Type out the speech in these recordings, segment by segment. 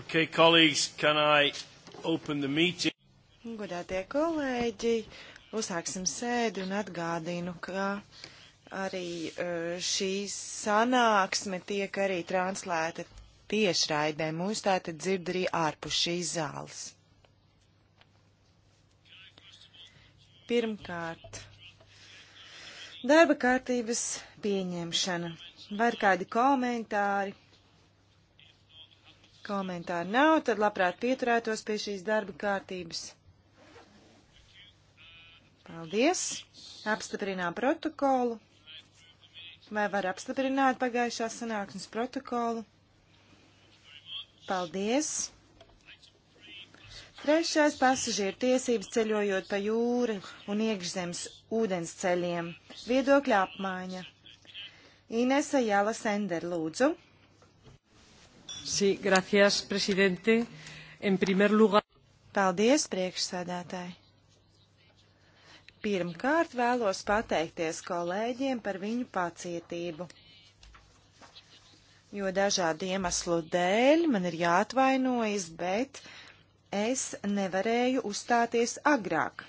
Okay, colleagues, can I open the meeting? Godātie kolēģi, uzsāksim sēdi un atgādinu, ka arī e, šī sanāksme tiek arī translēta tiešraidē. Mūs tātad dzird arī ārpus šīs zāles. Pirmkārt, darba kārtības pieņemšana. Vai ir kādi komentāri? Komentāru nav, tad labprāt pieturētos pie šīs darba kārtības. Paldies! Apstiprinām protokolu. Vai var apstiprināt pagājušās sanāksmes protokolu? Paldies! Trešais pasažieru tiesības ceļojot pa jūru un iekšzemes ūdens ceļiem. Viedokļa apmaiņa. Inese Jala Sender, lūdzu. Sí, gracias, presidente. En primer lugar. Paldies, priekšsēdētāji. Pirmkārt vēlos pateikties kolēģiem par viņu pacietību, jo dažādu iemeslu dēļ man ir jāatvainojas, bet es nevarēju uzstāties agrāk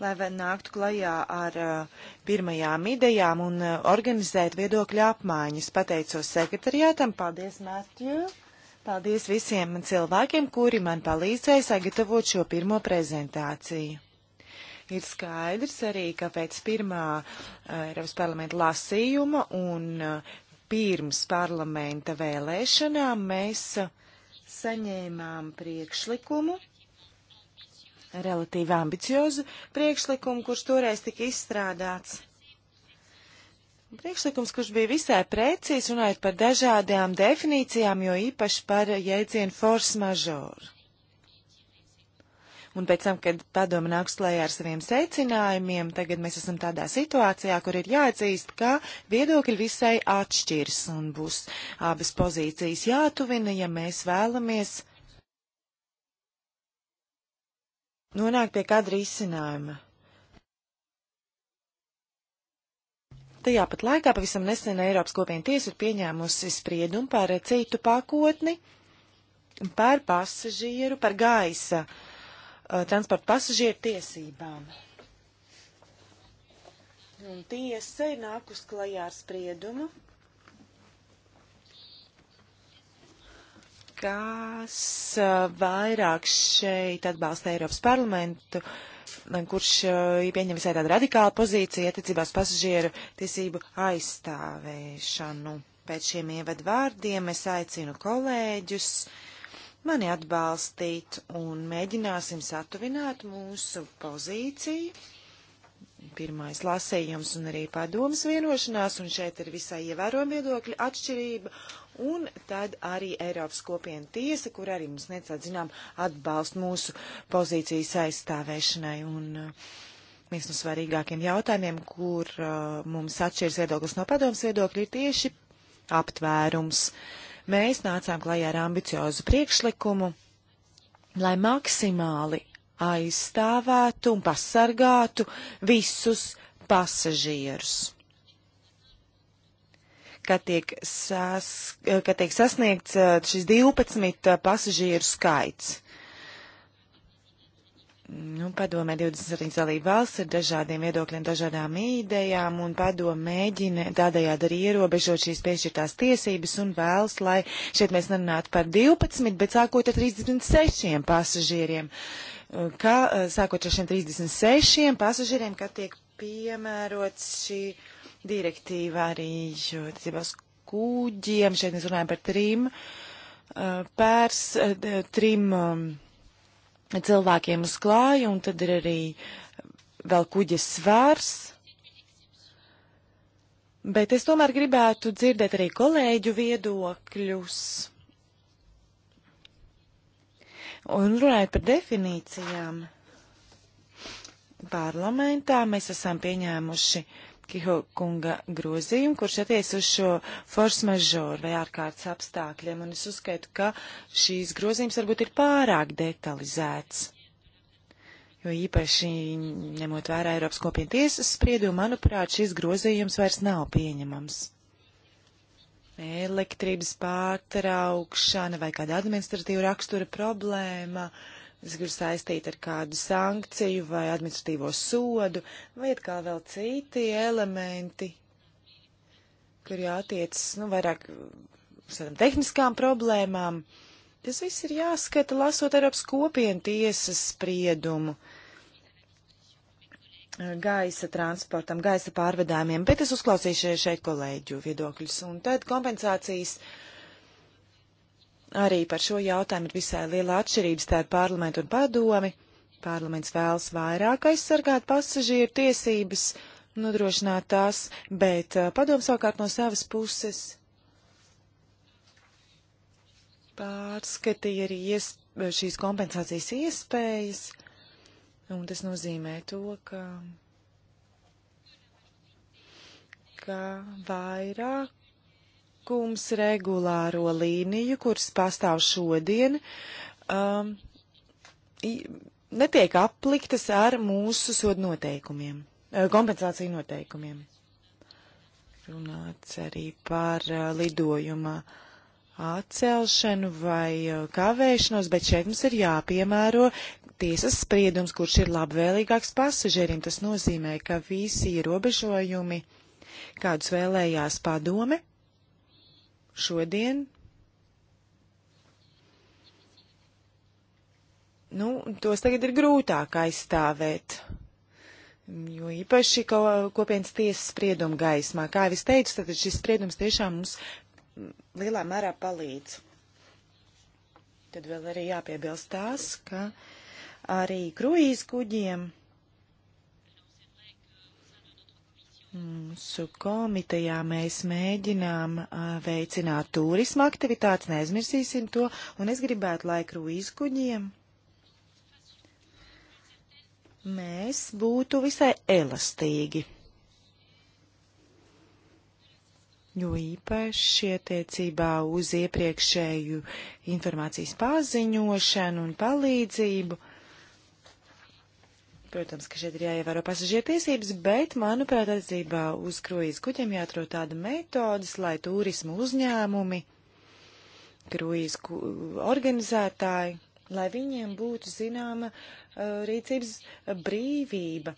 lai nāktu klajā ar uh, pirmajām idejām un uh, organizētu viedokļu apmaiņas. Pateicos sekretariātam, paldies, Mērķu! Paldies visiem cilvēkiem, kuri man palīdzēja sagatavot šo pirmo prezentāciju. Ir skaidrs arī, ka pēc pirmā Eiropas uh, parlamenta lasījuma un pirms parlamenta vēlēšanām mēs saņēmām priekšlikumu relatīvi ambiciozu priekšlikumu, kurš toreiz tika izstrādāts. Priekšlikums, kurš bija visai precīzs, runājot par dažādām definīcijām, jo īpaši par jēdzienu force majeure. Un pēc tam, kad padoma nāks klajā ar saviem secinājumiem, tagad mēs esam tādā situācijā, kur ir jāatzīst, ka viedokļi visai atšķirs un būs abas pozīcijas jātuvina, ja mēs vēlamies nonākt pie kāda risinājuma. Tajā pat laikā pavisam nesen Eiropas kopiena tiesa ir pieņēmusi spriedumu par citu pakotni, par pasažieru, par gaisa eh, transporta pasažieru tiesībām. Un tiesa ir nākus klajā ar spriedumu, kas vairāk šeit atbalsta Eiropas parlamentu, kurš ir pieņemis tādu radikālu pozīciju attiecībās pasažieru tiesību aizstāvēšanu. Pēc šiem ievadvārdiem es aicinu kolēģus mani atbalstīt un mēģināsim satuvināt mūsu pozīciju. Pirmais lasējums un arī padomas vienošanās, un šeit ir visai ievērojama viedokļa atšķirība, Un tad arī Eiropas kopiena tiesa, kur arī mums necāt, zinām, atbalstu mūsu pozīcijas aizstāvēšanai. Un, uh, viens no svarīgākiem jautājumiem, kur uh, mums atšķiras viedoklis no padomas viedokļa, ir tieši aptvērums. Mēs nācām klajā ar ambiciozu priekšlikumu, lai maksimāli aizstāvētu un pasargātu visus pasažierus ka tiek, sas, ka tiek sasniegts eh, šis 12 eh, pasažieru skaits. Nu, padomē 27 dalību valsts ar dažādiem viedokļiem, dažādām idejām, un padomē mēģina tādējādi arī ierobežot šīs piešķirtās tiesības un vēlas, lai šeit mēs nerunātu par 12, bet sākot ar 36 pasažieriem. Eh, Kā sākot ar šiem 36 pasažieriem, kad tiek piemērots šī. Uh, direktīva arī tiesībās kūģiem. Šeit mēs runājam par trim pērs, trim cilvēkiem uz klāju, un tad ir arī vēl kuģa svars. Bet es tomēr gribētu dzirdēt arī kolēģu viedokļus. Un runājot par definīcijām, parlamentā mēs esam pieņēmuši uh, Kiho kunga grozījumu, kurš attiec uz šo force majeure vai ārkārtas apstākļiem, un es uzskaitu, ka šīs grozījums varbūt ir pārāk detalizēts. Jo īpaši ņemot vērā Eiropas kopienu tiesas spriedumu, manuprāt, šis grozījums vairs nav pieņemams elektrības pārtraukšana vai kāda administratīva rakstura problēma. Uh, Tas ir saistīts ar kādu sankciju vai administratīvo sodu, vai ir kā vēl citi elementi, kur jātiecas nu, vairāk uz tādām tehniskām problēmām. Tas viss ir jāskata, lasot Eiropas kopienu tiesas spriedumu gaisa transportam, gaisa pārvedājumiem, bet es uzklausīšu šeit kolēģu viedokļus. Un tad kompensācijas uh, Arī par šo jautājumu ir visai liela atšķirības starp parlamentu un padomi. Parlaments vēlas vairāk aizsargāt pasažieru tiesības, nodrošināt tās, bet eh, padomu savukārt no savas puses pārskatīja arī ies, šīs kompensācijas iespējas, un tas nozīmē to, ka, ka vairāk likums regulāro līniju, kuras pastāv šodien, um, netiek apliktas ar mūsu sodu noteikumiem, eh, kompensāciju noteikumiem. Runāts arī par uh, lidojuma atcelšanu vai uh, kavēšanos, bet šeit mums ir jāpiemēro tiesas spriedums, kurš ir labvēlīgāks pasažierim. Tas nozīmē, ka visi ierobežojumi, kādus vēlējās padome, šodien. Nu, tos tagad ir grūtāk aizstāvēt, jo īpaši ko, kopienas tiesas sprieduma gaismā. Kā jau es teicu, tad šis spriedums tiešām mums lielā mērā palīdz. Tad vēl arī jāpiebilst tās, ka arī kruīz kuģiem Mūsu komitejā mēs mēģinām a, veicināt turisma aktivitātes, neaizmirsīsim to, un es gribētu laikru izkuģiem. Mēs būtu visai elastīgi, jo īpaši attiecībā uz iepriekšēju informācijas paziņošanu un palīdzību Protams, ka šeit ir jāievēro pasažieru tiesības, bet, manuprāt, attiecībā uz kruīz kuģiem jāatrod tāda metodas, lai turismu uzņēmumi, kruīz ku organizētāji, lai viņiem būtu zināma uh, rīcības brīvība.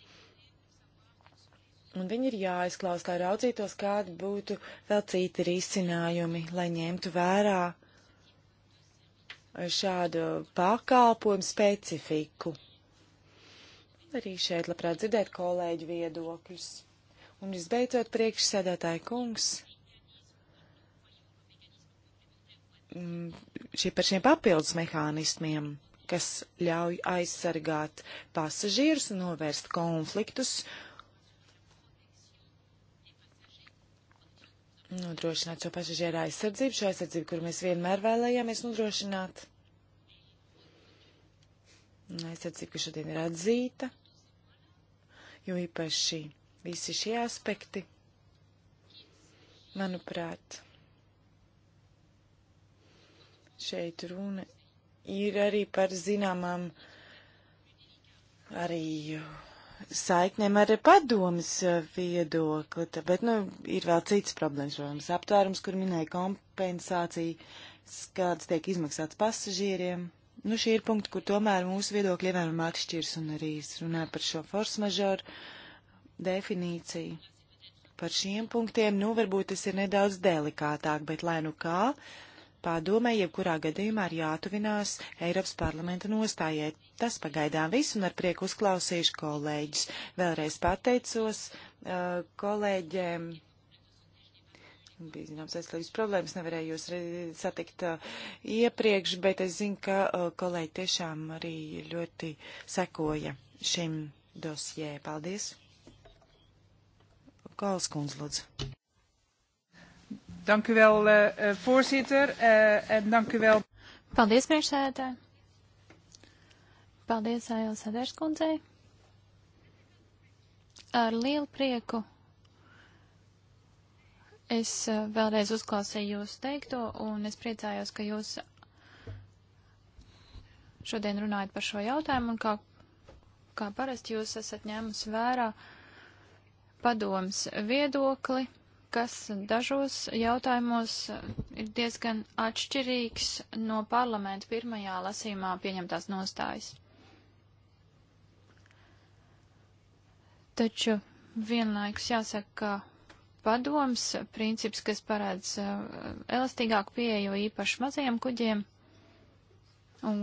Un viņi ir jāizklaus, lai raudzītos, kādi būtu vēl citi risinājumi, lai ņemtu vērā šādu pakalpojumu specifiku. Arī šeit labprāt dzirdēt kolēģu viedokļus. Un visbeidzot, priekšsēdētāja kungs, mm, šie par šiem papildus mehānismiem, kas ļauj aizsargāt pasažierus un novērst konfliktus, nodrošināt šo pasažieru aizsardzību, šo aizsardzību, kur mēs vienmēr vēlējāmies nodrošināt. Aizsardzība, kas šodien ir atzīta jo īpaši visi šie aspekti, manuprāt, šeit runa ir arī par zināmām arī saiknēm ar padomas viedokli, bet, nu, ir vēl citas problēmas, protams, aptvērums, kur minēja kompensācija, kādas tiek izmaksāts pasažieriem. Nu, šie ir punkti, kur tomēr mūsu viedokļi ievērojami atšķirs un arī runāju par šo force majeure definīciju. Par šiem punktiem, nu, varbūt tas ir nedaudz delikātāk, bet lai nu kā, Pārdomē, jebkurā gadījumā ir jātuvinās Eiropas parlamenta nostājai. Tas pagaidām viss, un ar prieku uzklausīšu kolēģis. Vēlreiz pateicos uh, kolēģiem bija zināms veselības problēmas, nevarēju jūs satikt uh, iepriekš, bet es zinu, ka uh, kolēģi tiešām arī ļoti sekoja šim dosjē. Paldies! Kāls kundz, lūdzu. Dank u wel, uh, voorzitter, uh, en dank u wel. Paldies, priekšsēdētāji. Paldies, Ailes Heders kundzei. Ar lielu prieku Es eh, vēlreiz uzklausīju jūs teikto, un es priecājos, ka jūs šodien runājat par šo jautājumu, un kā, kā parasti jūs esat ņēmusi vērā padoms viedokli kas dažos jautājumos eh, ir diezgan atšķirīgs no parlamenta pirmajā lasīmā pieņemtās nostājas. Taču vienlaikus jāsaka, ka padoms princips, kas parāds uh, elastīgāku pieeju īpaši mazajiem kuģiem. Un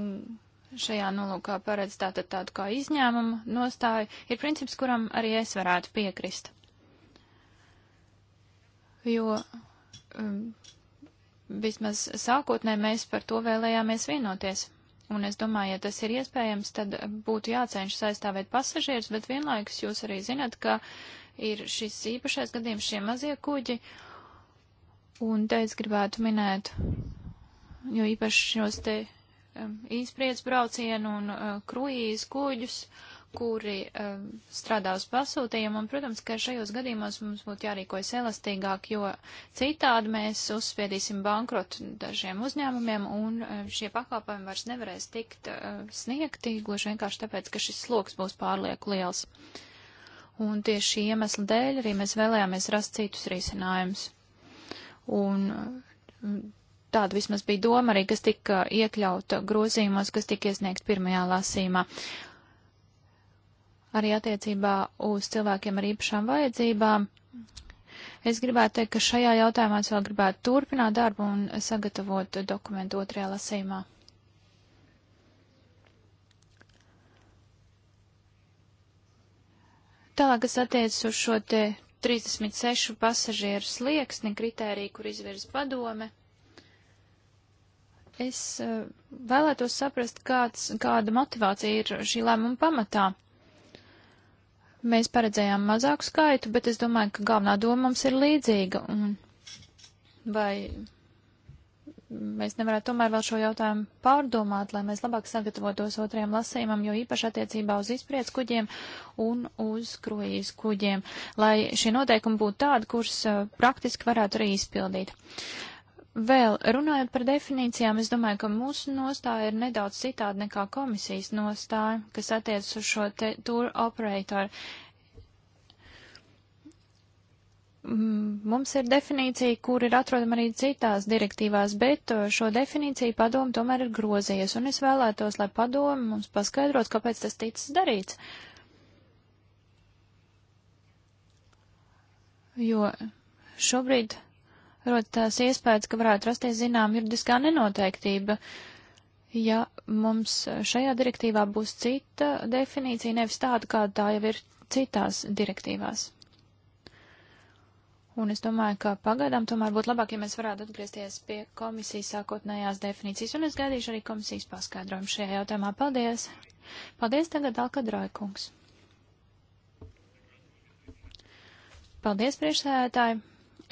šajā nolūkā paredz tātad tādu kā izņēmumu nostāju, ir princips, kuram arī es varētu piekrist. Jo um, vismaz sākotnē mēs par to vēlējāmies vienoties. Un es domāju, ja tas ir iespējams, tad būtu jācenšas aizstāvēt pasažierus, bet vienlaikus jūs arī zinat, ka ir šis īpašais gadījums, šie mazie kuģi. Un te es gribētu minēt, jo īpaši šos te um, īspriedz braucienu un uh, kruīz kuģus, kuri um, strādā uz pasūtījumu. Un, protams, ka šajos gadījumos mums būtu jārīkojas elastīgāk, jo citādi mēs uzspiedīsim bankrotu dažiem uzņēmumiem, un um, šie pakalpojumi vairs nevarēs tikt uh, sniegti, gluži vienkārši tāpēc, ka šis sloks būs pārlieku liels. Uh, Un tieši šī iemesla dēļ arī mēs vēlējāmies rast citus risinājumus. Un mm, tāda vismaz bija doma arī, kas tika iekļauta grozījumos, kas tika iesniegts pirmajā lasīmā. Arī attiecībā uz cilvēkiem ar īpašām vajadzībām. Es gribētu teikt, ka šajā jautājumā es vēl gribētu turpināt darbu un sagatavot dokumentu otrajā lasīmā. Tālāk, kas attiecas uz šo te 36 pasažieru slieksni kritēriju, kur izvirz padome, es eh, vēlētos saprast, kāds, kāda motivācija ir šī lēmuma pamatā. Mēs paredzējām mazāku skaitu, bet es domāju, ka galvenā doma mums ir līdzīga. Un vai mēs nevarētu tomēr vēl šo jautājumu pārdomāt, lai mēs labāk sagatavotos otrajam lasījumam, jo īpaši attiecībā uz izpriec kuģiem un uz krojas kuģiem, lai šie noteikumi būtu tādi, kurus uh, praktiski varētu arī izpildīt. Vēl runājot par definīcijām, es domāju, ka mūsu nostāja ir nedaudz citāda nekā komisijas nostāja, kas attiecas uz šo tour operatoru. Mm, mums ir definīcija, kur ir atrodama arī citās direktīvās, bet uh, šo definīciju padomu tomēr ir grozījies, un es vēlētos, lai padomu mums paskaidros, kāpēc tas ticis darīts. Jo šobrīd rodas tās iespējas, ka varētu rasties zinām juridiskā nenoteiktība, ja mums šajā direktīvā būs cita definīcija, nevis tāda, kāda tā jau ir citās direktīvās. Un es domāju, ka pagaidām tomēr būtu labāk, ja mēs varētu atgriezties pie komisijas sākotnējās definīcijas, un es gaidīšu arī komisijas paskaidrojumu šajā jautājumā. Paldies! Paldies tagad Alka Draikungs! Paldies, priekšsēdētāji!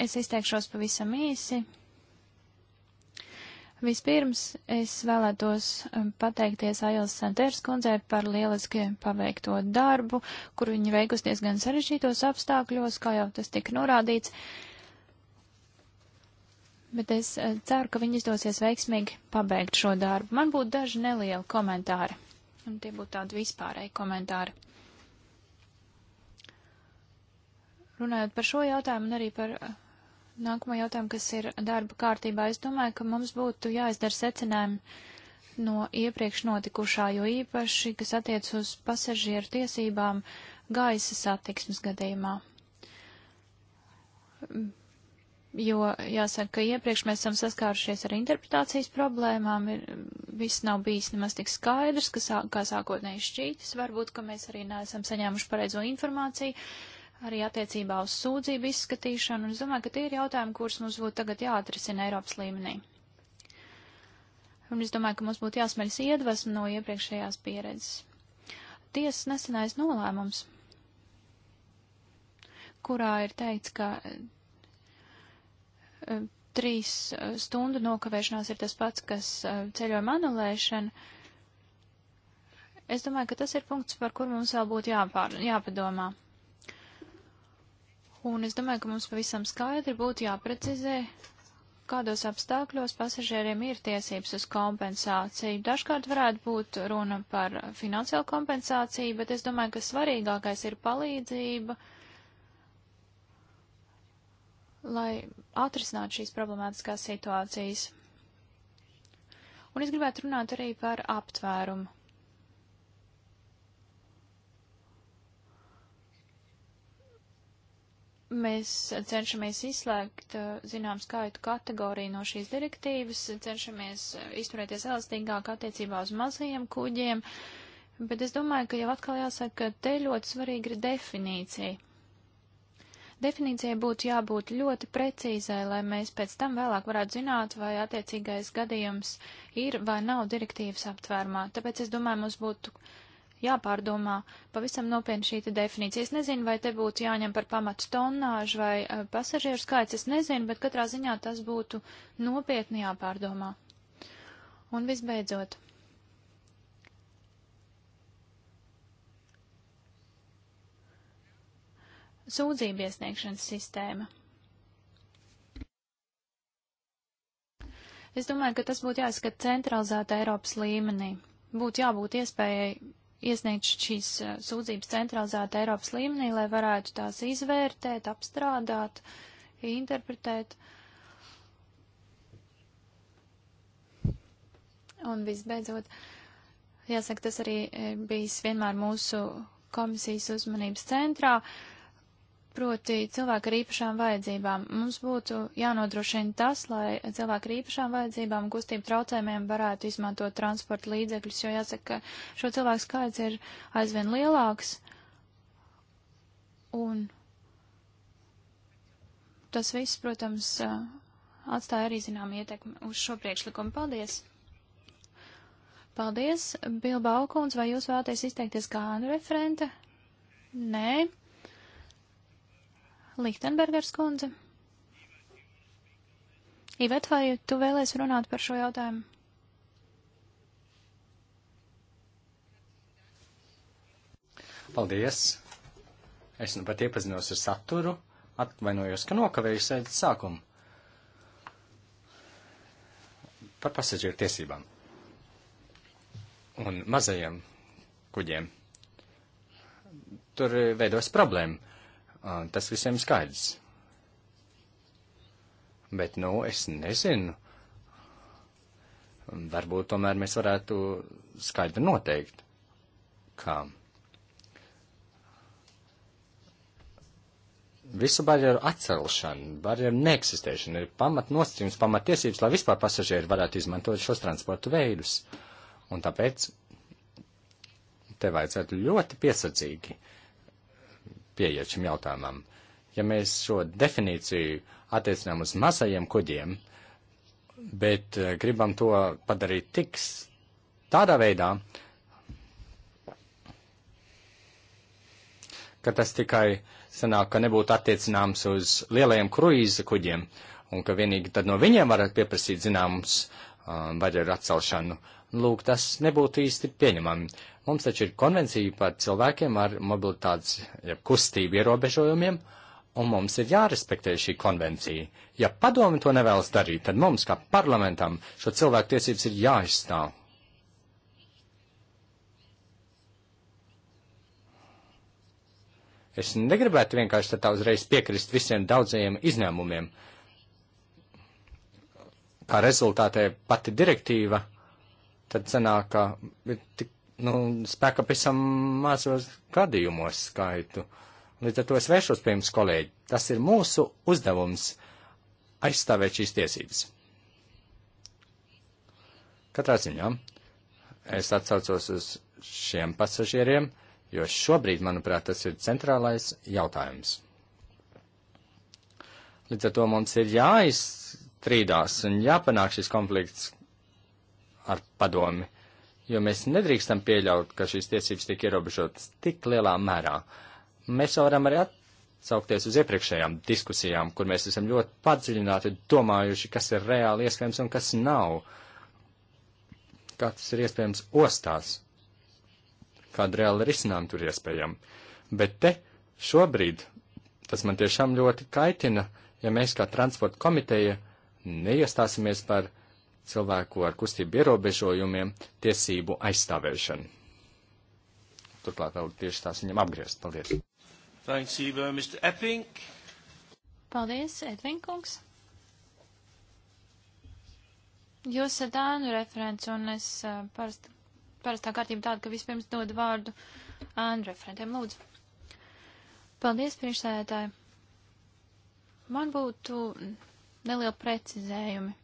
Es izteikšos pavisam īsi. Vispirms es vēlētos um, pateikties Ailes Santērs kundzei par lieliski paveikto darbu, kur viņa veikusties gan sarežģītos apstākļos, kā jau tas tika norādīts. Bet es uh, ceru, ka viņi izdosies veiksmīgi pabeigt šo darbu. Man būtu daži nelieli komentāri. Un tie būtu tādi vispārēji komentāri. Runājot par šo jautājumu un arī par uh, nākamo jautājumu, kas ir darba kārtībā. Es domāju, ka mums būtu jāizdara secinājumi no iepriekš notikušā, jo īpaši, kas attiec uz pasažieru tiesībām gaisa satiksmes gadījumā. Jo jāsaka, ka iepriekš mēs esam saskārušies ar interpretācijas problēmām, ir, viss nav bijis nemaz tik skaidrs, ka sā, kā sākotnēji šķītis, varbūt, ka mēs arī neesam saņēmuši pareizo informāciju, arī attiecībā uz sūdzību izskatīšanu, un es domāju, ka tie ir jautājumi, kurus mums būtu tagad jāatrisina Eiropas līmenī. Un es domāju, ka mums būtu jāsmeļas iedvesmu no iepriekšējās pieredzes. Tiesas nesenais nolēmums, kurā ir teikts, ka e, trīs e, stundu nokavēšanās ir tas pats, kas e, ceļojuma anulēšana. Es domāju, ka tas ir punkts, par kur mums vēl būtu jāpār, jāpadomā. Un es domāju, ka mums pavisam skaidri būtu jāprecizē, kādos apstākļos pasažieriem ir tiesības uz kompensāciju. Dažkārt varētu būt runa par finansiālu kompensāciju, bet es domāju, ka svarīgākais ir palīdzība, lai atrisinātu šīs problemātiskās situācijas. Un es gribētu runāt arī par aptvērumu. Mēs cenšamies izslēgt uh, zinām skaitu kategoriju no šīs direktīvas, cenšamies uh, izturēties elastīgāk attiecībā uz mazajiem kuģiem, bet es domāju, ka jau atkal jāsaka, ka te ļoti svarīga ir definīcija. Definīcijai būtu jābūt ļoti precīzai, lai mēs pēc tam vēlāk varētu zināt, vai attiecīgais gadījums ir vai nav direktīvas aptvērumā. Tāpēc es domāju, mums būtu jāpārdomā pavisam nopietni šī definīcija. Es nezinu, vai te būtu jāņem par pamatu tonnāžu vai uh, pasažieru skaits, es nezinu, bet katrā ziņā tas būtu nopietni jāpārdomā. Un visbeidzot. Sūdzību iesniegšanas sistēma. Es domāju, ka tas būtu jāskat centralizēta Eiropas līmenī. Būtu jābūt iespējai iesniegt šīs eh, sūdzības centralizēta Eiropas līmenī, lai varētu tās izvērtēt, apstrādāt, interpretēt. Un visbeidzot, jāsaka, tas arī eh, bijis vienmēr mūsu komisijas uzmanības centrā. Uh, proti cilvēku ar īpašām vajadzībām. Mums būtu jānodrošina tas, lai cilvēku ar īpašām vajadzībām un kustību traucējumiem varētu izmantot transporta līdzekļus, jo jāsaka, ka šo cilvēku skaits ir aizvien lielāks. Un tas viss, protams, atstāja arī zinām ietekmi uz šo priekšlikumu. Paldies! Paldies, Bilbao kundze, vai jūs vēlaties izteikties kā referente? Nē. Lichtenbergers kundze. Ivet, vai tu vēlēs runāt par šo jautājumu? Paldies! Es nu pat iepazinos ar saturu, atvainojos, ka nokavēju sēdes sākumu. Par pasažieru tiesībām un mazajiem kuģiem. Tur veidos problēma. Tas visiem skaidrs. Bet, nu, es nezinu. Varbūt tomēr mēs varētu skaidri noteikt, kā visu barjeru atcelšana, barjeru neeksistēšana ir pamatnosacījums, pamatiesības, lai vispār pasažieri varētu izmantot šos transportu veidus. Un tāpēc te vajadzētu ļoti piesardzīgi uh, pieiet šim jautājumam. Ja mēs šo definīciju attiecinām uz mazajiem kuģiem, bet eh, gribam to padarīt tik tādā veidā, ka tas tikai sanāk, ka nebūtu attiecināms uz lielajiem kruīza kuģiem, un ka vienīgi tad no viņiem varat pieprasīt zināmus um, vaļu atcelšanu. Uh, lūk, tas nebūtu īsti pieņemami. Mums taču ir konvencija par cilvēkiem ar mobilitātes ja, kustību ierobežojumiem, un mums ir jārespektē šī konvencija. Ja padomi to nevēlas darīt, tad mums, kā parlamentam, šo cilvēku tiesības ir jāizstāv. Es negribētu vienkārši tā uzreiz piekrist visiem daudzajiem izņēmumiem. Kā rezultātē pati direktīva tad sanāk, ka tik, nu, spēka pavisam mazos gadījumos skaitu. Līdz ar to es vēršos pie jums, kolēģi. Tas ir mūsu uzdevums aizstāvēt šīs tiesības. Katrā ziņā es atsaucos uz šiem pasažieriem, jo šobrīd, manuprāt, tas ir centrālais jautājums. Līdz ar to mums ir jāizstrīdās un jāpanāk šis konflikts ar padomi, jo mēs nedrīkstam pieļaut, ka šīs tiesības tiek ierobežotas tik lielā mērā. Mēs varam arī atsaukties uz iepriekšējām diskusijām, kur mēs esam ļoti padziļināti domājuši, kas ir reāli iespējams un kas nav, kā tas ir iespējams ostās, kāda reāla risinājuma tur iespējama. Bet te šobrīd tas man tiešām ļoti kaitina, ja mēs kā transporta komiteja neiestāsimies par cilvēku ar kustību ierobežojumiem tiesību aizstāvēšanu. Turklāt vēl tieši tās viņam apgriezt. Paldies. Thanks, Eva. Mr. Epping. Paldies, Edvinkungs. Jūs esat ēnu referents, un es parasti, parastā kārtība tāda, ka vispirms dodu vārdu ēnu referentiem. Lūdzu. Paldies, priekšsēdētāji. Man būtu neliela precizējumi.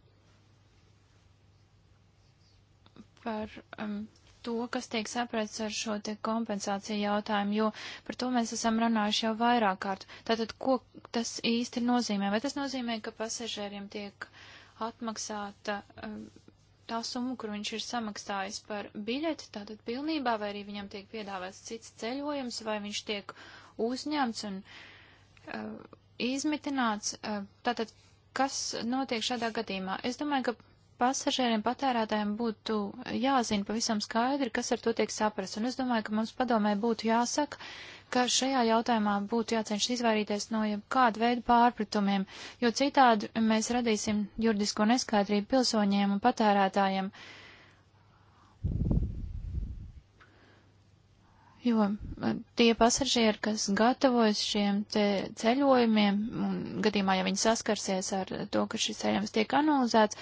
par um, to, kas tiek saprasts ar šo te kompensāciju jautājumu, jo par to mēs esam runājuši jau vairāk kārt. Tātad, ko tas īsti nozīmē? Vai tas nozīmē, ka pasažieriem tiek atmaksāta um, tā summa, kur viņš ir samaksājis par biļeti, tātad pilnībā, vai arī viņam tiek piedāvāts cits ceļojums, vai viņš tiek uzņemts un uh, izmitināts? Uh, tātad, kas notiek šādā gadījumā? Es domāju, ka pasažieriem, patērētājiem būtu jāzina pavisam skaidri, kas ar to tiek saprasts. Un es domāju, ka mums padomē būtu jāsaka, ka šajā jautājumā būtu jācenšas izvairīties no jebkāda veida pārpratumiem, jo citādi mēs radīsim juridisko neskaidrību pilsoņiem un patērētājiem. Uh, jo tie pasažieri, kas gatavojas šiem ceļojumiem, un gadījumā, ja viņi saskarsies ar to, ka šis ceļojums tiek anulēts,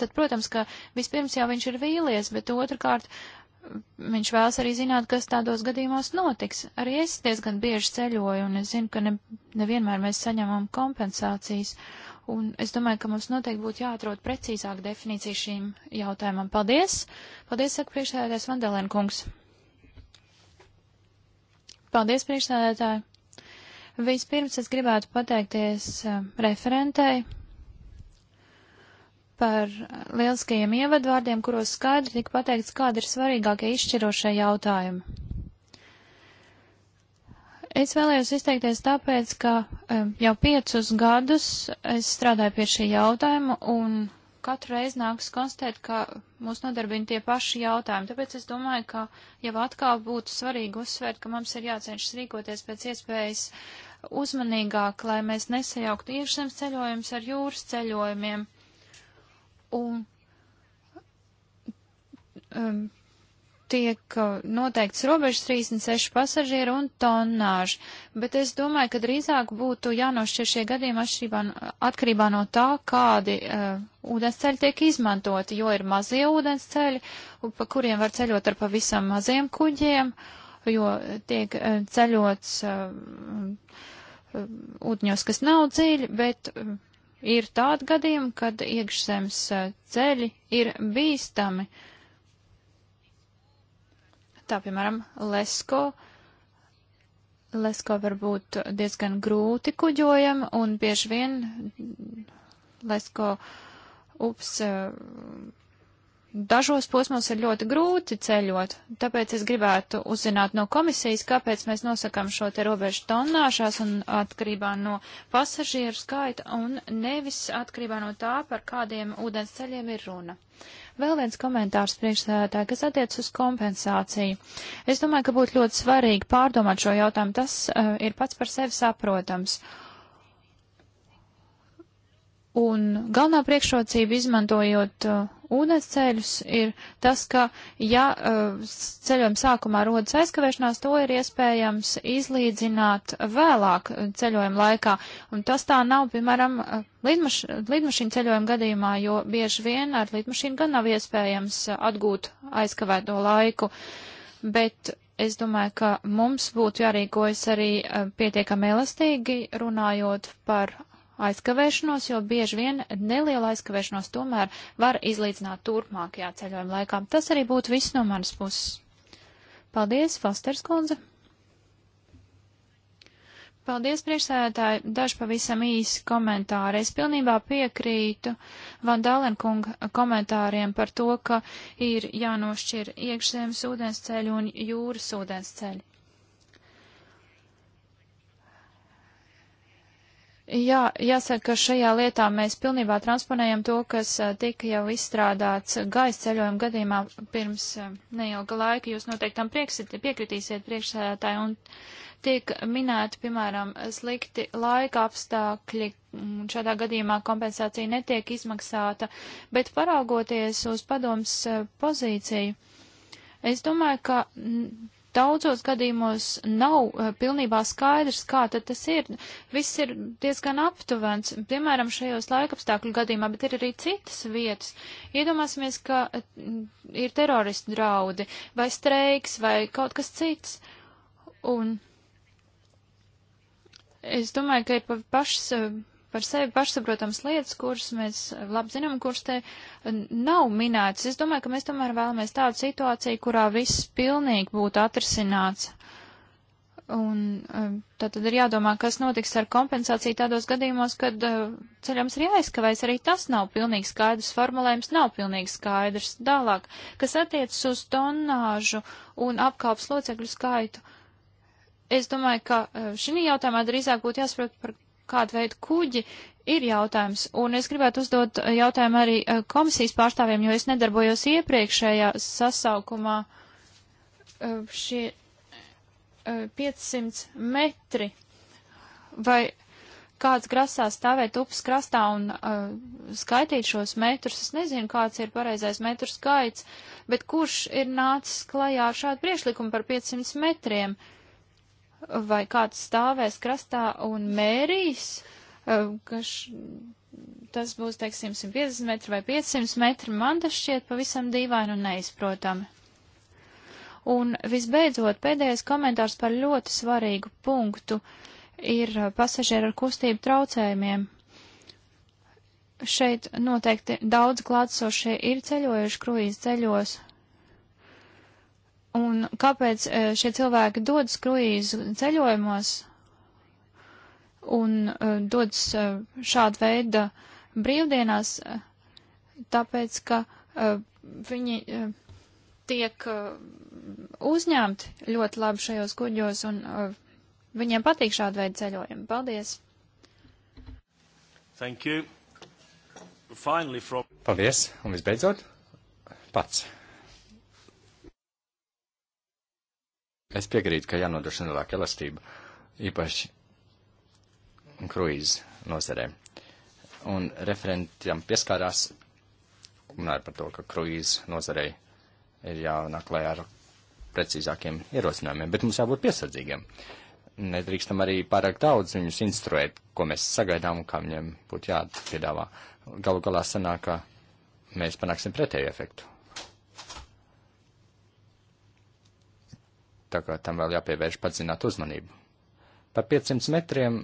tad, protams, ka vispirms jau viņš ir vīlies, bet otrkārt viņš vēlas arī zināt, kas tādos gadījumos notiks. Arī es diezgan bieži ceļoju, un es zinu, ka ne, nevienmēr mēs saņemam kompensācijas. Un es domāju, ka mums noteikti būtu jāatrod precīzāk definīcija šīm jautājumam. Paldies! Paldies, saka priekšsēdētājs Vandelēnkungs! kungs! Paldies, priekšsēdētāji! Vispirms es gribētu pateikties eh, referentei par eh, lieliskajiem ievadvārdiem, kuros skaidri tika pateikts, kāda ir svarīgākie izšķirošie jautājumi. Es vēlējos izteikties tāpēc, ka eh, jau piecus gadus es strādāju pie šī jautājuma un katru reizi nāks konstatēt, ka mūs nodarbina tie paši jautājumi. Tāpēc es domāju, ka jau atkal būtu svarīgi uzsvērt, ka mums ir jācenšas rīkoties pēc iespējas uzmanīgāk, lai mēs nesajauktu iekšzemes ceļojumus ar jūras ceļojumiem. Un, um, tiek uh, noteikts robežas 36 pasažieru un tonnāži, bet es domāju, ka drīzāk būtu jānošķir šie gadījumi atkarībā no tā, kādi uh, ūdensceļi tiek izmantoti, jo ir mazie ūdensceļi, pa kuriem var ceļot ar pavisam maziem kuģiem, jo tiek uh, ceļots uh, uh, ūdņos, kas nav dziļi, bet uh, ir tādi gadījumi, kad iekšzemes uh, ceļi ir bīstami. Uh, Tā, piemēram, Lesko. Lesko var būt diezgan grūti kuģojama, un bieži vien Lesko ups eh, Dažos posmos ir ļoti grūti ceļot, tāpēc es gribētu uzzināt no komisijas, kāpēc mēs nosakām šo te robežu tonnāšās un atkarībā no pasažieru skaita un nevis atkarībā no tā, par kādiem ūdens ceļiem ir runa. Vēl viens komentārs priekšsēdētāji, kas attiec uz kompensāciju. Es domāju, ka būtu ļoti svarīgi pārdomāt šo jautājumu. Tas uh, ir pats par sevi saprotams. Uh, Un galvenā priekšrocība izmantojot uh, ūdens ceļus ir tas, ka ja uh, ceļojuma sākumā rodas aizkavēšanās, to ir iespējams izlīdzināt vēlāk ceļojuma laikā. Un tas tā nav, piemēram, uh, lidmaš lidmašīnu ceļojuma gadījumā, jo bieži vien ar lidmašīnu gan nav iespējams uh, atgūt aizkavēto laiku. Bet es domāju, ka mums būtu jārīkojas arī uh, pietiekami elastīgi runājot par aizkavēšanos, jo bieži vien neliela aizkavēšanos tomēr var izlīdzināt turpmākajā ceļojuma laikā. Tas arī būtu viss no manas puses. Paldies, Fosters kundze! Paldies, priekšsēdētāji! Daži pavisam īsi komentāri. Es pilnībā piekrītu Vandālenkunga komentāriem par to, ka ir jānošķir iekšzemes ūdensceļi un jūras ūdensceļi. Jā, jāsaka, ka šajā lietā mēs pilnībā transponējam to, kas tika jau izstrādāts gaisa ceļojuma gadījumā pirms neilga laika. Jūs noteikti tam piekritīsiet priekšsēdētāji un tiek minēti, piemēram, slikti laika apstākļi. Šādā gadījumā kompensācija netiek izmaksāta, bet paraugoties uz padoms pozīciju, es domāju, ka daudzos gadījumos nav eh, pilnībā skaidrs, kā tad tas ir. Viss ir diezgan aptuvens, piemēram, šajos laikapstākļu gadījumā, bet ir arī citas vietas. Iedomāsimies, ka mm, ir teroristu draudi vai streiks vai kaut kas cits. Un es domāju, ka ir pašas eh, par sevi pašsaprotams lietas, kuras mēs labi zinām, kuras te nav minētas. Es domāju, ka mēs tomēr vēlamies tādu situāciju, kurā viss pilnīgi būtu atrisināts. Un eh, tā tad ir jādomā, kas notiks ar kompensāciju tādos gadījumos, kad eh, ceļams ir jāizkavēs. Arī tas nav pilnīgi skaidrs, formulējums nav pilnīgi skaidrs. Tālāk, kas attiecas uz tonāžu un apkalpas locekļu skaitu, es domāju, ka eh, šī jautājumā drīzāk būtu jāsaprot par kādu veidu kuģi, ir jautājums. Un es gribētu uzdot jautājumu arī eh, komisijas pārstāvjiem, jo es nedarbojos iepriekšējā sasaukumā eh, šie 500 eh, metri. Vai kāds grasās stāvēt upes krastā un uh, skaitīt šos metrus. Es nezinu, kāds ir pareizais metru skaits, bet kurš ir nācis klajā ar šādu priešlikumu par 500 metriem? Uh, vai kāds stāvēs krastā un mērīs, e, ka š, tas būs, teiksim, 150 metri vai 500 metri, man tas šķiet pavisam dīvaini un neizprotami. Un visbeidzot, pēdējais komentārs par ļoti svarīgu punktu ir e, pasažieru ar kustību traucējumiem. Šeit noteikti daudz klātsošie ir ceļojuši kruīz ceļos, Un kāpēc e, šie cilvēki dodas kruīzu ceļojumos un e, dodas e, šāda veida brīvdienās? Tāpēc, ka viņi tiek uzņemti ļoti labi šajos kuģos un viņiem patīk šāda veida ceļojumi. Paldies! Thank you. Finally from... Paldies! Un visbeidzot, pats. Es piekrītu, ka jānodrošina lielāka elastība, īpaši kruīzu nozarē. Un referentiem pieskārās, runāja par to, ka kruīzu nozarei ir jānāk lai ar precīzākiem ierosinājumiem, bet mums jābūt piesardzīgiem. Nedrīkstam arī pārāk daudz viņus instruēt, ko mēs sagaidām un kā viņiem būtu jāpiedāvā. Galu galā sanāk, ka mēs panāksim pretēju efektu tā kā tam vēl jāpievērš padzināt uzmanību. Par 500 metriem,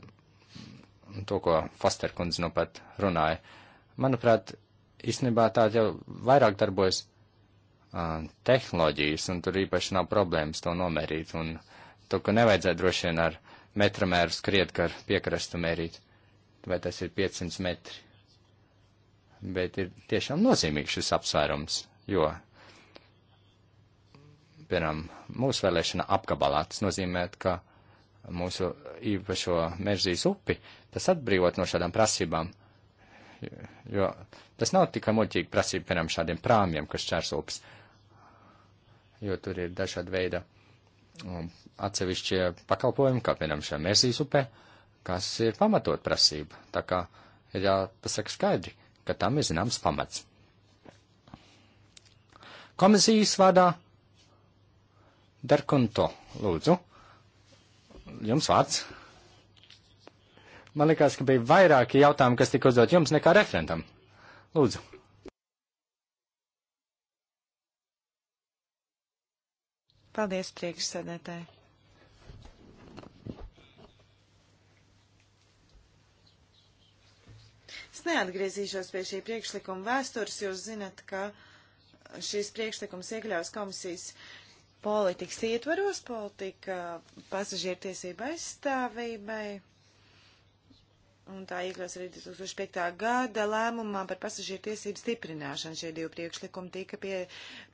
to, ko Fosterkundze nu pat runāja, manuprāt, īstenībā tā jau vairāk darbojas uh, tehnoloģijas, un tur īpaši nav problēmas to nomērīt, un to, ka nevajadzētu droši vien ar metramēru skriet, kā ar piekrastu mērīt, vai tas ir 500 metri. Bet ir tiešām nozīmīgs šis apsvērums, jo piemēram, mūsu vēlēšana apgabalā. Tas nozīmē, ka mūsu īpašo mežzīs upi, tas atbrīvot no šādām prasībām. Jo tas nav tikai muļķīgi prasība, piemēram, šādiem prāmjiem, kas čērs upes, jo tur ir dažādi veidi um, atsevišķie pakalpojumi, kā piemēram šajā mežzīs upē, kas ir pamatot prasība. Tā kā ir jāpasaka skaidri, ka tam ir zināms pamats. Komisijas vārdā Darkonto, lūdzu, jums vārds. Man liekas, ka bija vairāki jautājumi, kas tika uzdot jums nekā referentam. Lūdzu. Paldies, priekšsēdētāji. Es neatgriezīšos pie šī priekšlikuma vēstures, jūs zinat, ka šīs priekšlikums iekļaus komisijas uh, politikas ietvaros, politika pasažiertiesība aizstāvībai. Un tā iekļaus arī 2005. gada lēmumā par pasažieru tiesību stiprināšanu. Šie divi priekšlikumi tika pie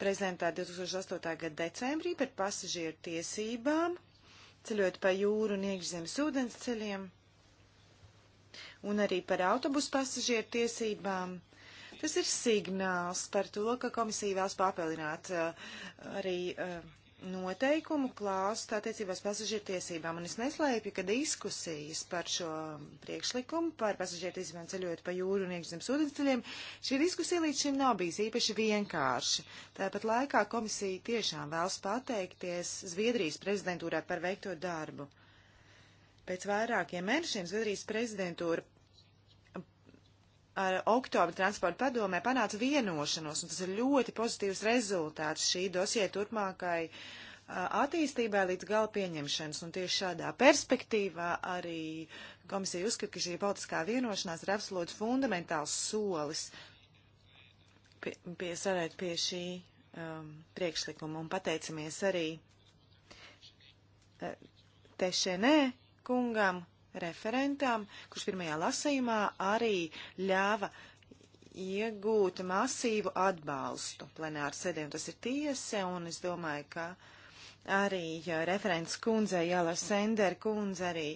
prezentēti 2008. gada decembrī par pasažieru tiesībām, ceļot pa jūru un iekšzemes ūdens ceļiem, un arī par autobusu pasažieru tiesībām Tas ir signāls par to, ka komisija vēlas papildināt uh, arī uh, noteikumu klāstu attiecībās pasažieru tiesībām. Un es neslēpju, ka diskusijas par šo priekšlikumu, par pasažieru tiesībām ceļojot pa jūru un iekšzemes ūdensceļiem, šī diskusija līdz šim nav bijusi īpaši vienkārša. Tāpat laikā komisija tiešām vēlas pateikties Zviedrijas prezidentūrā par veikto darbu. Pēc vairākiem mēnešiem Zviedrijas prezidentūra ar oktobra transporta padomē panāca vienošanos, un tas ir ļoti pozitīvs rezultāts šī dosie turpmākai attīstībai līdz gala pieņemšanas. Un tieši šādā perspektīvā arī komisija uzskata, ka šī politiskā vienošanās ir absolūti fundamentāls solis pie, piesarēt pie šī um, priekšlikuma. Un pateicamies arī uh, Tešenē kungam referentam, kurš pirmajā lasījumā arī ļāva iegūt masīvu atbalstu plenāru sēdē, un tas ir tiesa, un es domāju, ka arī referents kundze, Jāla Sender kundze arī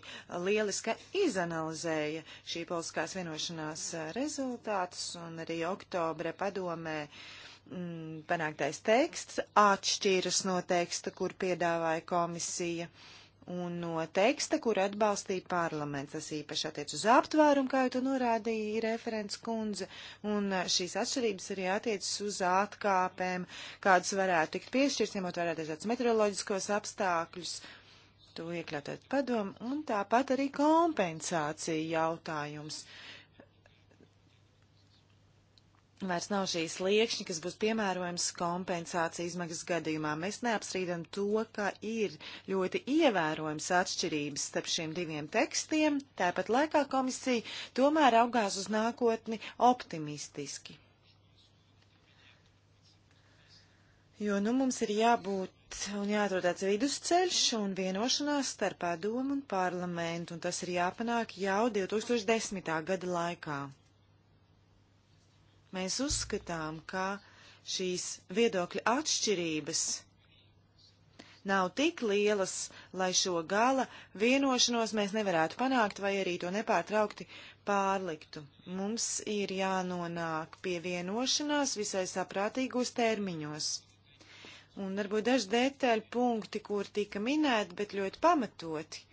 lieliski izanalizēja šī politiskās vienošanās eh, rezultātus, un arī oktobra padomē mm, panāktais teksts atšķīras no teksta, kur piedāvāja komisija. Uh, un no teksta, kur atbalstīja parlaments. Tas īpaši attiec uz aptvērumu, kā jau to norādīja referents kundze, un uh, šīs atšķirības arī attiecas uz atkāpēm, kādas varētu tikt piešķirts, ņemot vērā dažādas meteoroloģiskos apstākļus. To iekļautot padomu, un tāpat arī kompensācija jautājums. Uh, vairs nav šīs liekšņi, kas būs piemērojams kompensācijas maksas gadījumā. Mēs neapstrīdam to, ka ir ļoti ievērojams atšķirības starp šiem diviem tekstiem, tāpat laikā komisija tomēr augās uz nākotni optimistiski. Jo nu mums ir jābūt un jāatrod tāds vidusceļš un vienošanās starp padomu un parlamentu, un tas ir jāpanāk jau 2010. gada laikā. Mēs uzskatām, ka šīs viedokļa atšķirības nav tik lielas, lai šo gala vienošanos mēs nevarētu panākt vai arī to nepārtraukti pārliktu. Mums ir jānonāk pie vienošanās visai saprātīgos termiņos. Un varbūt daži detaļu punkti, kur tika minēti, bet ļoti pamatoti,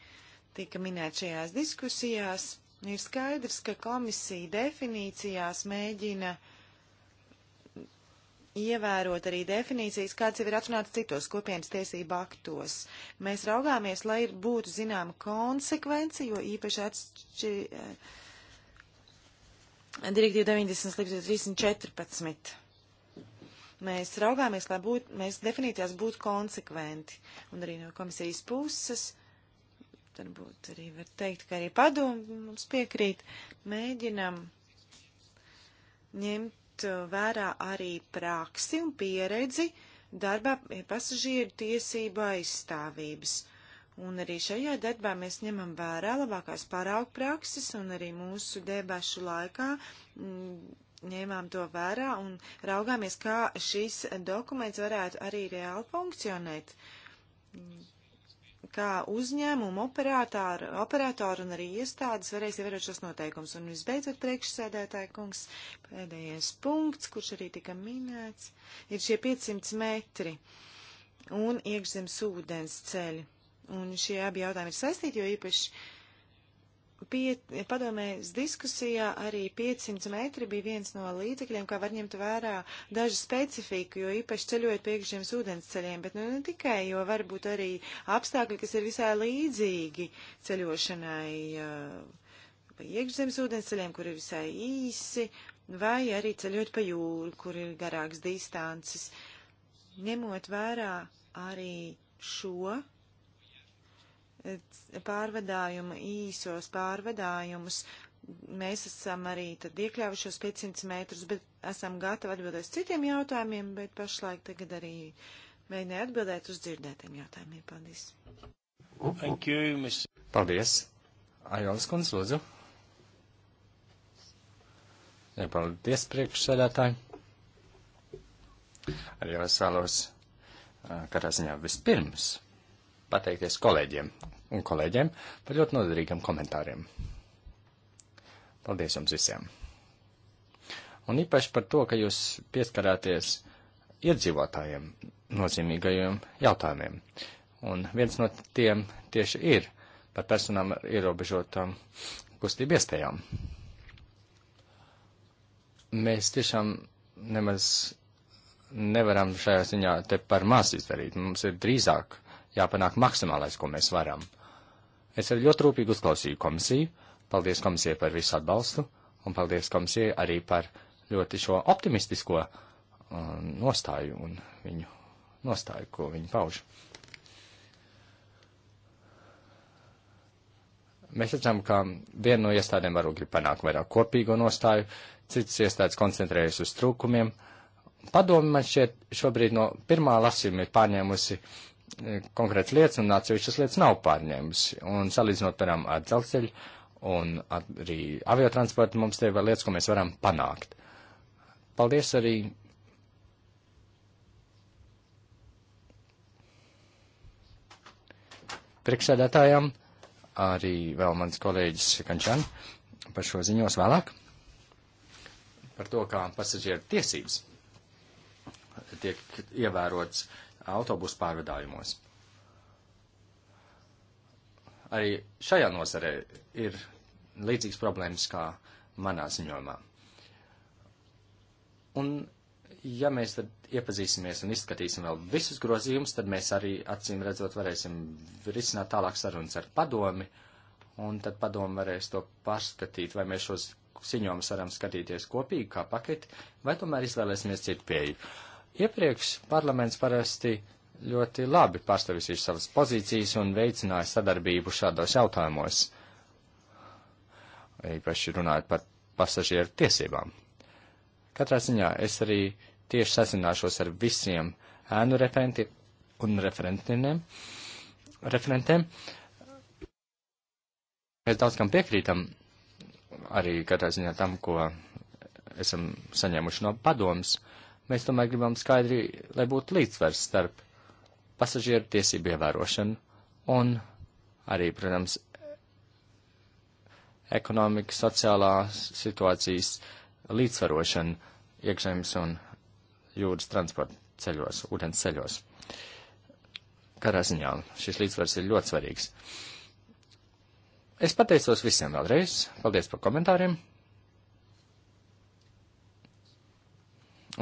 tika minēti šajās diskusijās. Ir skaidrs, ka komisija definīcijās mēģina ievērot arī definīcijas, kāds jau ir atrunāts citos kopienas tiesību aktos. Mēs raugāmies, lai būtu zināma konsekvence, jo īpaši atšķi, eh, direktīva 90 līdz 314. Mēs raugāmies, lai būtu, mēs definīcijās būtu konsekventi. Un arī no komisijas puses uh, varbūt arī var teikt, ka arī padomu mums piekrīt, mēģinam ņemt uh, vērā arī praksi un pieredzi darbā pasažieru tiesību aizstāvības. Un arī šajā darbā mēs ņemam vērā labākās paraugu prakses un arī mūsu debašu laikā mm, ņēmām to vērā un raugāmies, kā šis dokuments varētu arī reāli funkcionēt. Mm kā uzņēmumu operātāru, operātoru un arī iestādes varēs ievērot šos noteikumus. Un visbeidzot, priekšsēdētāja kungs, pēdējais punkts, kurš arī tika minēts, ir šie 500 metri un iekšzemes ūdens ceļi. Un šie abi jautājumi ir saistīti, jo īpaši pie, padomēs diskusijā arī 500 metri bija viens no līdzekļiem, kā var ņemt vērā dažu specifiku, jo īpaši ceļojot piekšzemes ūdens ceļiem, bet nu ne tikai, jo varbūt arī apstākļi, kas ir visai līdzīgi ceļošanai. Uh, pa iekšzemes ūdensceļiem, kur ir visai īsi, vai arī ceļot pa jūru, kur ir garāks distances. Ņemot vērā arī šo Eh, pārvadājumu, īsos pārvadājumus. Mēs esam arī tad iekļāvušos 500 metrus, bet esam gatavi atbildēt citiem jautājumiem, bet pašlaik tagad arī mēģināju atbildēt uz dzirdētiem jautājumiem. Paldies! Oh, thank you, Ms. Paldies! Ajolas kundze, lūdzu! Jā, paldies, priekšsēdētāji! Arī es vēlos, eh, kādā ziņā vispirms pateikties kolēģiem un kolēģiem par ļoti noderīgiem komentāriem. Paldies jums visiem! Un īpaši par to, ka jūs pieskarāties iedzīvotājiem nozīmīgajiem jautājumiem. Un viens no tiem tieši ir par personām ar ierobežotām kustību iespējām. Mēs tiešām nemaz nevaram šajā ziņā te par maz izdarīt. Mums ir drīzāk jāpanāk maksimālais, ko mēs varam. Es arī ļoti rūpīgi uzklausīju komisiju. Paldies komisijai par visu atbalstu, un paldies komisijai arī par ļoti šo optimistisko um, nostāju un viņu nostāju, ko viņi pauž. Mēs redzam, ka viena no iestādēm varbūt grib panākt vairāk kopīgo nostāju, citas iestādes koncentrējas uz trūkumiem. Padomi man šķiet šobrīd no pirmā lasījuma ir pārņēmusi E, konkrētas lietas un atsevišķas lietas nav pārņēmis. Un salīdzinot, piemēram, ar dzelzceļu un arī aviotransportu, mums te ir vēl lietas, ko mēs varam panākt. Paldies arī. Priekšsēdētājām arī vēl mans kolēģis Kančan par šo ziņos vēlāk, par to, kā pasažieru tiesības tiek ievērots autobusu pārvadājumos. Arī šajā nozarē ir līdzīgas problēmas kā manā ziņojumā. Un, ja mēs tad iepazīsimies un izskatīsim vēl visus grozījumus, tad mēs arī acīm redzot varēsim risināt tālāk sarunas ar padomi, un tad padomi varēs to pārskatīt, vai mēs šos ziņojumus varam skatīties kopīgi kā paketi, vai tomēr izvēlēsimies citu pieeju. Uh, Iepriekš parlaments parasti ļoti labi pārstāvis savas pozīcijas un veicināja sadarbību šādos jautājumos, īpaši runājot par pasažieru tiesībām. Katrā ziņā es arī tieši sazināšos ar visiem ēnu referenti un referentiniem, referentiem. Mēs daudz kam piekrītam, arī katrā ziņā tam, ko esam saņēmuši no padomas. Uh, Mēs tomēr gribam skaidri, lai būtu līdzsvars starp pasažieru tiesību ievērošanu un arī, protams, ekonomikas, sociālās situācijas līdzsvarošanu iekšzemes un jūras transporta ceļos, ūdens ceļos. Katrā ziņā šis līdzsvars ir ļoti svarīgs. Es pateicos visiem vēlreiz. Paldies par komentāriem.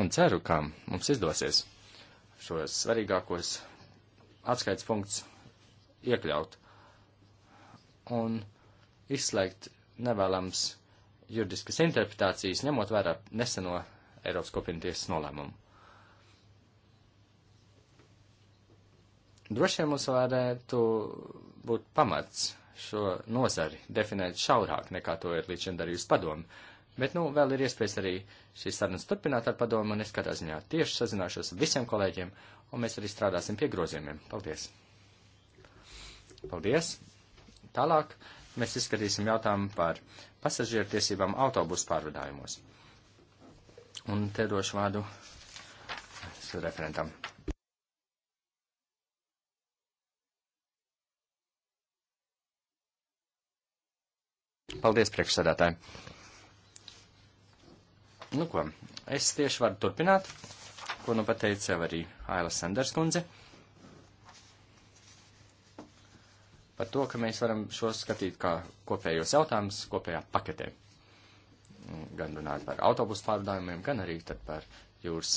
Un ceru, ka mums izdosies šos svarīgākos atskaits punktus iekļaut un izslēgt nevēlams juridiskas interpretācijas, ņemot vērā neseno Eiropas kopienu tiesas nolēmumu. Droši vien mums varētu būt pamats šo nozari definēt šaurāk nekā to ir līdz šim darījusi padomu, Bet, nu, vēl ir iespējas arī šīs sarunas turpināt ar padomu, un es katrā ziņā tieši sazināšos ar visiem kolēģiem, un mēs arī strādāsim pie grozījumiem. Paldies! Paldies! Tālāk mēs izskatīsim jautājumu par pasažieru tiesībām autobusu pārvadājumos. Un te došu vārdu referentam. Paldies, priekšsēdētāji! Nu ko, es tieši varu turpināt, ko nu pateica jau arī Aila Sanders kundze. Par to, ka mēs varam šo skatīt kā kopējos jautājumus kopējā paketē. Gan runāt par autobusu pārvadājumiem, gan arī tad par jūras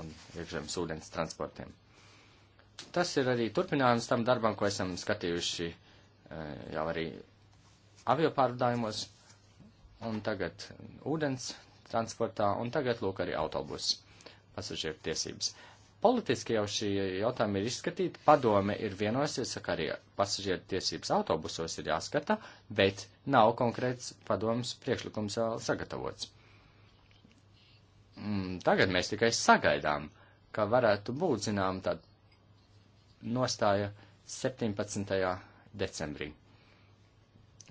un iekšzemes ūdens transportiem. Tas ir arī turpinājums tam darbam, ko esam skatījuši eh, jau arī avio pārvadājumos, un tagad ūdens transportā, un tagad lūk arī autobus pasažieru tiesības. Politiski jau šī jautājuma ir izskatīta, padome ir vienojusies, ka arī pasažieru tiesības autobusos ir jāskata, bet nav konkrēts padomas priekšlikums vēl sagatavots. Mm, tagad mēs tikai sagaidām, ka varētu būt, zinām, tāda nostāja 17. decembrī,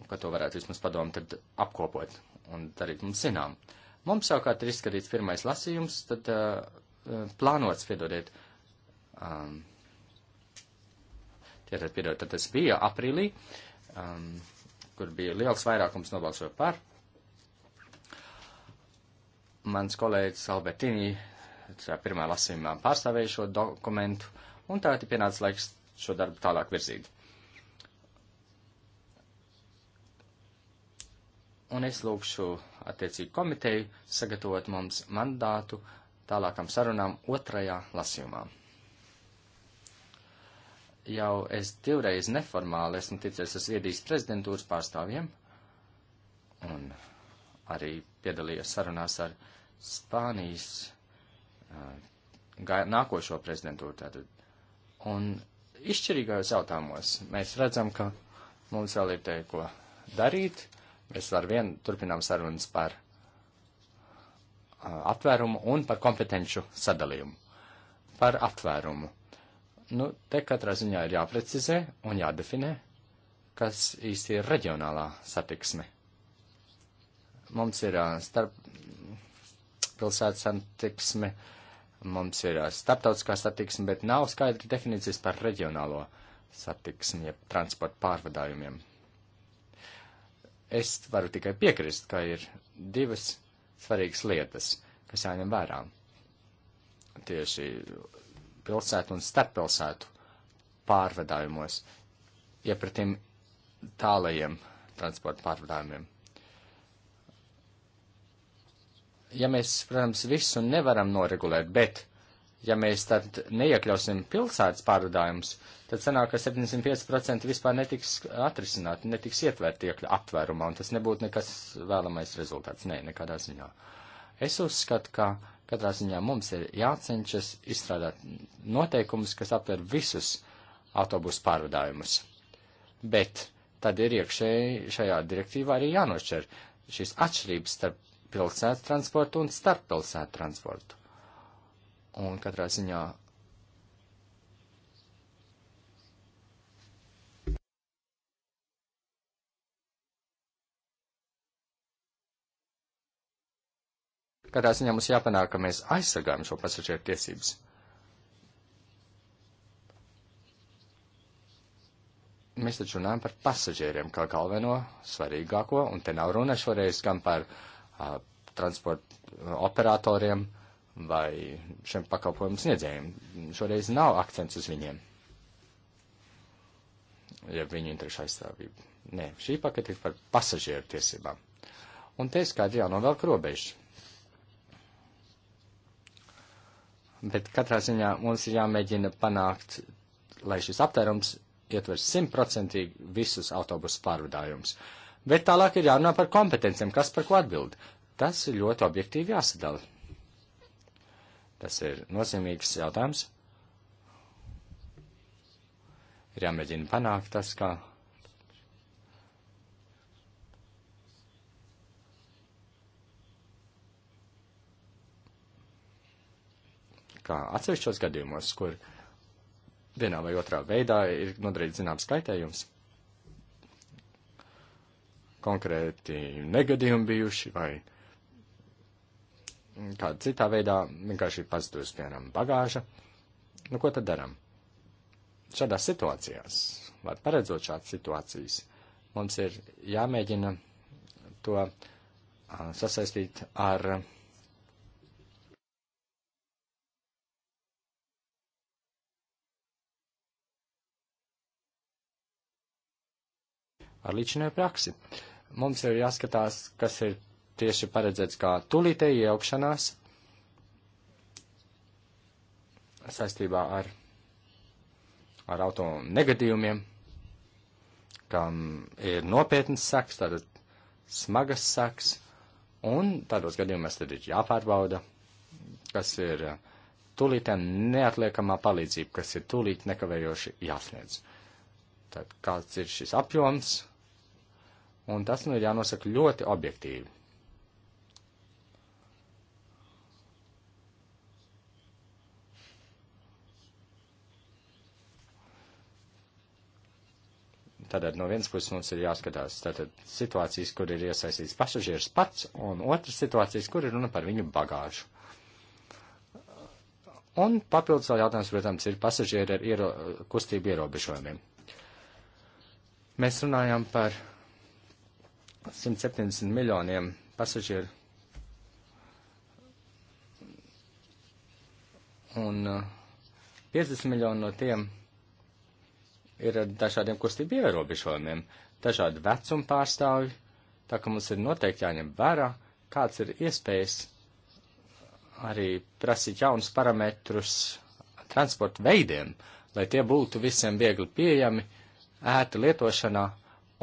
ka to varētu vismaz padomu tad apkopot un darīt mums zinām. Uh, Mums savukārt ir izskatīts pirmais lasījums, tad uh, uh plānots, piedodiet, um, tātad, piedodiet, tad tas bija aprīlī, um, kur bija liels vairākums nobalsoja par. Mans kolēģis Albertini pirmā lasījumā pārstāvēja šo dokumentu, un tagad ir pienācis laiks šo darbu tālāk virzīt. Un es lūkšu attiecīgi komiteju sagatavot mums mandātu tālākam sarunām otrajā lasījumā. Jau es divreiz neformāli esmu ticies ar Zviedrijas prezidentūras pārstāvjiem un arī piedalījos sarunās ar Spānijas uh, nākošo prezidentūru. Tātad. Un izšķirīgajos jautājumos mēs redzam, ka mums vēl ir te ko darīt, uh, Mēs ar vienu turpinām sarunas par aptvērumu un par kompetenču sadalījumu. Par aptvērumu. Nu, te katrā ziņā ir jāprecizē un jādefinē, kas īsti ir reģionālā satiksme. Mums ir starp pilsētas satiksme, mums ir starptautiskā satiksme, bet nav skaidri definīcijas par reģionālo satiksmi, jeb transporta pārvadājumiem. Es varu tikai piekrist, ka ir divas svarīgas lietas, kas jāņem vērā. Tieši pilsētu un starppilsētu pārvadājumos, iepratim tālajiem transporta pārvadājumiem. Ja mēs, protams, visu nevaram noregulēt, bet ja mēs tad neiekļausim pilsētas pārvadājumus, tad sanāk, ka 75% vispār netiks atrisināti, netiks ietverti iekļa aptvērumā, un tas nebūtu nekas vēlamais rezultāts. Nē, nekādā ziņā. Es uzskatu, ka katrā ziņā mums ir jācenšas izstrādāt noteikumus, kas aptver visus autobusu pārvadājumus. Bet tad ir iekšēji šajā direktīvā arī jānošķir šīs atšķirības starp pilsētu transportu un starp pilsētu transportu un katrā ziņā Katrā ziņā mums jāpanāk, ka mēs aizsargājam šo pasažieru tiesības. Mēs taču runājam par pasažieriem kā galveno, svarīgāko, un te nav runa šoreiz gan par uh, transporta operatoriem, uh, vai šiem pakalpojumu sniedzējiem. Šoreiz nav akcents uz viņiem. Ja viņu interešu aizstāvību. Nē, šī paketa ir par pasažieru tiesībām. Un te skaidri jānovelk robežas. Bet katrā ziņā mums ir jāmēģina panākt, lai šis aptērums ietver simtprocentīgi visus autobusu pārvadājumus. Bet tālāk ir jārunā par kompetencijām, kas par ko atbild. Tas ir ļoti objektīvi jāsadala. Tas ir nozīmīgs jautājums. Ir jāmēģina panākt tas, ka kā atsevišķos gadījumos, kur vienā vai otrā veidā ir nodarīts zināms kaitējums, konkrēti negadījumi bijuši vai kādā citā veidā vienkārši ir pazudus, piemēram, bagāža. Nu, ko tad darām? Šādās situācijās, vai paredzot šādas situācijas, mums ir jāmēģina to a, sasaistīt ar. ar līdzinēju praksi. Mums ir jāskatās, kas ir tieši paredzēts kā tulītēji iejaukšanās saistībā ar, ar auto negadījumiem, kam ir nopietnas saks, tātad smagas saks, un tādos gadījumos tad ir jāpārbauda, kas ir tulītēm neatliekamā palīdzība, kas ir tulīt nekavējoši jāsniedz. Tad kāds ir šis apjoms, un tas nu ir jānosaka ļoti objektīvi. Tātad no vienas puses mums ir jāskatās tātad situācijas, kur ir iesaistīts pasažieris pats, un otras situācijas, kur ir runa par viņu bagāžu. Un papildus vēl jautājums, protams, ir pasažieri ar iero, kustību ierobežojumiem. Mēs runājam par 170 miljoniem pasažieru. Un 50 eh, miljoni no tiem ir ar dažādiem kustību ierobežojumiem, dažādi vecuma pārstāvji, tā ka mums ir noteikti jāņem vērā, kāds ir iespējas arī prasīt jaunus parametrus transporta veidiem, lai tie būtu visiem viegli pieejami, ēti lietošanā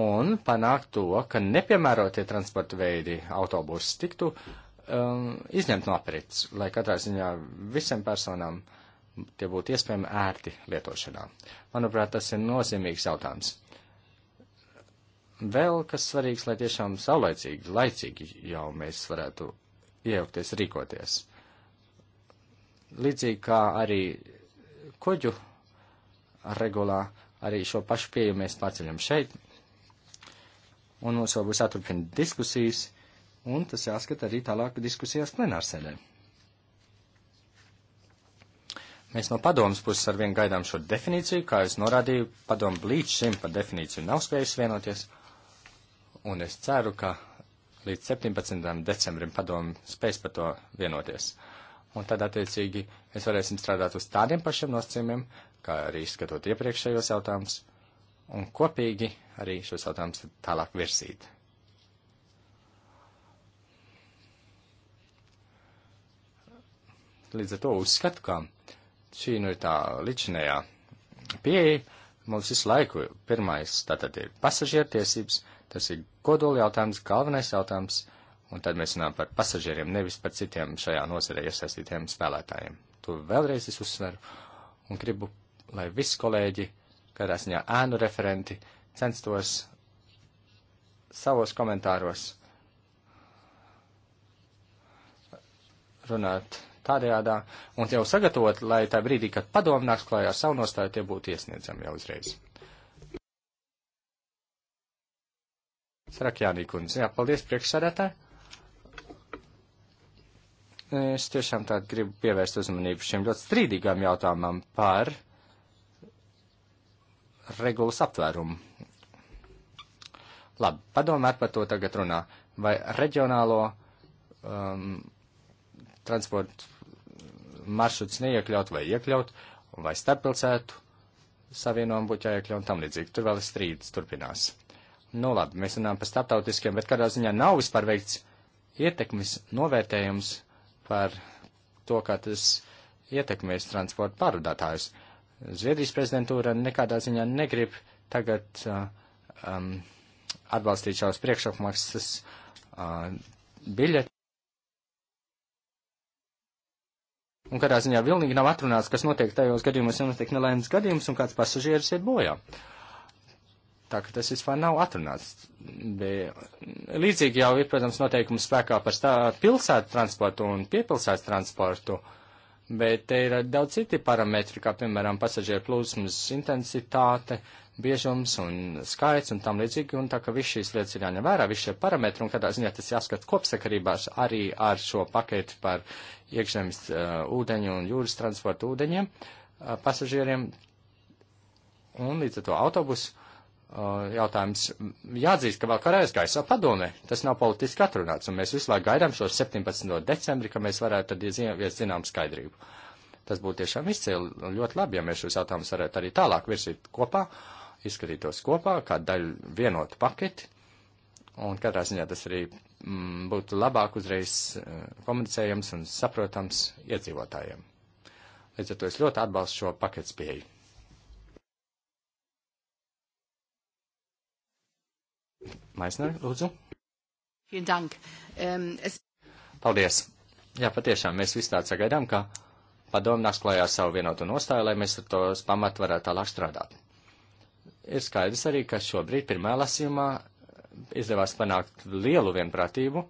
un panākt to, ka nepiemērotie transporta veidi autobusi tiktu um, izņemt no aprits, lai katrā ziņā visiem personām uh, tie būtu iespējami ērti lietošanā. Manuprāt, tas ir nozīmīgs jautājums. Vēl kas svarīgs, lai tiešām saulaicīgi, laicīgi jau mēs varētu iejaukties, rīkoties. Līdzīgi kā arī kuģu regulā, arī šo pašu pieeju mēs paceļam šeit, un mums vēl būs jāturpina diskusijas, un tas jāskat arī tālāk diskusijās plenārsēdē. Ar Mēs no padomas puses ar vienu gaidām šo definīciju, kā es norādīju, padomu līdz šim par definīciju nav spējusi vienoties, un es ceru, ka līdz 17. decembrim padomu spēs par to vienoties. Un tad, attiecīgi, mēs varēsim strādāt uz tādiem pašiem nosacījumiem, kā arī izskatot iepriekšējos jautājumus, un kopīgi arī šos jautājumus tālāk virsīt. Līdz ar to uzskatu, ka Šī nu ir tā ličinējā pieeja. Mums visu laiku pirmais tātad ir pasažiertiesības, tas ir kodoli jautājums, galvenais jautājums, un tad mēs runājam par pasažieriem, nevis par citiem šajā nozarē iesaistītiem spēlētājiem. To vēlreiz es uzsveru un gribu, lai visi kolēģi, kādā ziņā ēnu referenti, censtos savos komentāros runāt tādējādā un jau sagatavot, lai tā brīdī, kad padomnāks klājā ar savu nostāju, tie būtu iesniedzami jau uzreiz. Sarakjānī kundze, jā, paldies priekšsēdētāji. Es tiešām tādu gribu pievērst uzmanību šiem ļoti strīdīgām jautājumam par regulas aptvērumu. Labi, padomājiet par to tagad runā. Vai reģionālo um, transportu maršruts neiekļaut vai iekļaut, vai starppilsētu savienojumu būtu jāiekļaut un tam līdzīgi. Tur vēl strīds turpinās. Nu labi, mēs runājam par starptautiskiem, bet kādā ziņā nav vispār veikts ietekmes novērtējums par to, kā tas ietekmēs transporta pārvadātājus. Zviedrijas prezidentūra nekādā ziņā negrib tagad uh, um, atbalstīt šos priekšapmaksas uh, biļeti. Un kādā ziņā vilnīgi nav atrunāts, kas notiek tajos gadījumos, ja notiek nelaimes gadījums un kāds pasažieris iet bojā. Tā ka tas vispār nav atrunāts. Bija. Līdzīgi jau ir, protams, noteikums spēkā par pilsētu transportu un piepilsētu transportu. Uh, bet te ir daudz citi parametri, kā piemēram pasažieru plūsmas intensitāte, biežums un skaits un tam līdzīgi, un tā ka viss šīs lietas ir jāņem vērā, visi šie parametri, un kādā ziņā tas jāskat kopsakarībās arī ar šo paketi par iekšzemes uh, ūdeņu un jūras transportu ūdeņiem uh, pasažieriem, un līdz ar to autobusu Eh, jautājums. Jāatzīst, ka vēl karājas gaisā padomē, tas nav politiski atrunāts, un mēs visu laiku gaidām šo 17. decembri, ka mēs varētu tad ievies zinām skaidrību. Tas būtu tiešām izcēli un ļoti labi, ja mēs šos jautājumus varētu arī tālāk virsīt kopā, izskatītos kopā, kā daļu vienotu paketi, un katrā ziņā tas arī m, mm, būtu labāk uzreiz eh, komunicējams un saprotams iedzīvotājiem. Līdz ar to es ļoti atbalstu šo paketu spēju. Maisner, lūdzu. Ähm, Paldies. Jā, patiešām mēs visi tāds sagaidām, ka padomu nāks klājā savu vienotu nostāju, lai mēs ar tos pamatu varētu tālāk strādāt. Ir skaidrs arī, ka šobrīd pirmā lasījumā izdevās panākt lielu vienprātību,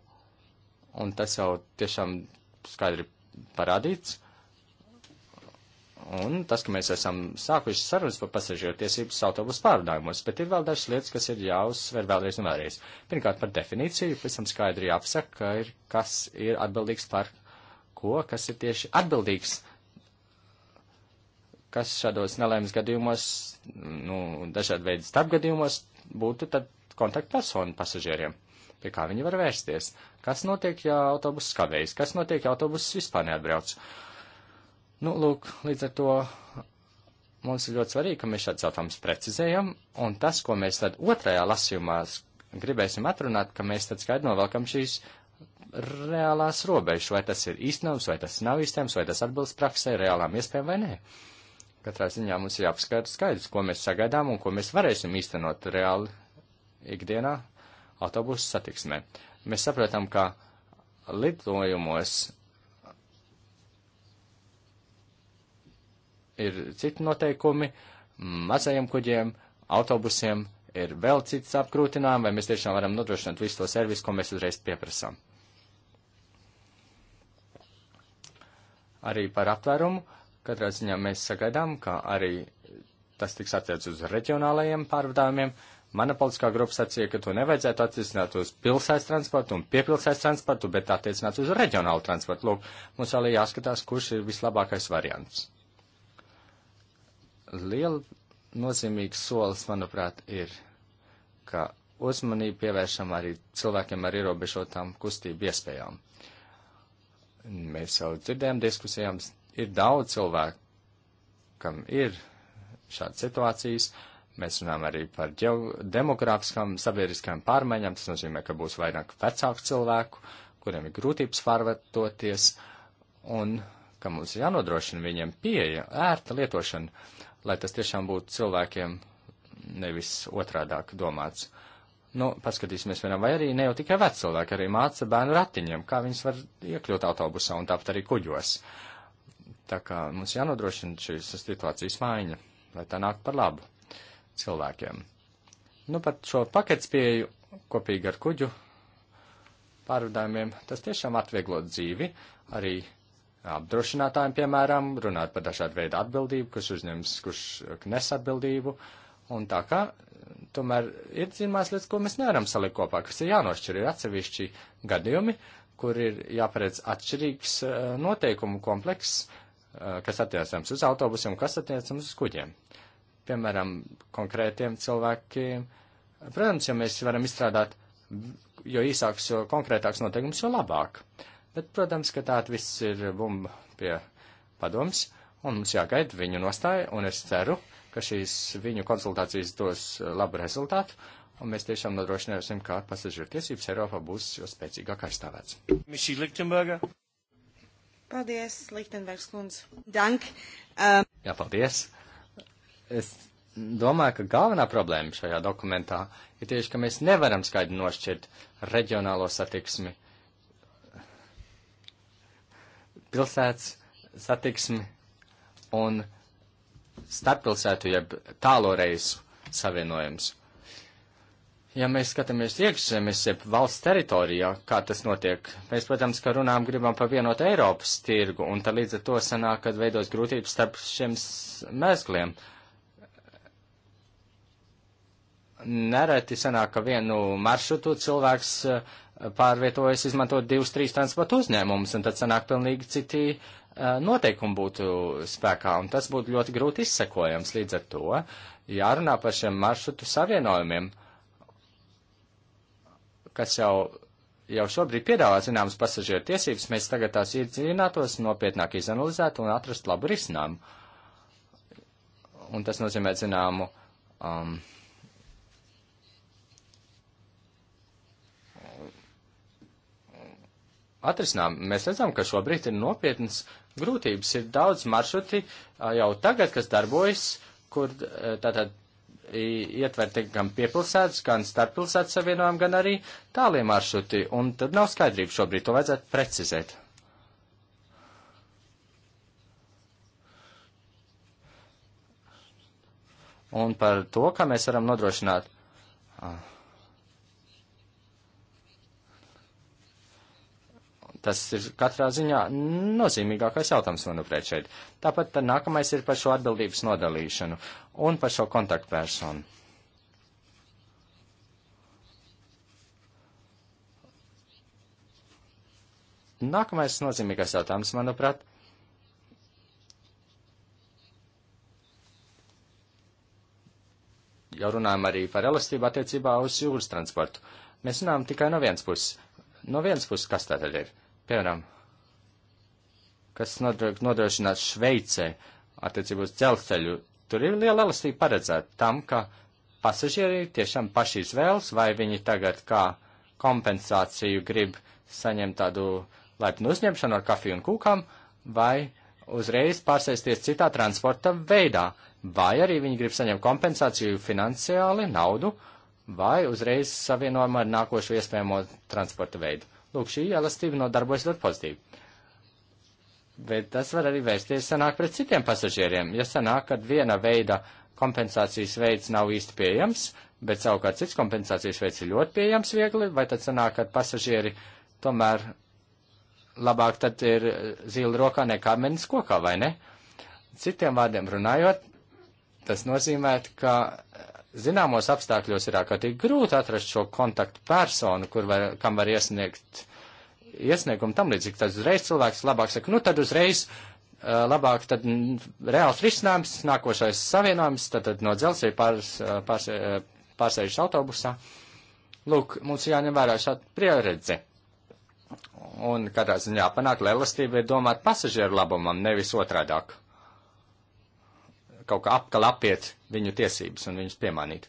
un tas jau tiešām skaidri parādīts. Un tas, ka mēs esam sākuši sarunas par pasažieru tiesības autobusu pārvadājumos, bet ir vēl dažas lietas, kas ir jāuzsver vēlreiz un vēlreiz. Pirmkārt, par definīciju, pēc tam skaidri jāapsaka, ka ir, kas ir atbildīgs par ko, kas ir tieši atbildīgs, kas šādos nelaimes gadījumos, nu, dažādi veidi starpgadījumos būtu tad kontaktpersona pasažieriem, pie kā viņi var vērsties. Kas notiek, ja autobuss kavējas, kas notiek, ja autobuss vispār neatbrauc. Uh, Nu, lūk, līdz ar to mums ir ļoti svarīgi, ka mēs šāds jautājums precizējam, un tas, ko mēs tad otrajā lasījumā gribēsim atrunāt, ka mēs tad skaidri novelkam šīs reālās robežas, vai tas ir īstenojums, vai tas nav īstenojums, vai tas atbilst praksē, reālām iespējām vai nē. Katrā ziņā mums ir jāapskata skaidrs, ko mēs sagaidām un ko mēs varēsim īstenot reāli ikdienā autobusu satiksmē. Mēs saprotam, ka lidojumos ir citi noteikumi, mazajiem kuģiem, autobusiem ir vēl cits apgrūtinājums, vai mēs tiešām varam nodrošināt visu to servisu, ko mēs uzreiz pieprasām. Arī par aptvērumu. Katrā ziņā mēs sagaidām, ka arī tas tiks attiec uz reģionālajiem pārvadājumiem. Mana politiskā grupa sacīja, ka to nevajadzētu attiecināt uz pilsētas transportu un piepilsētas transportu, bet attiecināt uz reģionālu transportu. Lūk, mums vēl jāskatās, kurš ir vislabākais variants liela nozīmīgs solis, manuprāt, ir, ka uzmanību pievēršam arī cilvēkiem ar ierobežotām kustību iespējām. Mēs jau dzirdējām diskusijām, ir daudz cilvēku, kam ir šādas situācijas. Mēs runājam arī par demogrāfiskām sabiedriskām pārmaiņām. Tas nozīmē, ka būs vairāk vecāku cilvēku, kuriem ir grūtības pārvietoties, un ka mums ir jānodrošina viņiem pieeja, ērta lietošana lai tas tiešām būtu cilvēkiem nevis otrādāk domāts. Nu, paskatīsimies vienam, vai arī ne jau tikai vec cilvēki, arī māca bērnu ratiņiem, kā viņas var iekļūt autobusā un tāpat arī kuģos. Tā kā mums jānodrošina šīs situācijas maiņa, lai tā nāk par labu cilvēkiem. Nu, par šo pakets pieeju kopīgi ar kuģu pārvadājumiem, tas tiešām atvieglot dzīvi, arī apdrošinātājiem, piemēram, runāt par dažādu veidu atbildību, kurš uzņems, kurš nes atbildību. Un tā kā tomēr ir zināmas lietas, ko mēs nevaram salikt kopā, kas ir jānošķir, ir atsevišķi gadījumi, kur ir jāparedz atšķirīgs eh, noteikumu komplekss, eh, kas attiecams uz autobusiem, kas attiecams uz kuģiem. Piemēram, konkrētiem cilvēkiem. Protams, ja mēs varam izstrādāt, jo īsāks, jo konkrētāks noteikums, jo labāk. Uh, Bet, protams, ka tā viss ir bumba pie padoms, un mums jāgaida viņu nostāja, un es ceru, ka šīs viņu konsultācijas dos labu rezultātu, un mēs tiešām nodrošināsim, ka pasažieru tiesības Eiropā būs jau spēcīgāk aizstāvēts. Mišī Liktenberga. Paldies, Liktenbergs kundze. Dank. Um. Jā, paldies. Es domāju, ka galvenā problēma šajā dokumentā ir tieši, ka mēs nevaram skaidri nošķirt reģionālo satiksmi pilsētas satiksmi un starppilsētu, jeb tālo reisu savienojums. Ja mēs skatāmies iekšzemes, jeb valsts teritorijā, kā tas notiek, mēs, protams, ka runām gribam par vienot Eiropas tirgu, un tad līdz ar to sanāk, kad veidos grūtības starp šiem mēsliem. Nereti sanāk, ka vienu maršrutu cilvēks uh, pārvietojas, izmantot divus, trīs transporta uzņēmumus, un tad sanāk pilnīgi citi uh, noteikumi būtu spēkā, un tas būtu ļoti grūti izsekojams. Līdz ar to jārunā par šiem maršrutu savienojumiem, kas jau, jau šobrīd piedāvā zināmas pasažieru tiesības, mēs tagad tās iedzinātos, nopietnāk izanalizētu un atrast labu risinājumu. Un tas nozīmē zināmu. Um, atrisinām. Mēs redzam, ka šobrīd ir nopietnas grūtības. Ir daudz maršruti jau tagad, kas darbojas, kur tātad ietver gan piepilsētas, gan starppilsētas savienojumu, gan arī tālie maršruti. Un tad nav skaidrība šobrīd, to vajadzētu precizēt. Un par to, kā mēs varam nodrošināt. Ah Tas ir katrā ziņā nozīmīgākais jautājums, manuprāt, šeit. Tāpat nākamais ir par šo atbildības nodalīšanu un par šo kontaktpersonu. Nākamais nozīmīgais jautājums, manuprāt, jau runājam arī par elastību attiecībā uz jūras transportu. Mēs runājam tikai no vienas puses. No vienas puses, kas tātad ir? piemēram, kas nodrošinās Šveicē attiecībā uz dzelzceļu, tur ir liela elastība paredzēta tam, ka pasažieri tiešām paši izvēlas, vai viņi tagad kā kompensāciju grib saņemt tādu laipnu uzņemšanu ar kafiju un kūkām, vai uzreiz pārsēsties citā transporta veidā, vai arī viņi grib saņemt kompensāciju finansiāli, naudu, vai uzreiz savienojumu ar nākošo iespējamo transporta veidu. Lūk, šī elastība nodarbojas ļoti pozitīvi. Bet tas var arī vērsties sanāk pret citiem pasažieriem. Ja sanāk, ka viena veida kompensācijas veids nav īsti pieejams, bet savukārt cits kompensācijas veids ir ļoti pieejams viegli, vai tad sanāk, ka pasažieri tomēr labāk tad ir zīle rokā nekā menis kokā, vai ne? Citiem vārdiem runājot, tas nozīmē, ka zināmos apstākļos ir ārkārtīgi grūti atrast šo kontaktu personu, kur var, kam var iesniegt iesniegumu tam līdzīgi. Tad uzreiz cilvēks labāk saka, nu tad uzreiz uh, labāk tad reāls risinājums, nākošais savienojums, tad, tad no dzelzceļa pārs, pārs, pārsēžas autobusā. Lūk, mums jāņem vērā šāda pieredze. Un katrā ziņā panāk, lai elastība ir domāt pasažieru labumam, nevis otrādāk kaut kā apkal apiet viņu tiesības un viņus piemānīt.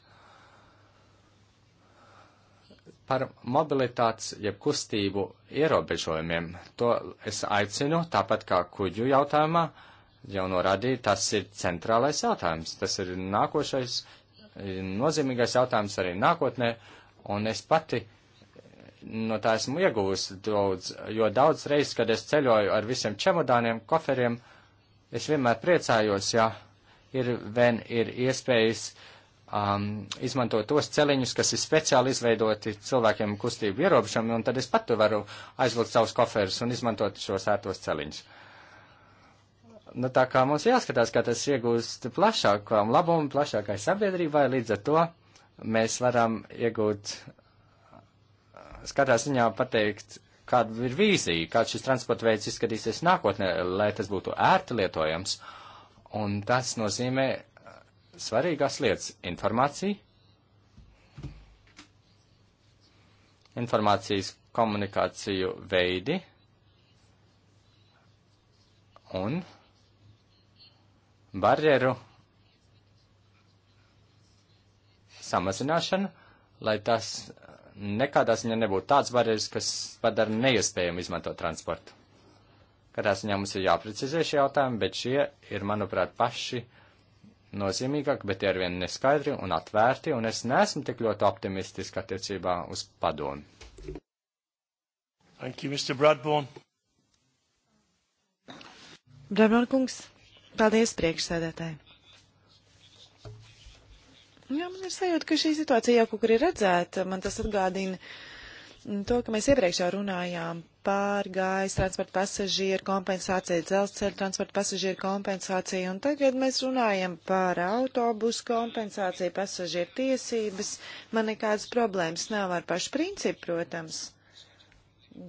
Par mobilitātes jeb kustību ierobežojumiem to es aicinu, tāpat kā kuģu jautājumā, jau norādīju, tas ir centrālais jautājums. Tas ir nākošais, nozīmīgais jautājums arī nākotnē, un es pati no tā esmu ieguvusi daudz, jo daudz reiz, kad es ceļoju ar visiem čemodāniem, koferiem, es vienmēr priecājos, ja ir, vien ir iespējas um, izmantot tos celiņus, kas ir speciāli izveidoti cilvēkiem kustību ierobežam, un tad es pat varu aizvilkt savus koferus un izmantot šos ētos celiņus. Nu, tā kā mums jāskatās, kā tas iegūst plašākām labumu, plašākai sabiedrībai, līdz ar to mēs varam iegūt, skatās viņā pateikt, kāda ir vīzija, kāds šis transporta veids izskatīsies nākotnē, lai tas būtu ērti lietojams. Uh, Un tas nozīmē uh, svarīgās lietas - informācija, informācijas komunikāciju veidi un barjeru samazināšanu, lai tas uh, nekādās viņa nebūtu tāds barjeras, kas padara neiespējamu izmantot transportu. Katrā ziņā mums ir jāprecizē šie jautājumi, bet šie ir, manuprāt, paši nozīmīgāki, bet tie ir vien neskaidri un atvērti, un es neesmu tik ļoti optimistiski attiecībā uz padomu. Thank you, Mr. Bradbourne. Bradbourne kungs, paldies priekšsēdētāji. Jā, man ir sajūta, ka šī situācija jau kaut kur ir redzēta. Man tas atgādina to, ka mēs iepriekš jau runājām pār gaisa transporta pasažieru kompensāciju, dzelzceļa transporta pasažieru kompensāciju, un tagad mēs runājam par autobusu kompensāciju, pasažieru tiesības. Man nekādas problēmas nav ar pašu principu, protams,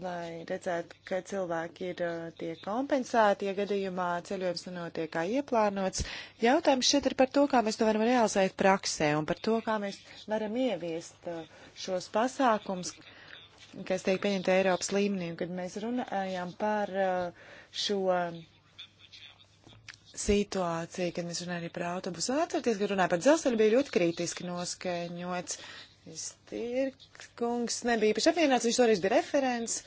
lai redzētu, ka cilvēki ir uh, tiek kompensēti, ja gadījumā ceļojums nenotiek kā ieplānots. Jautājums šeit ir par to, kā mēs to varam realizēt praksē un par to, kā mēs varam ieviest uh, šos pasākums. Uh, kas tiek pieņemta Eiropas līmenī. Kad mēs runājām par uh, šo situāciju, kad mēs runājām arī par autobusu, atcerieties, kad runājām par dzelzceļu, bija ļoti kritiski noskaņots. Stirkungs nebija īpaši apvienots, viņš toreiz bija referents.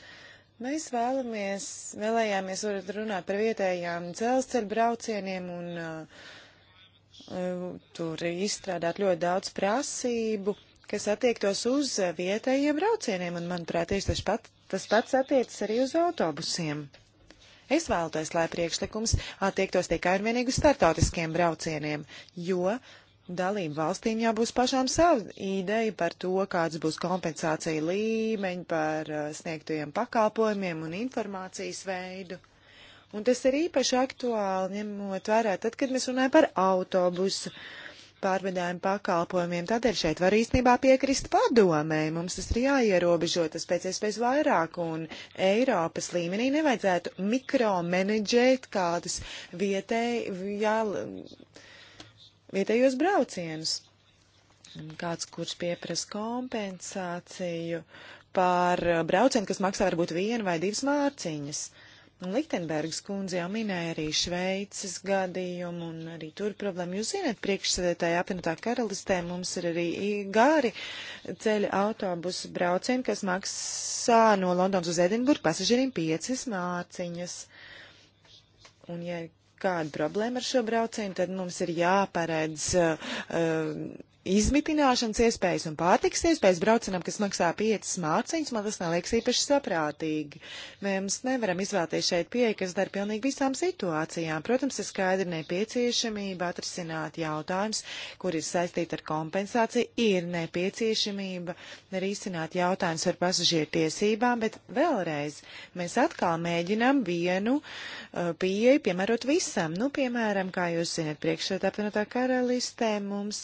Mēs vēlamies, vēlējāmies runāt par vietējām dzelzceļu braucieniem un uh, uh tur izstrādāt ļoti daudz prasību. Uh, kas attiektos uz vietējiem braucieniem, un, manuprāt, tieši tas, pat, tas pats attiecas arī uz autobusiem. Es vēlētos, lai priekšlikums attiektos tikai un vienīgi uz startautiskiem braucieniem, jo dalību valstīm jābūs pašām savu ideju par to, kāds būs kompensācija līmeņi par uh, sniegtajiem pakalpojumiem un informācijas veidu. Un tas ir īpaši aktuāli, ņemot vērā tad, kad mēs runājam par autobusu. Uh, pārvedājumu pakalpojumiem. Tādēļ šeit var īstenībā piekrist padomēji. Mums tas ir jāierobežo, tas pēc iespējas vairāk, un Eiropas līmenī nevajadzētu mikromenedžēt kādus vietēji, jā, vietējos braucienus. Kāds, kurš pieprasa kompensāciju par braucienu, kas maksā varbūt vienu vai divas mārciņas. Uh, Liktenbergs kundze jau minēja arī Šveices gadījumu un arī tur problēmu. Jūs zināt, priekšsēdētāji apvienotā karalistē mums ir arī gāri ceļa autobusu braucieni, kas maksā no Londonas uz Edinburgu pasažieriem piecas māciņas. Un, ja kāda problēma ar šo braucienu, tad mums ir jāparedz uh, uh izmitināšanas iespējas un pārtiks iespējas braucinam, kas maksā 5 mārciņas, man tas neliekas īpaši saprātīgi. Mēs nevaram izvēlēties šeit pieeja, kas dar pilnīgi visām situācijām. Protams, ir skaidri nepieciešamība atrisināt jautājums, kur ir saistīta ar kompensāciju, ir nepieciešamība risināt jautājums par pasažieru tiesībām, bet vēlreiz mēs atkal mēģinam vienu uh, pieeju piemērot visam. Nu, piemēram, kā jūs zināt, priekšsēdā apvienotā karalistē mums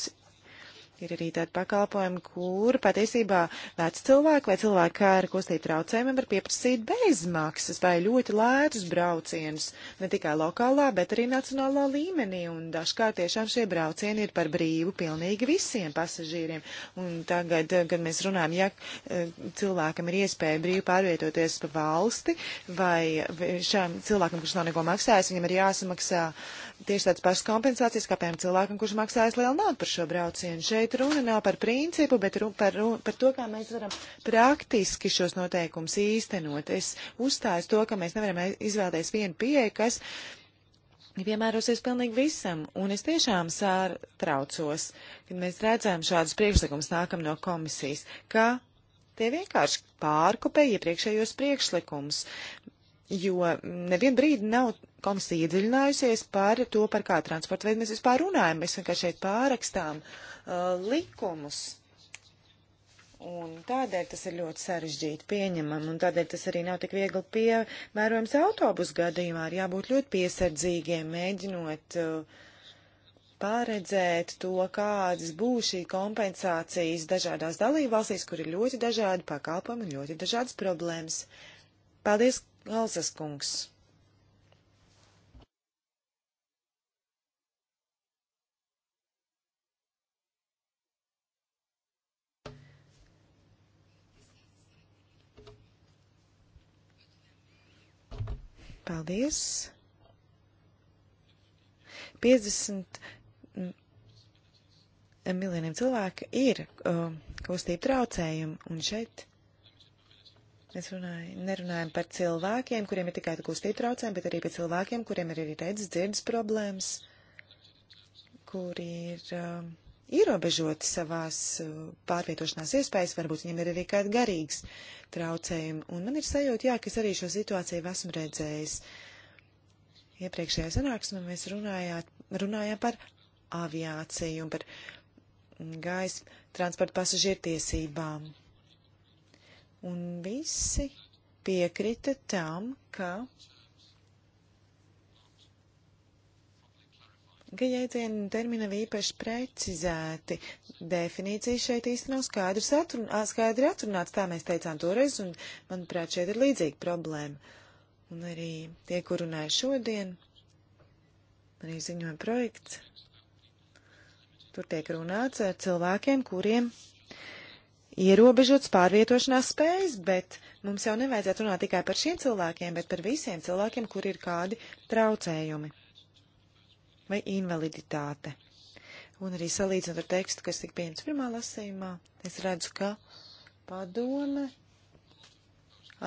Ir arī tādi pakalpojumi, kur patiesībā vec cilvēki vai cilvēki ar kustību traucējumiem var pieprasīt bezmaksas vai ļoti lētus braucienus, ne tikai lokālā, bet arī nacionālā līmenī. Un dažkārt tiešām šie braucieni ir par brīvu pilnīgi visiem pasažīriem. Un tagad, kad mēs runājam, ja eh, cilvēkam ir iespēja brīvi pārvietoties pa valsti, vai šām cilvēkam, kurš nav neko maksājis, viņam ir jāsamaksā tieši tāds pašas kompensācijas, kā piemēram cilvēkam, kurš maksājis lielu naudu par šo braucienu. Šeit šeit runa nav par principu, bet runa par, runa par to, kā mēs varam praktiski šos noteikumus īstenot. Es uzstāju to, ka mēs nevaram izvēlēties vienu pieeju, kas piemērosies pilnīgi visam, un es tiešām sārtraucos, kad mēs redzam šādus priekšlikumus nākam no komisijas, ka tie vienkārši pārkopē iepriekšējos priekšlikumus jo mm, nevienu brīdi nav komisija iedziļinājusies par to, par kā transporta veidu mēs vispār runājam. Mēs vienkārši šeit pārakstām uh, likumus. Un tādēļ tas ir ļoti sarežģīti pieņemam, un tādēļ tas arī nav tik viegli piemērojams autobusu gadījumā. Ir jābūt ļoti piesardzīgiem, mēģinot uh, pārredzēt to, kādas būs šī kompensācijas dažādās dalībvalstīs, kur ir ļoti dažādi pakalpojumi un ļoti dažādas problēmas. Paldies, Galzas kungs. Paldies. 50 miljoniem cilvēku ir uh, um, kustība traucējumi, un šeit Mēs runājam, nerunājam par cilvēkiem, kuriem ir tikai kustība traucējumi, bet arī par cilvēkiem, kuriem ir arī redzes dzirdes problēmas, kuri ir uh, ierobežoti savās uh, pārvietošanās iespējas, varbūt viņiem ir arī kāda garīgs traucējumi. Un man ir sajūta, jā, ka es arī šo situāciju esmu redzējis. Iepriekšējā sanāksmē mēs runājāt, runājām par aviāciju un par gaisa transporta pasažieru tiesībām un visi piekrita tam, ka ka jēdzienu termina īpaši precizēti. Definīcija šeit īsti nav skaidrs atrun, skaidri atrunāts, tā mēs teicām toreiz, un, manuprāt, šeit ir līdzīga problēma. Un arī tie, kur runāja šodien, arī ziņoja projekts, tur tiek runāts ar cilvēkiem, kuriem ierobežotas pārvietošanās spējas, bet mums jau nevajadzētu runāt tikai par šiem cilvēkiem, bet par visiem cilvēkiem, kur ir kādi traucējumi vai invaliditāte. Un arī salīdzinot ar tekstu, kas tika pieņemts pirmā lasījumā, es redzu, ka padome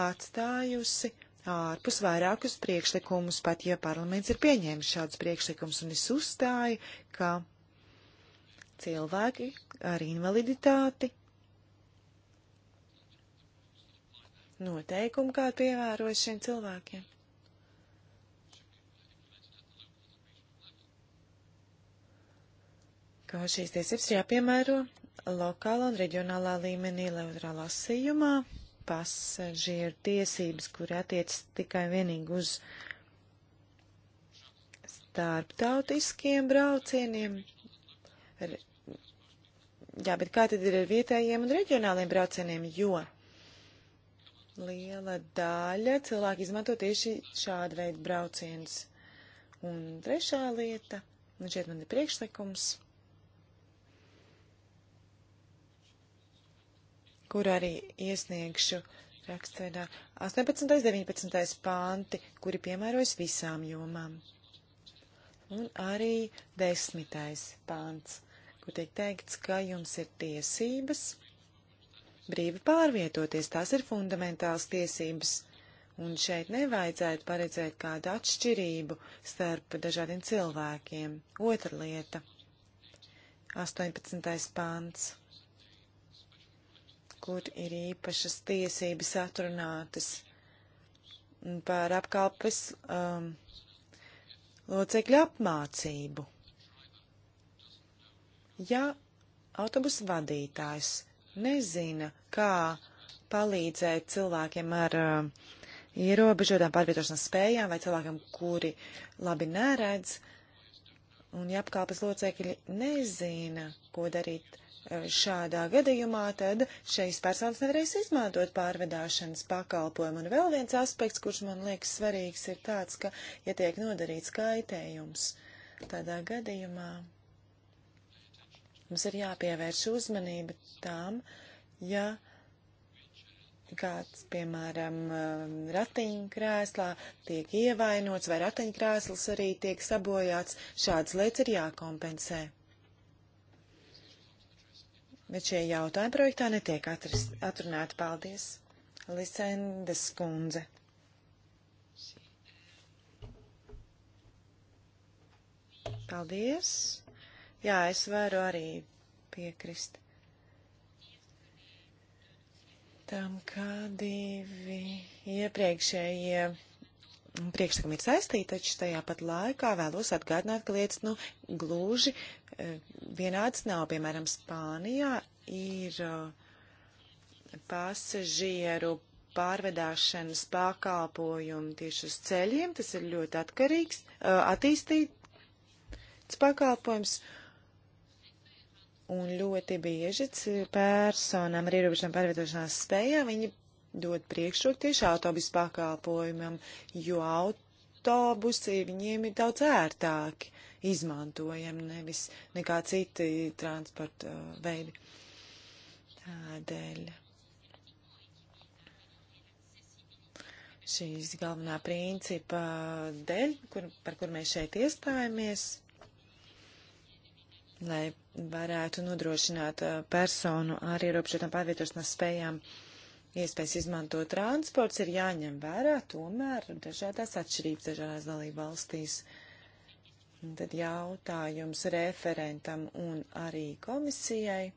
atstājusi ārpus vairākus priekšlikumus, pat ja parlaments ir pieņēmis šādus priekšlikumus, un es uzstāju, ka cilvēki ar invaliditāti noteikumu, kā pievērojas šiem cilvēkiem. Kā šīs tiesības jāpiemēro lokāla un reģionālā līmenī leudrā lasījumā, pasažieru tiesības, kuri attiecas tikai vienīgi uz starptautiskiem braucieniem, Jā, bet kā tad ir ar vietējiem un reģionāliem braucieniem? Jo liela daļa cilvēku izmanto tieši šādu veidu braucienus. Un trešā lieta, un šeit man ir priekšlikums, kur arī iesniegšu rakstveidā 18. un 19. panti, kuri piemērojas visām jomām. Un arī 10. pants, kur tiek teikts, ka jums ir tiesības brīvi pārvietoties. Tās ir fundamentāls tiesības. Un šeit nevajadzētu paredzēt kādu atšķirību starp dažādiem cilvēkiem. Otra lieta - 18. pāns, kur ir īpašas tiesības atrunātas par apkalpes um, locekļu apmācību. Ja autobusu vadītājs nezina, kā palīdzēt cilvēkiem ar uh, ierobežotām pārvietošanās spējām vai cilvēkiem, kuri labi neredz, un ja apkalpes locekļi nezina, ko darīt uh, šādā gadījumā, tad šīs personas nevarēs izmantot pārvedāšanas pakalpojumu. Un vēl viens aspekts, kurš man liekas svarīgs, ir tāds, ka, ja tiek nodarīts kaitējums, tādā gadījumā Mums ir jāpievērš uzmanība tām, ja kāds, piemēram, ratiņkrēslā tiek ievainots vai ratiņkrēsls arī tiek sabojāts, šādas lietas ir jākompensē. Bet šie jautājumi projektā netiek atrast, atrunāti. Paldies, Lisendes kundze. Paldies! Jā, es varu arī piekrist tam, kā divi iepriekšējie priekšsakumi ir saistīti, taču tajā pat laikā vēlos atgādināt, ka lietas, nu, gluži e, vienāds nav. Piemēram, Spānijā ir e, pasažieru pārvedāšanas pakalpojumi tieši uz ceļiem. Tas ir ļoti atkarīgs, e, attīstīts pakalpojums. Un ļoti bieži personām ar ierobežotām pārvietošanās spējām viņi dod priekšroku tieši autobusu pakalpojumam, jo autobusi viņiem ir daudz ērtāki izmantojami, nevis nekā citi transporta uh, veidi. Tādēļ. šīs galvenā principa dēļ, kur, par kur mēs šeit iestājamies, lai varētu nodrošināt eh, personu ar ierobežotām pārvietošanās spējām iespējas izmantot transports, ir jāņem vērā tomēr dažādās atšķirības dažādās dalību valstīs. Un tad jautājums referentam un arī komisijai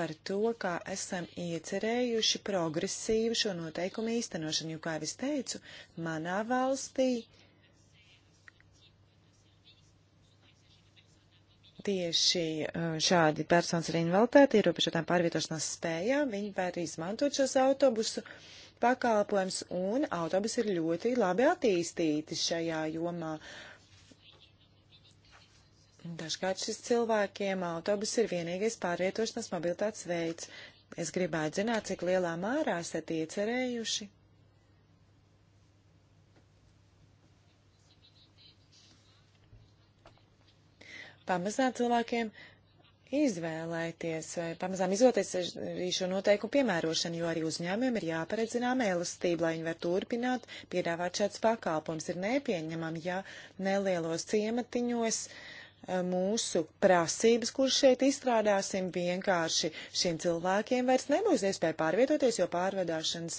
par to, kā esam iecerējuši progresīvu šo noteikumu īstenošanu, jo, kā jau es teicu, manā valstī uh, tieši šādi personas ar invaliditāti, ierobežotām pārvietošanās spējām, viņi var izmantot šos autobusu pakalpojums, un autobusi ir ļoti labi attīstīti šajā jomā. Dažkārt šis cilvēkiem autobus ir vienīgais pārvietošanās mobilitātes veids. Es gribētu zināt, cik lielā mērā esat iecerējuši pamazām cilvēkiem izvēlēties vai pamazām izoties arī šo noteikumu piemērošanu, jo arī uzņēmumiem ir jāparedz zināma elastība, lai viņi var turpināt piedāvāt šāds pakalpums. Ir nepieņemam, ja nelielos ciematiņos eh, mūsu prasības, kuras šeit izstrādāsim, vienkārši šiem cilvēkiem vairs nebūs iespēja pārvietoties, jo pārvedāšanas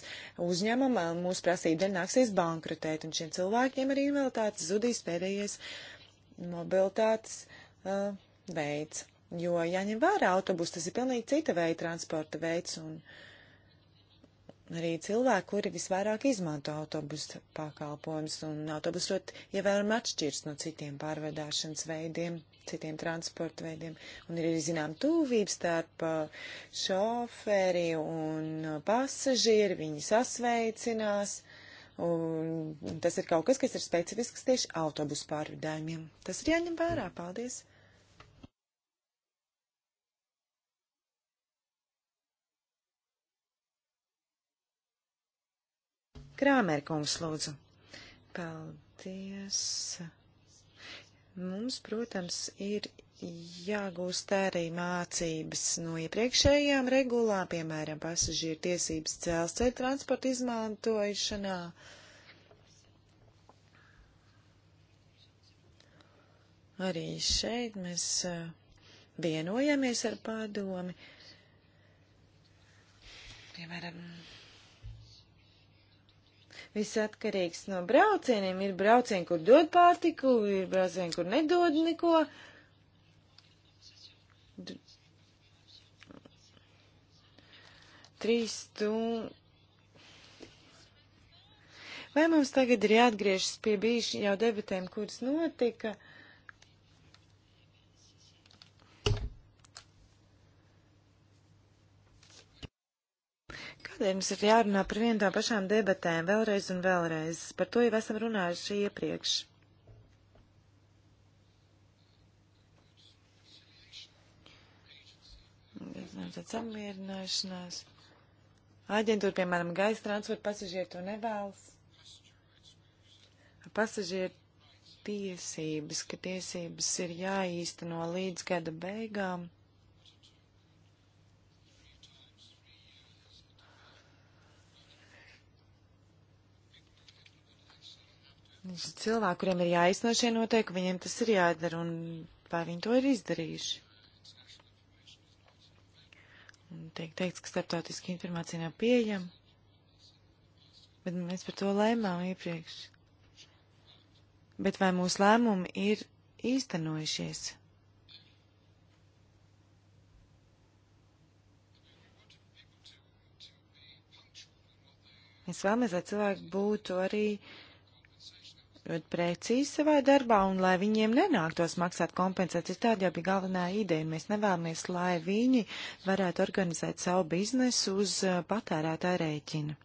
uzņēmumam mūsu prasību dēļ nāksies bankrotēt, un šiem cilvēkiem arī vēl tāds zudīs pēdējais mobilitātes uh, uh, veids. Jo jāņem ja vērā autobus, tas ir pilnīgi cita veida transporta veids, un arī cilvēki, kuri visvairāk izmanto autobusu pakalpojumus, un autobus ļoti ievērojami atšķirs no citiem pārvedāšanas veidiem, citiem transporta veidiem, un ir arī zinām tūvības starp uh, šoferi un uh, pasažieri, viņi sasveicinās. Uh, Un tas ir kaut kas, kas ir specifisks tieši autobusu pārvidājumiem. Tas ir jāņem vērā. Paldies! Krāmērkungs, lūdzu. Paldies! Mums, protams, ir jāgūst arī mācības no iepriekšējām regulām, piemēram, pasažieru tiesības dzelzceļa transporta izmantošanā. Arī šeit mēs vienojamies ar padomi. Piemēram, viss atkarīgs no braucieniem. Ir braucieni, kur dod pārtiku, ir braucieni, kur nedod neko. Uh, trīs stundas. Vai mums tagad ir jāatgriežas pie bijušajām jau debatēm, kuras notika? Kādēļ mums ir jārunā par vienu tā pašām debatēm vēlreiz un vēlreiz? Par to jau esam runājuši iepriekš. Tad samierināšanās. Aģentūra, piemēram, gaisa transporta pasažieri to nevēlas. Pasažieru tiesības, ka tiesības ir jāīsteno līdz gada beigām. Cilvēki, kuriem ir jāizno šie noteikumi, viņiem tas ir jādara, un vai viņi to ir izdarījuši? Tiek teikts, ka starptautiski informācija nav pieejama, bet mēs par to lēmām iepriekš. Bet vai mūsu lēmumi ir īstenojušies? Mēs vēlamies, lai cilvēki būtu arī uh, ļoti precīzi savā darbā un lai viņiem nenāktos maksāt kompensācijas. Tāda jau bija galvenā ideja. Mēs nevēlamies, lai viņi varētu organizēt savu biznesu uz uh, patērētāju rēķina.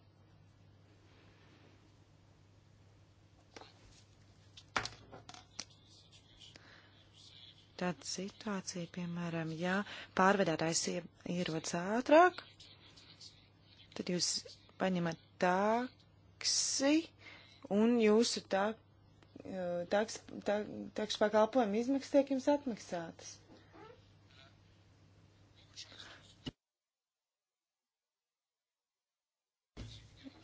Tāda situācija, piemēram, ja pārvedētājs ierodas ātrāk, tad jūs paņemat taksi un jūsu tā Uh, taks, tā, takšu pakalpojumu izmaksas tiek jums atmaksātas.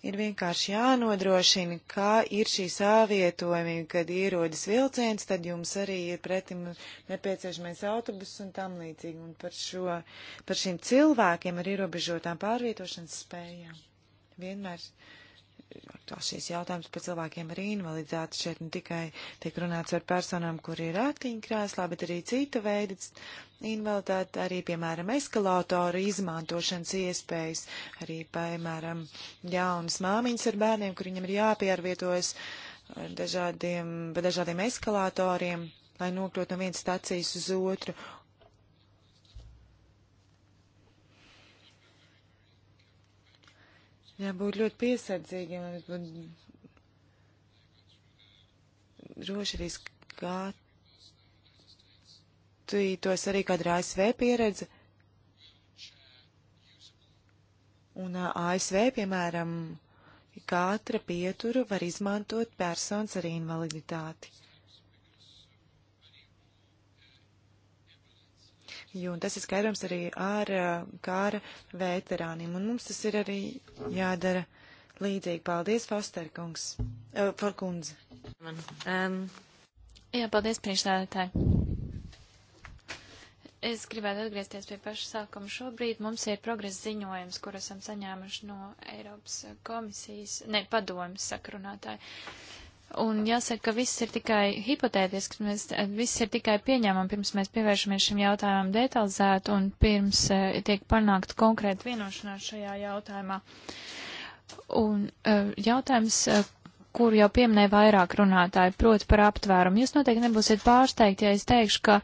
Ir vienkārši jānodrošina, kā ir šī savietojumība, kad ierodas vilciens, tad jums arī ir pretim nepieciešamais autobus un tam līdzīgi. Un par, šo, par šiem cilvēkiem ar ierobežotām pārvietošanas spējām vienmēr uh, šīs jautājums par cilvēkiem ar invaliditāti. Šeit ne nu tikai tiek runāts par personām, kur ir ratiņkrēslā, bet arī cita veida invaliditāte, arī, piemēram, eskalatoru izmantošanas iespējas, arī, piemēram, jaunas māmiņas ar bērniem, kur viņam ir jāpiervietojas ar dažādiem, dažādiem eskalatoriem, lai nokļūtu no vienas stācijas uz otru, jābūt ļoti piesardzīgiem, mums būtu droši arī skatītos arī kāda ASV pieredze. Un ASV, piemēram, katra pietura var izmantot personas ar invaliditāti. Jo tas ir skaidrams arī ar eh, kāra veterāniem, un mums tas ir arī jādara līdzīgi. Paldies, Fosterkungs, uh, eh, Forkundze. Um, jā, paldies, priekšstādātāji. Es gribētu atgriezties pie paša sākuma. Šobrīd mums ir progresa ziņojums, kur esam saņēmuši no Eiropas komisijas, ne padomas sakrunātāji. Un jāsaka, ka viss ir tikai hipotētiski, mēs eh, viss ir tikai pieņēmumi, pirms mēs pievēršamies šim jautājumam detalizēt un pirms uh, tiek panākt konkrēta vienošanās šajā jautājumā. Un uh, jautājums, uh, kuru jau pieminēja vairāk runātāji, proti par aptvērumu. Jūs noteikti nebūsiet pārsteigti, ja es teikšu, ka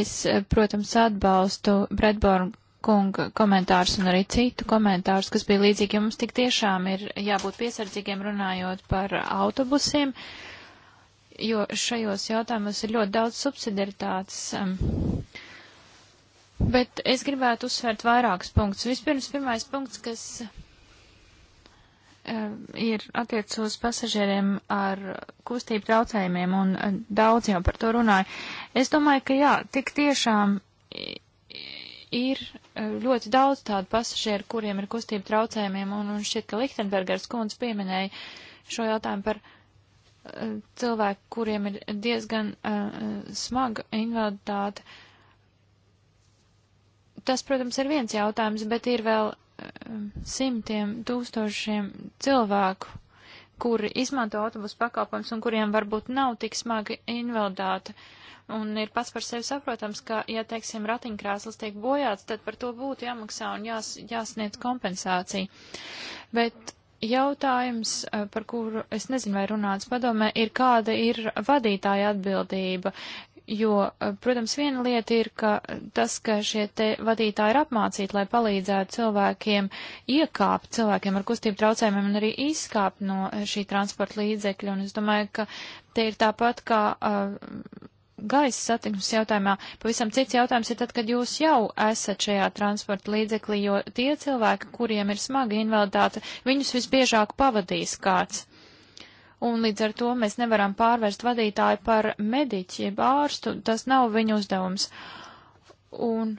es, protams, atbalstu Bredborn kunga komentārus un arī citu komentārus, kas bija līdzīgi, jo mums tik tiešām ir jābūt piesardzīgiem runājot par autobusiem, jo šajos jautājumos ir ļoti daudz subsidiaritātes. Um, bet es gribētu uzsvērt vairākus punktus. Vispirms, pirmais punkts, kas um, ir attiec uz pasažieriem ar kustību traucējumiem, un uh, daudz jau par to runāja. Es domāju, ka jā, tik tiešām ir ļoti daudz tādu pasažieru, kuriem ir kustība traucējumiem, un, un šķiet, ka Lichtenbergers kundze pieminēja šo jautājumu par uh, cilvēku, kuriem ir diezgan uh, smaga invaliditāte. Tas, protams, ir viens jautājums, bet ir vēl uh, simtiem tūkstošiem cilvēku, kuri izmanto autobusu pakalpojums un kuriem varbūt nav tik smaga invaliditāte. Uh, Un ir pats par sevi saprotams, ka, ja, teiksim, ratiņkrāslis tiek bojāts, tad par to būtu jāmaksā un jās, jāsniedz kompensācija. Bet jautājums, eh, par kuru es nezinu, vai runāts padomē, ir kāda ir vadītāja atbildība. Jo, eh, protams, viena lieta ir, ka tas, ka šie te vadītāji ir apmācīti, lai palīdzētu cilvēkiem iekāpt, cilvēkiem ar kustību traucējumiem un arī izkāpt no eh, šī transporta līdzekļa. Un es domāju, ka te ir tāpat kā uh, gaisa satiksmes jautājumā. Pavisam cits jautājums ir tad, kad jūs jau esat šajā transporta līdzeklī, jo tie cilvēki, kuriem ir smaga invaliditāte, viņus visbiežāk pavadīs kāds. Un līdz ar to mēs nevaram pārvērst vadītāju par mediķi, jeb ārstu, tas nav viņu uzdevums. Un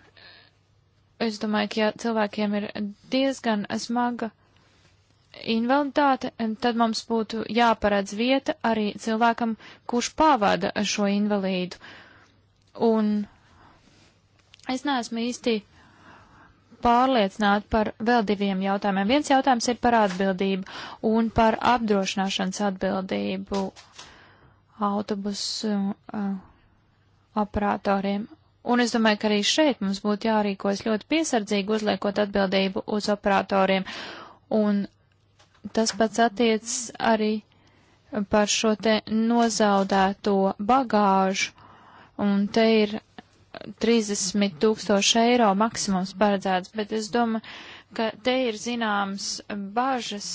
es domāju, ka ja cilvēkiem ir diezgan smaga invaliditāti, tad mums būtu jāparedz vieta arī cilvēkam, kurš pavada šo invalīdu. Un es neesmu īsti pārliecināta par vēl diviem jautājumiem. Viens jautājums ir par atbildību un par apdrošināšanas atbildību autobusu uh, operatoriem. Un es domāju, ka arī šeit mums būtu jārīkojas ļoti piesardzīgi, uzliekot atbildību uz operatoriem un tas pats attiecas arī par šo te nozaudēto bagāžu, un te ir 30 tūkstoši eiro maksimums paredzēts, bet es domāju, ka te ir zināms bažas.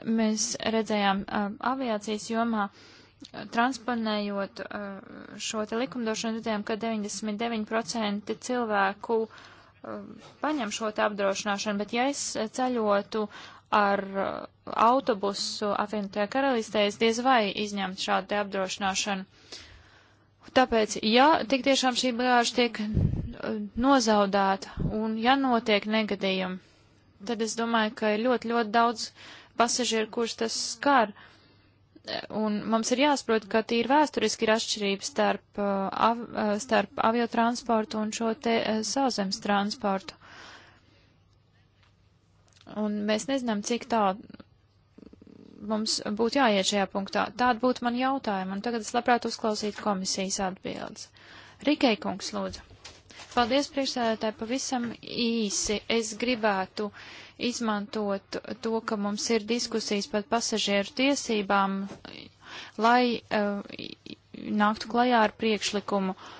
Mēs redzējām uh, aviācijas jomā, transponējot uh, šo te likumdošanu, redzējām, ka 99% cilvēku uh, paņem šo te apdrošināšanu, bet ja es ceļotu ar uh, autobusu apvienotajā karalistē es diez vai izņemt šādu te apdrošināšanu. Tāpēc, ja tik tiešām šī bagāža tiek uh, nozaudēta un ja notiek negadījumi, tad es domāju, ka ir ļoti, ļoti daudz pasažieru, kurus tas skar. Un mums ir jāsaprot, ka tīri vēsturiski ir atšķirība starp, uh, av, starp aviotransportu un šo te sauszemes transportu. Un mēs nezinām, cik tā mums būtu jāiet šajā punktā. Tāda būtu man jautājuma, un tagad es labprāt uzklausītu komisijas atbildes. Rikei kungs, lūdzu. Paldies, priekšsēdētāji, pavisam īsi. Es gribētu izmantot to, ka mums ir diskusijas par pasažieru tiesībām, lai uh, nāktu klajā ar priekšlikumu. Uh,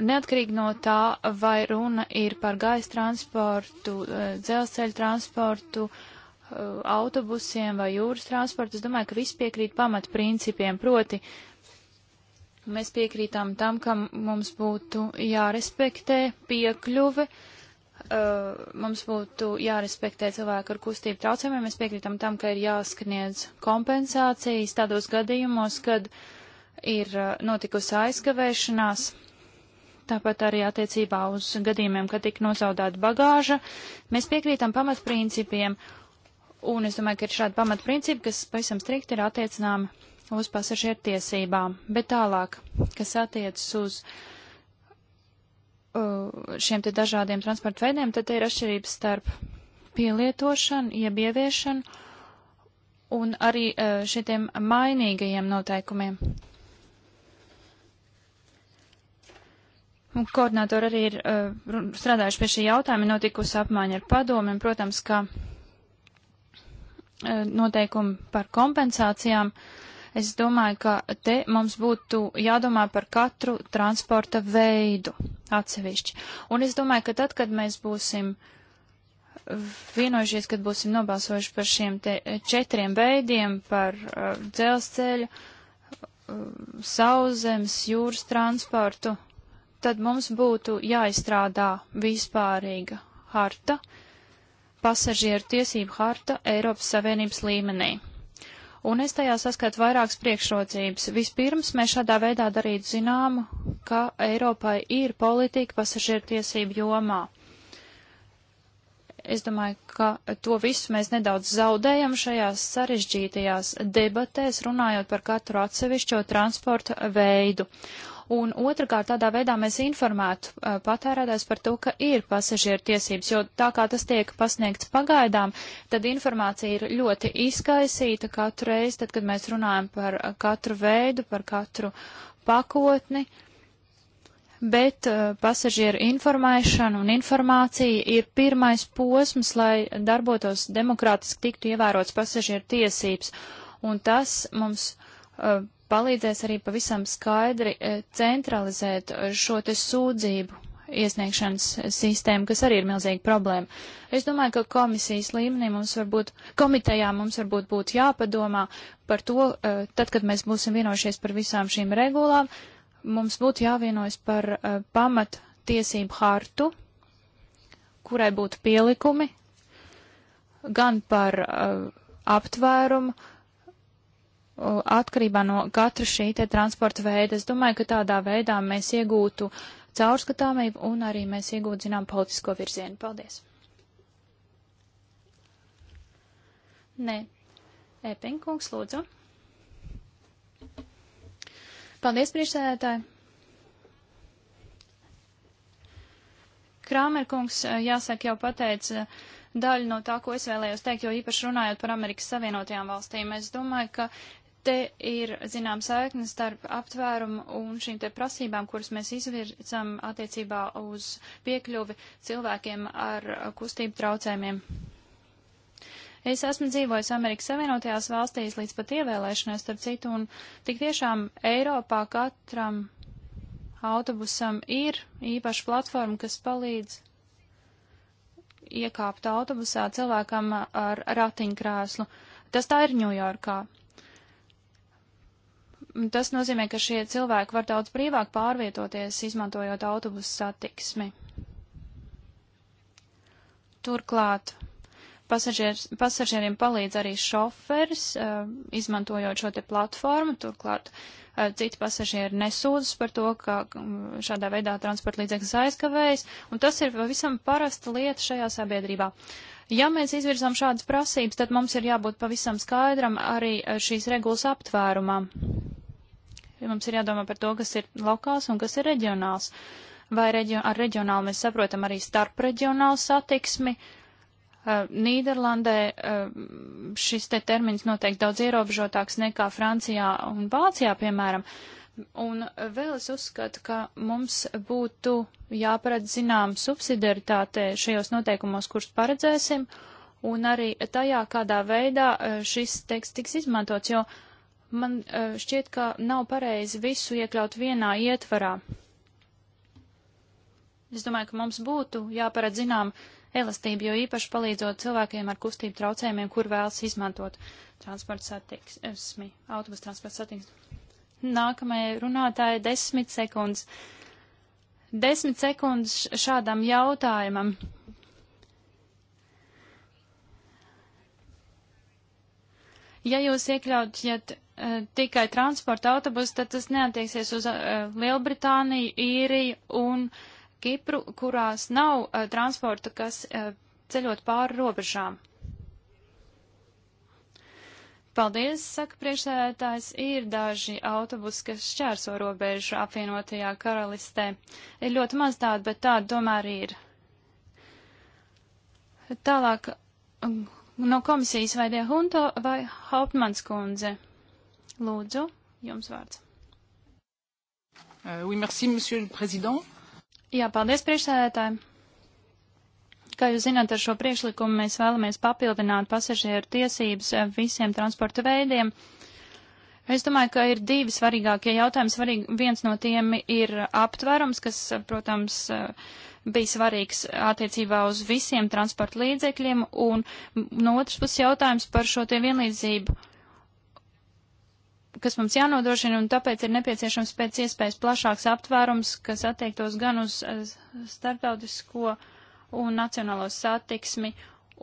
neatkarīgi no tā, vai runa ir par gaisa transportu, eh, dzelzceļa transportu, eh, autobusiem vai jūras transportu, es domāju, ka visi piekrīt pamatprincipiem, proti mēs piekrītām tam, ka mums būtu jārespektē piekļuve, eh, mums būtu jārespektē cilvēku ar kustību traucējumiem, mēs piekrītam tam, ka ir jāskniedz kompensācijas tādos gadījumos, kad ir notikusi aizkavēšanās tāpat arī attiecībā uz gadījumiem, kad tika nozaudāta bagāža. Mēs piekrītam pamatprincipiem, un es domāju, ka ir šādi pamatprincipi, kas pavisam strikti ir attiecināmi uz pasažieru tiesībām. Bet tālāk, kas attiecas uz uh, šiem te dažādiem transporta veidiem, tad te ir atšķirības starp pielietošanu, iebieviešanu un arī uh, šitiem mainīgajiem noteikumiem. Un koordinātori arī ir uh, strādājuši pie šī jautājuma, notikusi apmaiņa ar padomi, un, protams, ka uh, noteikumi par kompensācijām. Es domāju, ka te mums būtu jādomā par katru transporta veidu atsevišķi. Un es domāju, ka tad, kad mēs būsim vienojušies, kad būsim nobalsojuši par šiem te eh, četriem veidiem, par uh, dzelzceļu, uh, sauszemes, jūras transportu tad mums būtu jāizstrādā vispārīga harta, pasažieru tiesību harta Eiropas Savienības līmenī. Un es tajā saskatu vairākas priekšrocības. Vispirms mēs šādā veidā darītu zināmu, ka Eiropai ir politika pasažieru tiesību jomā. Es domāju, ka to visu mēs nedaudz zaudējam šajās sarežģītajās debatēs, runājot par katru atsevišķo transporta veidu. Un otrkārt, tādā veidā mēs informētu uh, patērētājs par to, ka ir pasažieru tiesības, jo tā kā tas tiek pasniegts pagaidām, tad informācija ir ļoti izkaisīta katru reizi, tad, kad mēs runājam par katru veidu, par katru pakotni. Bet uh, pasažieru informēšana un informācija ir pirmais posms, lai darbotos demokrātiski tiktu ievērots pasažieru tiesības. Un tas mums uh, palīdzēs arī pavisam skaidri e, centralizēt e, šo te sūdzību iesniegšanas sistēmu, kas arī ir milzīga problēma. Es domāju, ka komisijas līmenī mums varbūt, komitejā mums varbūt būtu jāpadomā par to, e, tad, kad mēs būsim vienojušies par visām šīm regulām, mums būtu jāvienojas par pamat tiesību hartu, kurai būtu pielikumi gan par aptvērumu, atkarībā no katra šī te transporta veida. Es domāju, ka tādā veidā mēs iegūtu caurskatāmību un arī mēs iegūtu, zinām, politisko virzienu. Paldies! Nē, Epinkungs, lūdzu. Paldies, priekšsēdētāji! Krāmerkungs, jāsaka, jau pateica daļu no tā, ko es vēlējos teikt, jo īpaši runājot par Amerikas Savienotajām valstīm, es domāju, ka te ir, zinām, saikne starp aptvērumu un šīm te prasībām, kuras mēs izvirzam attiecībā uz piekļuvi cilvēkiem ar kustību traucējumiem. Es esmu dzīvojis Amerikas Savienotajās valstīs līdz pat ievēlēšanai, starp citu, un tik tiešām Eiropā katram autobusam ir īpaša platforma, kas palīdz iekāpt autobusā cilvēkam ar ratiņkrēslu. Tas tā ir Ņujorkā. Tas nozīmē, ka šie cilvēki var daudz brīvāk pārvietoties, izmantojot autobusu satiksmi. Turklāt pasažieriem palīdz arī šoferis, eh, izmantojot šo te platformu, turklāt eh, citi pasažieri nesūdzas par to, ka mm, šādā veidā transporta līdzeklis aizkavējas, un tas ir pavisam parasta lieta šajā sabiedrībā. Ja mēs izvirzām šādas prasības, tad mums ir jābūt pavisam skaidram arī eh, šīs regulas aptvērumam mums ir jādomā par to, kas ir lokāls un kas ir reģionāls. Vai reģion, ar reģionālu mēs saprotam arī starpreģionālu satiksmi? Eh, Nīderlandē eh, šis te termins noteikti daudz ierobežotāks nekā Francijā un Vācijā, piemēram. Un vēl es uzskatu, ka mums būtu jāparedz zinām subsidiaritāte šajos noteikumos, kurus paredzēsim, un arī tajā, kādā veidā eh, šis teksts tiks izmantots, jo uh, man eh, šķiet, ka nav pareizi visu iekļaut vienā ietvarā. Es domāju, ka mums būtu jāparedz zinām elastību, jo īpaši palīdzot cilvēkiem ar kustību traucējumiem, kur vēlas izmantot transporta satiksmi, eh, autobusu transporta satiksmi. Nākamajai runātāji desmit sekundes. Desmit sekundes šādam jautājumam. Ja jūs iekļautiet uh, eh, tikai transporta autobusu, tad tas neatieksies uz uh, Lielbritāniju, Īriju un Kipru, kurās nav uh, transporta, kas ceļot pāri robežām. Paldies, saka priekšsēdētājs, ir daži autobusi, kas šķērso robežu apvienotajā karalistē. Ir ļoti maz tādu, bet tādu tomēr ir. Tālāk no komisijas vai Dehunto vai Hauptmans kundze. Lūdzu, jums vārds. Uh, oui, merci, monsieur le président. Jā, paldies priekšsēdētājiem. Kā jūs zināt, ar šo priekšlikumu mēs vēlamies papildināt pasažieru tiesības visiem transporta veidiem. Uh, Es domāju, ka ir divi svarīgākie jautājumi. Svarīgi, viens no tiem ir aptvērums, kas, protams, bija svarīgs attiecībā uz visiem transporta līdzekļiem, un no otras puses jautājums par šo te vienlīdzību, kas mums jānodrošina, un tāpēc ir nepieciešams pēc iespējas plašāks aptvērums, kas attiektos gan uz eh, starptautisko un nacionālo satiksmi,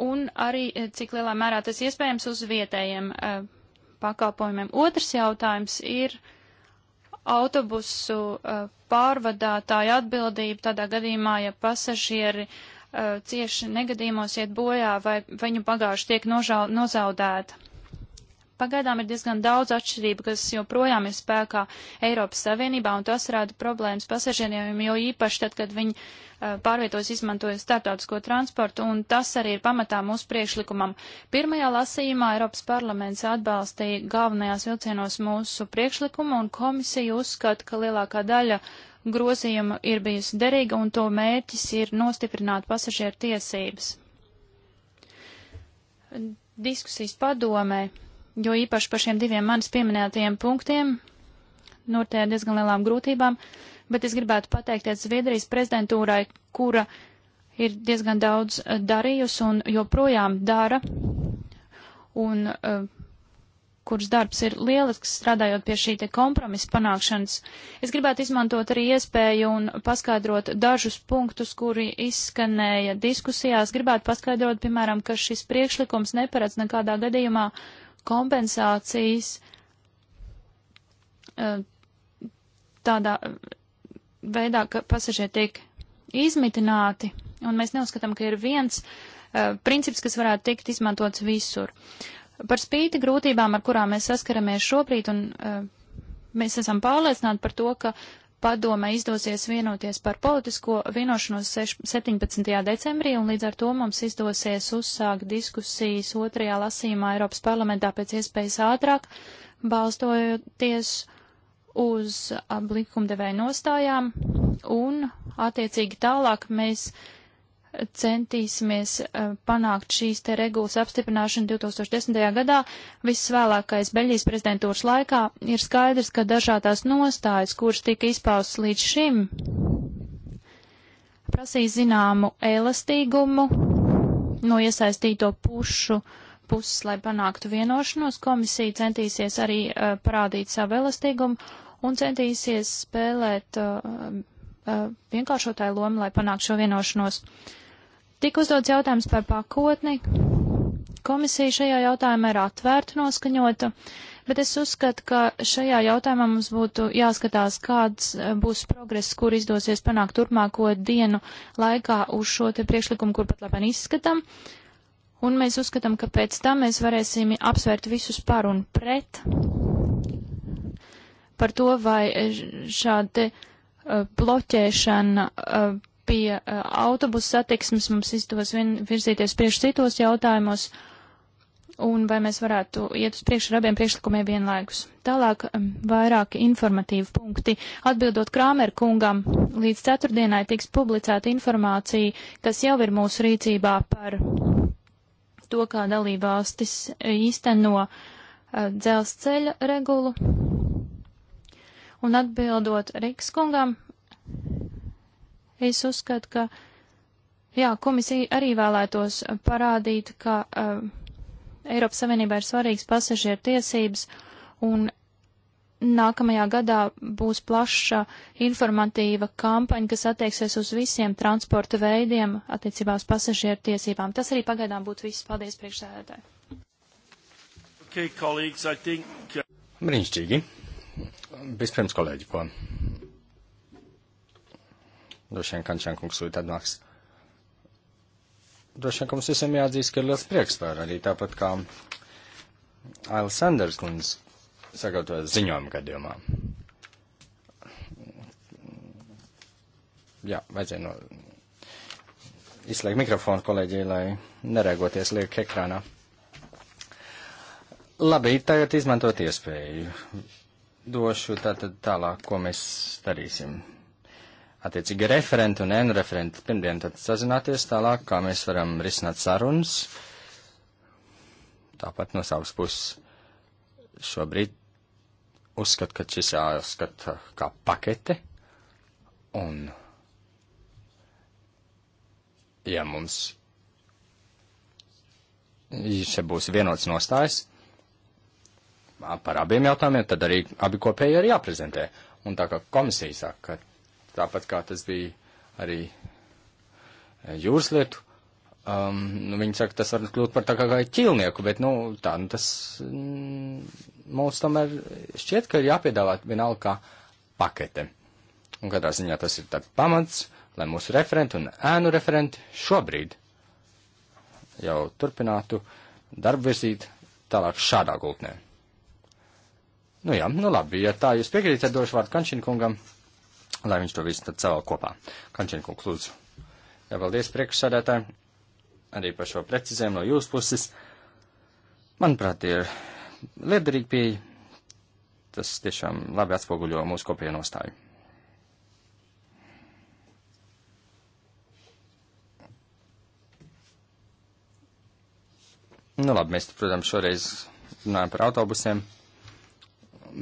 un arī, eh, cik lielā mērā tas iespējams, uz vietējiem uh, pakalpojumiem. Otrs jautājums ir autobusu uh, pārvadātāja atbildība tādā gadījumā, ja pasažieri uh, cieši negadījumos iet bojā vai viņu pagājuši tiek nožau, nozaudēta. Pagaidām ir diezgan daudz atšķirību, kas joprojām ir spēkā Eiropas Savienībā, un tas rada problēmas pasažieriem, jo īpaši tad, kad viņi uh, pārvietojas izmantojot starptautisko transportu, un tas arī ir pamatā mūsu priekšlikumam. Pirmajā lasījumā Eiropas parlaments atbalstīja galvenajās vilcienos mūsu priekšlikumu, un komisija uzskata, ka lielākā daļa grozījumu ir bijusi derīga, un to mērķis ir nostiprināt pasažieru tiesības. Diskusijas padomē jo īpaši par šiem diviem manis pieminētajiem punktiem notiek nu, diezgan lielām grūtībām, bet es gribētu pateikties Zviedrijas prezidentūrai, kura ir diezgan daudz eh, darījusi un joprojām dara, un uh, kuras darbs ir lielisks strādājot pie šī te kompromisa panākšanas. Es gribētu izmantot arī iespēju un paskaidrot dažus punktus, kuri izskanēja diskusijās. Gribētu paskaidrot, piemēram, ka šis priekšlikums neparedz nekādā gadījumā uh, kompensācijas eh, tādā veidā, ka pasažieri tiek izmitināti, un mēs neuzskatām, ka ir viens uh, princips, kas varētu tikt izmantots visur. Par spīti grūtībām, ar kurām mēs saskaramies šobrīd, un uh, mēs esam pārliecināti par to, ka padomē izdosies vienoties par politisko vienošanos 17. decembrī, un līdz ar to mums izdosies uzsākt diskusijas otrajā lasīmā Eiropas parlamentā pēc iespējas ātrāk, balstoties uz likumdevēja nostājām, un attiecīgi tālāk mēs centīsimies eh, panākt šīs te regulas apstiprināšanu 2010. gadā. Viss vēlākais Beļģijas prezidentūras laikā ir skaidrs, ka dažādās nostājas, kuras tika izpaustas līdz šim, prasīja zināmu elastīgumu no iesaistīto pušu puses, lai panāktu vienošanos. Komisija centīsies arī uh, parādīt savu elastīgumu un centīsies spēlēt uh, Uh, vienkāršotāja loma, lai panāktu šo vienošanos. Tik uzdots jautājums par pakotni. Komisija šajā jautājumā ir atvērta noskaņota, bet es uzskatu, ka šajā jautājumā mums būtu jāskatās, kāds uh, būs progress, kur izdosies panākt turpmāko dienu laikā uz šo te priekšlikumu, kur pat labāk izskatam. Un mēs uzskatām, ka pēc tam mēs varēsim apsvērt visus par un pret par to, vai šādi Eh, bloķēšana eh, pie eh, autobusu satiksmes mums izdos vien virzīties priekš citos jautājumos, un vai mēs varētu iet uz priekšu ar abiem priekšlikumiem vienlaikus. Tālāk vairāki informatīvi punkti. Atbildot Krāmer kungam, līdz ceturtdienai tiks publicēta informācija, kas jau ir mūsu rīcībā par to, kā dalībvalstis īsteno dzelzceļa regulu Un atbildot Rikskungam, es uzskatu, ka, jā, komisija arī vēlētos parādīt, ka uh, Eiropas Savienībā ir svarīgs pasažieru tiesības un nākamajā gadā būs plaša informatīva kampaņa, kas attieksies uz visiem transporta veidiem attiecībā uz pasažieru tiesībām. Tas arī pagaidām būtu viss. Paldies priekšsēdētāji. Okay, think... Uh, Brīnišķīgi. Vispirms kolēģi, ko? Droši vien Kančankungs tad nāks. Droši vien, ka mums visiem jāatzīst, ka ir liels prieks par arī tāpat kā Aila Sanders kundz sagatavojas ziņojuma gadījumā. Jā, vajadzēja no izslēgt mikrofonu kolēģi, lai nereagoties liek ekrānā. Labi, tagad izmantot iespēju došu tātad tālāk, ko mēs darīsim. Attiecīgi referenti un N referenti pirmdien tad sazināties tālāk, kā mēs varam risināt sarunas. Tāpat no savas puses šobrīd uzskat, ka šis jāskat uh, kā pakete. Un, ja mums šeit būs vienots nostājs, par abiem jautājumiem, tad arī abi kopēji ir jāprezentē. Un tā kā komisija saka, ka tāpat kā tas bija arī e, jūras lietu, um, nu, viņi saka, tas var kļūt par tā kā, kā ķilnieku, bet, nu, tā, nu, tas mm, mums tomēr šķiet, ka ir jāpiedāvā vienalga kā pakete. Un katrā ziņā tas ir tāds pamats, lai mūsu referenti un ēnu referenti šobrīd jau turpinātu darbu virzīt tālāk šādā gultnē. Nu jā, nu labi, ja tā jūs piekrītat, tad došu vārdu Kančina kungam, lai viņš to visu tad cēl kopā. Kančina kungs, lūdzu. Jā, paldies priekšsādātāji, arī par šo precizējumu no jūsu puses. Manuprāt, ir liederīgi pieeja. Tas tiešām labi atspoguļo mūsu kopējo nostāju. Nu labi, mēs, protams, šoreiz runājam par autobusiem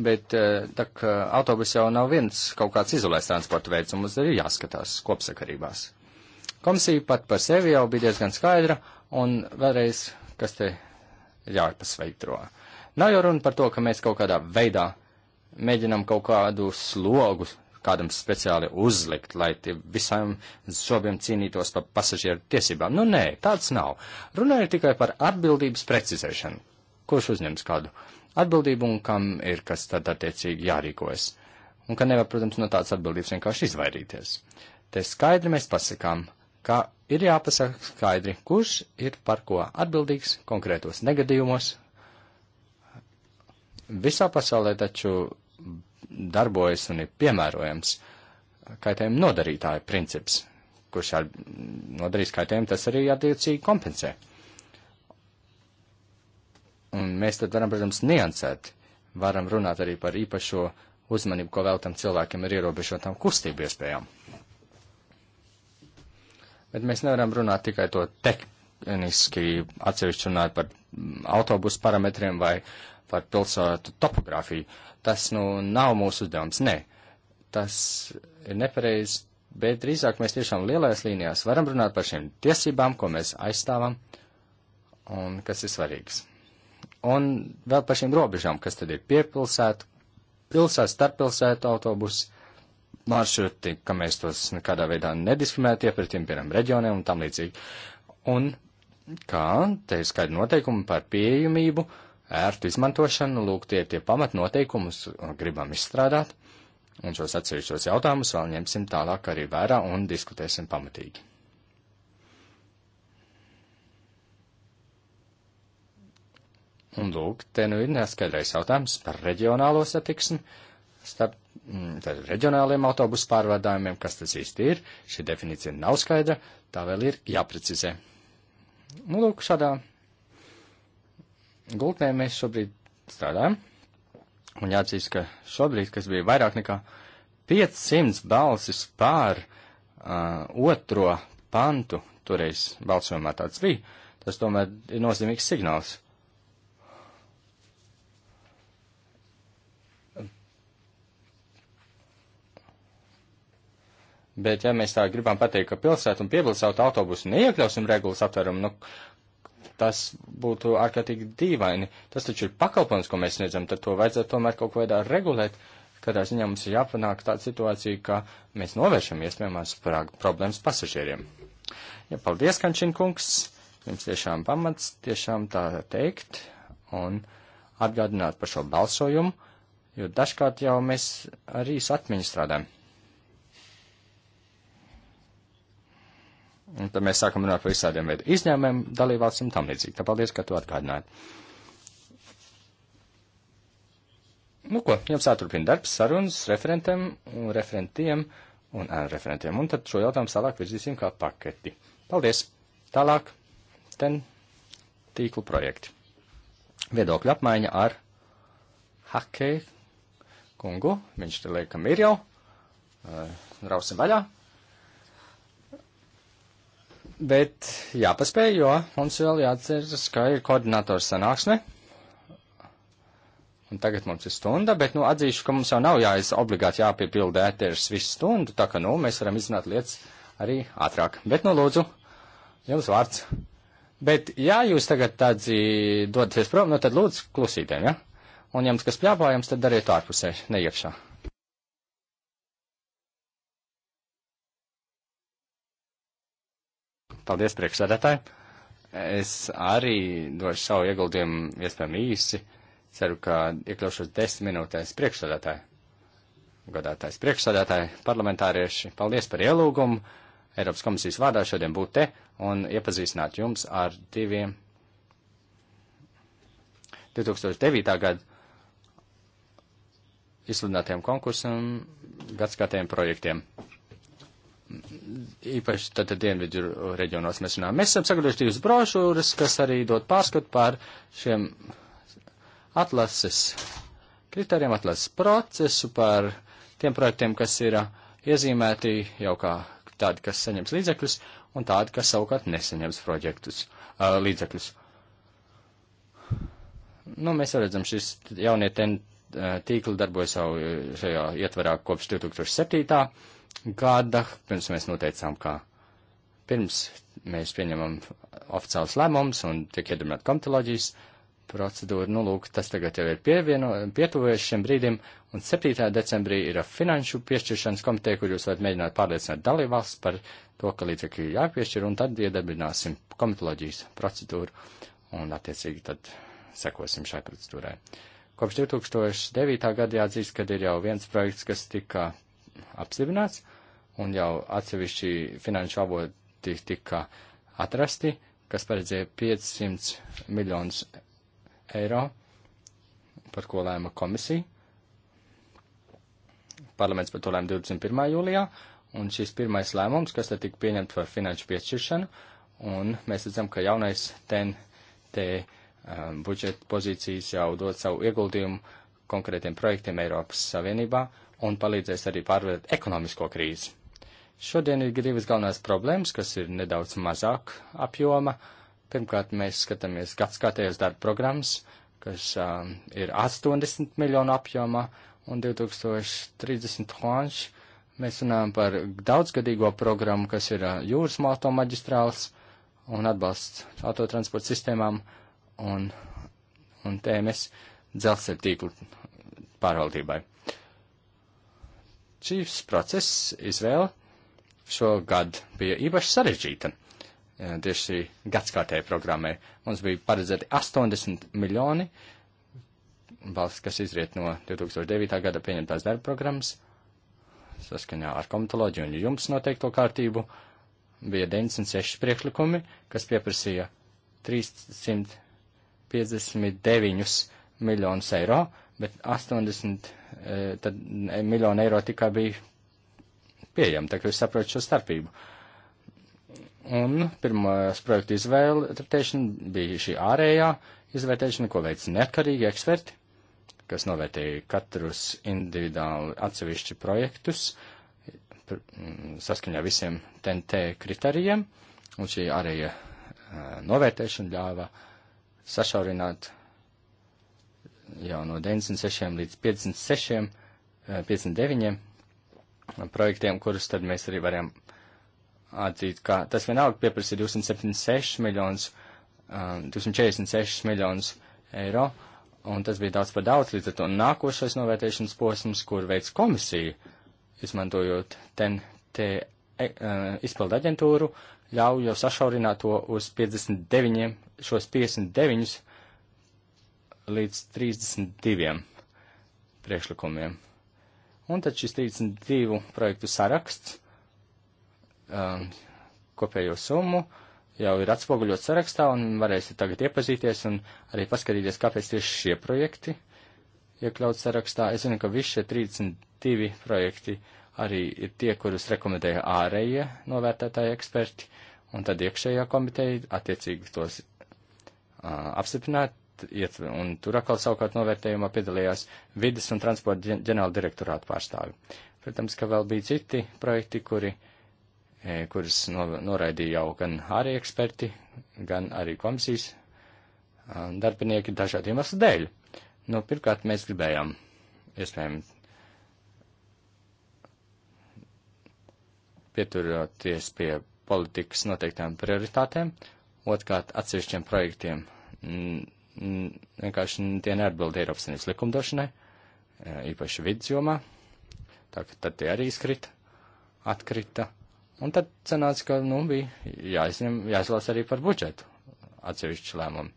bet eh, tā kā eh, autobus jau nav viens kaut kāds izolēts transporta veids, un mums ir jāskatās kopsakarībās. Komisija pat par sevi jau bija diezgan skaidra, un vēlreiz, kas te jāpasveitro. Nav jau runa par to, ka mēs kaut kādā veidā mēģinam kaut kādu slogu kādam speciāli uzlikt, lai visam zobiem cīnītos par pasažieru tiesībām. Nu, nē, tāds nav. Runa ir tikai par atbildības precizēšanu. Kurš uzņems kādu uh, atbildību un kam ir kas tad attiecīgi jārīkojas. Un ka nevar, protams, no tādas atbildības vienkārši izvairīties. Te skaidri mēs pasakām, ka ir jāpasaka skaidri, kurš ir par ko atbildīgs konkrētos negadījumos. Visā pasaulē taču darbojas un ir piemērojams kaitējuma nodarītāja princips, kurš ar nodarīs kaitējumu, tas arī attiecīgi kompensē. Un mēs tad varam, protams, niansēt, varam runāt arī par īpašo uzmanību, ko veltam cilvēkiem ar ierobežotām kustību iespējām. Bet mēs nevaram runāt tikai to tehniski atsevišķi runāt par mm, autobusu parametriem vai par pilsētu topogrāfiju. Tas, nu, nav mūsu uzdevums, nē. Tas ir nepareizi, bet drīzāk mēs tiešām lielais līnijās varam runāt par šiem tiesībām, ko mēs aizstāvam un kas ir svarīgs. Un vēl par šīm robežām, kas tad ir piepilsētu, pilsētu, starppilsētu autobusu maršruti, ka mēs tos nekādā veidā nediskriminētu iepratiem, piemēram, reģioniem un tam līdzīgi. Un kā te ir skaidri noteikumi par pieejamību, ērtu izmantošanu, lūk, tie tie pamatnoteikumus gribam izstrādāt, un šos atsevišķos jautājumus vēl ņemsim tālāk arī vērā un diskutēsim pamatīgi. Un lūk, te nu ir neskaidrais jautājums par reģionālo satiksmi starp mm, tad, reģionāliem autobusu pārvadājumiem, kas tas īsti ir. Šī definīcija nav skaidra, tā vēl ir jāprecizē. Nu, lūk, šādā gultnē mēs šobrīd strādājam. Un jāatzīst, ka šobrīd, kas bija vairāk nekā 500 balsis pār uh, otro pantu, toreiz balsojumā tāds bija, tas tomēr ir nozīmīgs signāls. Bet, ja mēs tā gribam pateikt, ka pilsētu un piebilsētu autobusu neiekļausim regulas aptverumu, nu, tas būtu ārkārtīgi dīvaini. Tas taču ir pakalpojums, ko mēs sniedzam, tad to vajadzētu tomēr kaut ko veidā regulēt. Katrā ziņā mums ir jāpanāk tāda situācija, ka mēs novēršam iespējamās problēmas pasažieriem. Ja, paldies, Kančinkungs! Jums tiešām pamats tiešām tā teikt un atgādināt par šo balsojumu, jo dažkārt jau mēs arī atmiņu strādājam. Un tad mēs sākam runāt par visādiem veidiem izņēmumiem, dalībvalstīm un tam līdzīgi. Tā paldies, ka to atgādinājāt. Nu ko, jums jāturpina darbs, sarunas referentiem un referentiem un ēnu referentiem. Un tad šo jautājumu tālāk virzīsim kā paketi. Paldies! Tālāk ten tīklu projekti. Viedokļa apmaiņa ar Hakei kungu. Viņš te liekam ir jau. Uh, rausim vaļā. Bet jāpaspēj, jo mums vēl jāatceras, ka ir koordinators sanāksme. Un tagad mums ir stunda, bet, nu, atzīšu, ka mums jau nav jāiz obligāti jāpiepilda ēteris visu stundu, tā ka, nu, mēs varam izzināt lietas arī ātrāk. Bet, nu, lūdzu, jums vārds. Bet, ja jūs tagad tādzi dodaties prom, nu, tad lūdzu klusītēm, ja? Un, ja jums kas pļāpājams, tad dariet ārpusē, neiekšā. Paldies, priekšsēdētāji. Es arī došu savu ieguldījumu iespējami īsi. Ceru, ka iekļaušos desmit minūtēs priekšsēdētāji. Godātais priekšsēdētāji, parlamentārieši, paldies par ielūgumu. Eiropas komisijas vārdā šodien būt te un iepazīstināt jums ar diviem 2009. gadu izsludinātiem konkursiem, gadsimtiem projektiem īpaši tātad dienvidu reģionos mēs runājam. Mēs esam sagatavojuši divas brošūras, kas arī dod pārskatu par šiem atlases kritērijiem, atlases procesu, par tiem projektiem, kas ir iezīmēti jau kā tādi, kas saņems līdzekļus, un tādi, kas savukārt nesaņems projektus, uh, līdzekļus. Nu, mēs redzam, šis jaunie ten tīkli darbojas jau šajā ietvarā kopš 2007 gada, pirms mēs noteicām, kā pirms mēs pieņemam oficiāls lēmums un tiek iedomāt komitoloģijas procedūru, nu lūk, tas tagad jau ir pievieno, pietuvies šiem brīdim, un 7. decembrī ir finanšu piešķiršanas komiteja, kur jūs varat mēģināt pārliecināt dalībvalsts par to, ka līdzekļi jāpiešķir, un tad iedarbināsim komitoloģijas procedūru, un attiecīgi tad sekosim šai procedūrai. Kopš 2009. gada jāatzīst, kad ir jau viens projekts, kas tika apstiprināts, un jau atsevišķi finanšu avoti tika atrasti, kas paredzēja 500 miljonus eiro, par ko lēma komisija. Parlaments par to lēma 21. jūlijā, un šis pirmais lēmums, kas tad tika pieņemts par finanšu piešķiršanu, un mēs redzam, ka jaunais TNT um, budžeta pozīcijas jau dod savu ieguldījumu konkrētiem projektiem Eiropas Savienībā, uh, un palīdzēs arī pārvarēt ekonomisko krīzi. Šodien ir divas galvenās problēmas, kas ir nedaudz mazāk apjoma. Pirmkārt, mēs skatāmies gadskārtējos darba programmas, kas um, ir 80 miljonu apjoma, un 2030 honš. Mēs runājam par daudzgadīgo programmu, kas ir uh, jūras malto maģistrāls un atbalsts autotransporta sistēmām un, un TMS dzelzceļa tīklu pārvaldībai. Šīs process izvēle šogad bija īpaši sarežģīta. Eh, tieši šī gadskārtēja programmai mums bija paredzēti 80 miljoni balsts, kas izriet no 2009. gada pieņemtās darba programmas, saskaņā ar komitoloģiju un jums noteikto kārtību, bija 96 priekšlikumi, kas pieprasīja 359 miljonus eiro, bet 80 E, tad miljonu eiro tikai bija pieejama, tā kā jūs saprotat šo starpību. Un nu, pirmās projekta izvēle, tratēšana bija šī ārējā izvērtēšana, ko veic neatkarīgi eksperti, kas novērtēja katrus individuāli atsevišķi projektus mm, saskaņā visiem TNT kriterijiem, un šī ārēja e, novērtēšana ļāva sašaurināt jau no 96 līdz 56, 59 eh, projektiem, kurus tad mēs arī varam atzīt, ka tas vienalga pieprasa 276 miljonus, 246 eh, miljonus eiro, un tas bija daudz par daudz, līdz ar to nākošais novērtēšanas posms, kur veids komisija, izmantojot ten te e, eh, izpildu aģentūru, ļauj jau sašaurināt to uz 59, šos 59 līdz 32 priekšlikumiem. Un tad šis 32 projektu saraksts, um, kopējo summu, jau ir atspoguļot sarakstā un varēsiet tagad iepazīties un arī paskatīties, kāpēc tieši šie projekti iekļaut sarakstā. Es zinu, ka visi šie 32 projekti arī ir tie, kurus rekomendēja ārējie novērtētāji eksperti, un tad iekšējā komiteja attiecīgi tos uh, apstiprināt iet, un tur atkal savukārt novērtējumā piedalījās vidas un transporta ģenerāla direktorāta pārstāvi. Protams, ka vēl bija citi projekti, kuri, e, kurus noraidīja jau gan arī eksperti, gan arī komisijas darbinieki dažādiem iemeslu dēļ. Nu, pirmkārt, mēs gribējām, iespējams, pieturoties pie politikas noteiktām prioritātēm, otrkārt, atsevišķiem projektiem vienkārši tie neatbild Eiropas Savienības likumdošanai, e, īpaši vidas jomā. Tā ka tad tie arī skrita, atkrita. Un tad sanāca, ka, nu, bija jāizņem, jāizlās arī par budžetu atsevišķu lēmumu.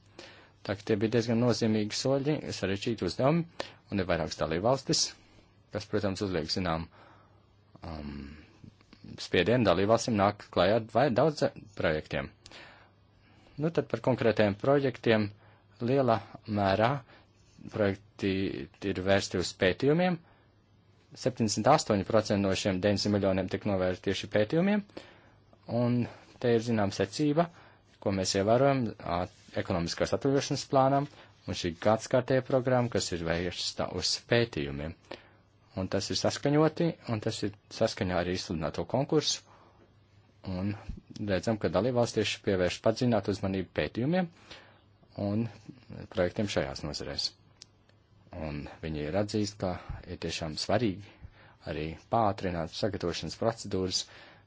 Tā ka tie bija diezgan nozīmīgi soļi, sarežģīti uzdevumi, un ir vairākas dalībvalstis, kas, protams, uzliek zinām um, spiedienu dalībvalstīm nāk klājā vai daudz projektiem. Nu, tad par konkrētajiem projektiem. Uh, lielā mērā projekti ir vērsti uz pētījumiem. 78% no šiem 900 miljoniem tik novērsti tieši pētījumiem, un te ir zinām secība, ko mēs ievērojam ekonomiskās atveļošanas plānam, un šī gadskārtēja programma, kas ir vērsta uz pētījumiem. Un tas ir saskaņoti, un tas ir saskaņā arī izsludināto konkursu, un redzam, ka dalībvalstieši pievērš padzinātu uzmanību pētījumiem, uh, un projektiem šajās nozarēs. Un viņi ir atzīst, ka ir tiešām svarīgi arī pātrināt sagatavošanas procedūras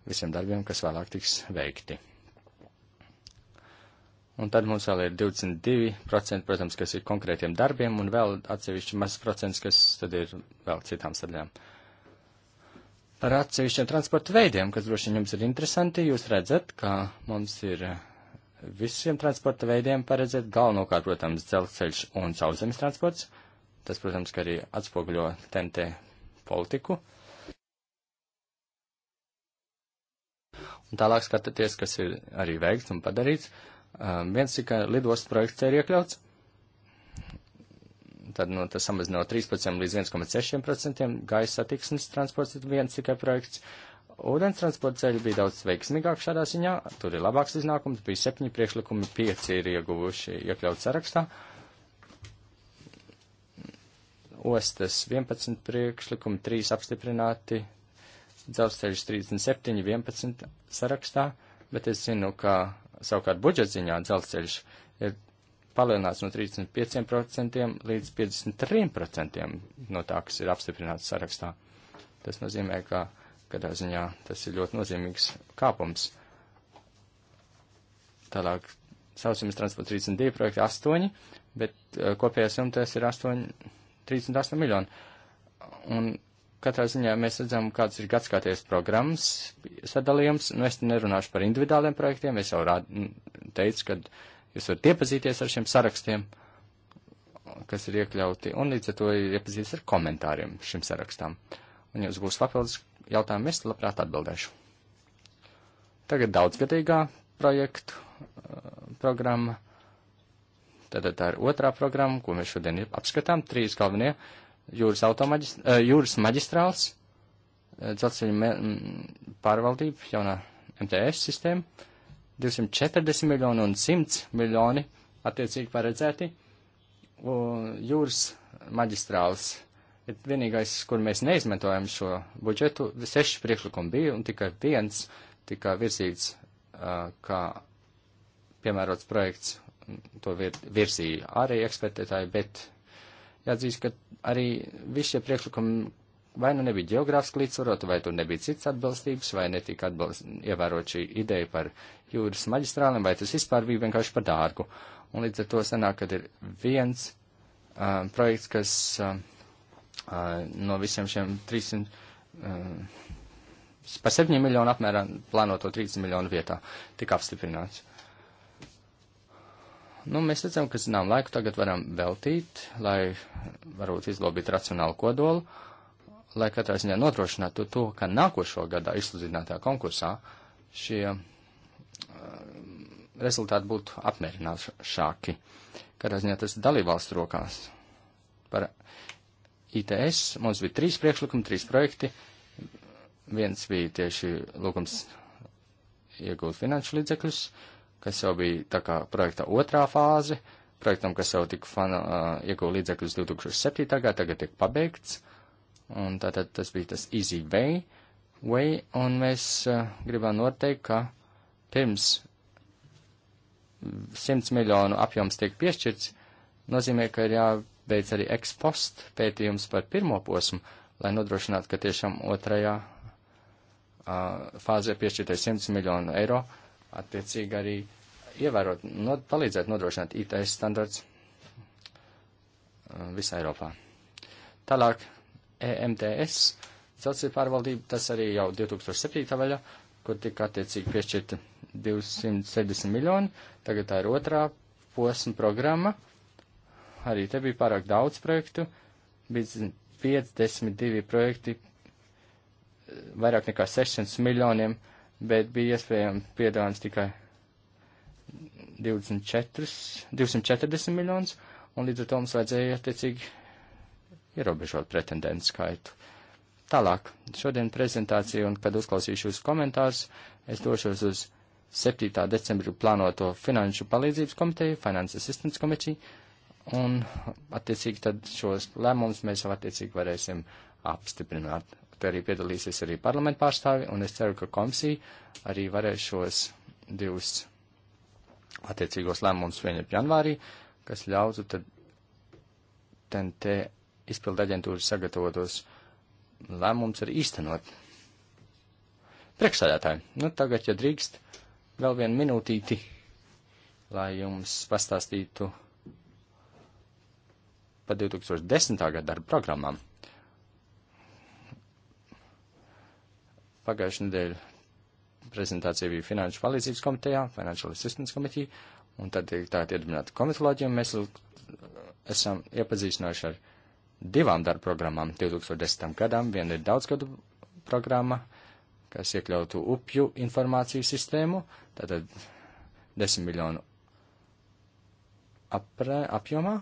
visiem darbiem, kas vēlāk tiks veikti. Un tad mums vēl ir 22%, protams, kas ir konkrētiem darbiem, un vēl atsevišķi mazs procents, kas tad ir vēl citām sadaļām. Par atsevišķiem transporta veidiem, kas droši vien jums ir interesanti, jūs redzat, ka mums ir visiem transporta veidiem paredzēt galvenokārt, protams, dzelzceļš un sauszemes transports. Tas, protams, ka arī atspoguļo TNT politiku. Un tālāk skatieties, kas ir arī veikts un padarīts. Um, viens ir, ka lidostu projekts ir iekļauts. Tad nu, no tas samazina no 13 līdz 1,6%. Gaisa satiksmes transports ir viens tikai projekts. Uh, Ūdens transporta ceļi bija daudz veiksmīgāk šādā ziņā, tur ir labāks iznākums, bija septiņi priekšlikumi, pieci ir ieguvuši iekļaut sarakstā. Ostas 11 priekšlikumi, 3 apstiprināti, dzelzceļš 37, 11 sarakstā, bet es zinu, ka savukārt budžetziņā dzelzceļš ir palielināts no 35% līdz 53% no tā, kas ir apstiprināts sarakstā. Tas nozīmē, ka Kādā ziņā tas ir ļoti nozīmīgs kāpums. Tālāk saucamies transporta 32 projekti 8, bet eh, kopējās jumtas ir 8, 38 miljoni. Un katrā ziņā mēs redzam, kāds ir gadskāties programmas sadalījums. Nu, es nerunāšu par individuāliem projektiem, es jau rād, teicu, ka jūs varat iepazīties ar šiem sarakstiem, kas ir iekļauti, un līdz ar to ir iepazīties ar komentāriem šim sarakstam. Un jums būs papildus jautājumu es labprāt atbildēšu. Tagad daudzgadīgā projektu eh, programma. Tad tā ir otrā programma, ko mēs šodien apskatām. Trīs galvenie jūras, maģist, eh, jūras maģistrāls, eh, dzelzceļa pārvaldība, jaunā MTS sistēma, 240 miljoni un 100 miljoni attiecīgi paredzēti, jūras maģistrāls Bet vienīgais, kur mēs neizmantojam šo budžetu, seši priekšlikumi bija un tikai viens tika virzīts uh, kā piemērots projekts, to vir, virzīja arī ekspertētāji, bet jāatzīst, ka arī visi šie priekšlikumi vai nu nebija geogrāfiski līdzsvaroti, vai tur nebija cits atbilstības, vai netika atbilst, ievērot šī ideja par jūras maģistrāliem, vai tas vispār bija vienkārši par dārgu. Un līdz ar to sanāk, kad ir viens uh, projekts, kas. Uh, no visiem šiem 300, par 7 miljonu apmērā plānoto 30 miljonu vietā tika apstiprināts. Nu, mēs redzam, ka zinām laiku tagad varam veltīt, lai varbūt izlobītu racionālu kodolu, lai katrā ziņā nodrošinātu to, ka nākošo gadā izsludinātā konkursā šie e, rezultāti būtu apmierināšāki. Katrā ziņā tas dalībvalstu rokās. Par ITS, mums bija trīs priekšlikumi, trīs projekti. Viens bija tieši lūgums iegūt finanšu līdzekļus, kas jau bija tā kā projekta otrā fāze, projektam, kas jau tika fana, uh, iegūt līdzekļus 2007. gadā, tagad tiek pabeigts. Un tātad tas bija tas Easy Way, way un mēs uh, gribam noteikt, ka pirms 100 miljonu apjoms tiek piešķirts, nozīmē, ka ir jā veic arī ekspost pētījums par pirmo posmu, lai nodrošinātu, ka tiešām otrajā uh, fāzē piešķirtais 100 miljonu eiro, attiecīgi arī ievērot, nod, palīdzēt nodrošināt ITS standarts uh, visā Eiropā. Tālāk EMTS, dzelzceļa pārvaldība, tas arī jau 2007. vaļa, kur tika attiecīgi piešķirta 270 miljoni, tagad tā ir otrā posma programma, uh, arī te bija pārāk daudz projektu, bija 52 projekti, vairāk nekā 600 miljoniem, bet bija iespējams piedāvājums tikai 24, 240 miljonus, un līdz ar to mums vajadzēja attiecīgi ierobežot pretendentu skaitu. Tālāk, šodien prezentācija un, kad uzklausīšu jūs uz komentārus, es došos uz 7. decembru plānoto finanšu palīdzības komiteju, Finance Assistance Committee, Un, attiecīgi, tad šos lēmumus mēs jau attiecīgi varēsim apstiprināt. Te arī piedalīsies arī parlamentu pārstāvi, un es ceru, ka komisija arī varēs šos divus attiecīgos lēmumus pieņemt janvārī, kas ļautu tad TNT izpildu aģentūras sagatavotos lēmumus arī īstenot. Priekšsādātāji, nu tagad, ja drīkst, vēl vienu minūtīti, lai jums pastāstītu par 2010. gada darba programmām. Pagājušajā nedēļā prezentācija bija Finanšu palīdzības komitejā, Financial Assistance Committee, un tad tiek tā iedibināta komitoloģija, un mēs esam iepazīstinājuši ar divām darba programmām 2010. gadam. Viena ir daudzgadu programma, kas iekļautu upju informāciju sistēmu, tātad 10 miljonu apre, apjomā,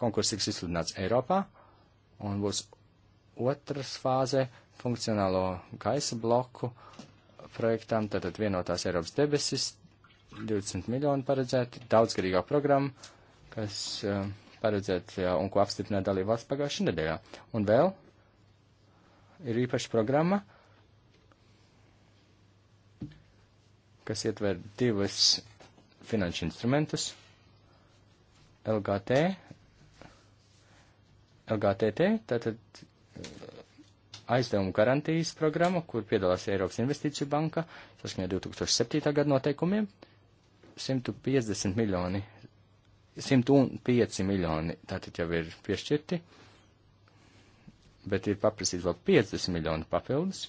konkurss tiks izsludināts Eiropā, un būs otras fāze funkcionālo gaisa bloku projektam, tātad vienotās Eiropas debesis, 20 miljoni paredzēti, daudzgarīgā programma, kas uh, paredzēta uh, un ko apstiprināja dalībvalsts pagājušajā nedēļā. Un vēl ir īpaša programma, kas ietver divas finanšu instrumentus - LGT LGTT, tātad uh, aizdevumu garantijas programma, kur piedalās Eiropas Investīciju banka, saskaņā 2007. gada noteikumiem, 150 miljoni, 105 miljoni tātad jau ir piešķirti, bet ir paprasīts vēl 50 miljoni papildus,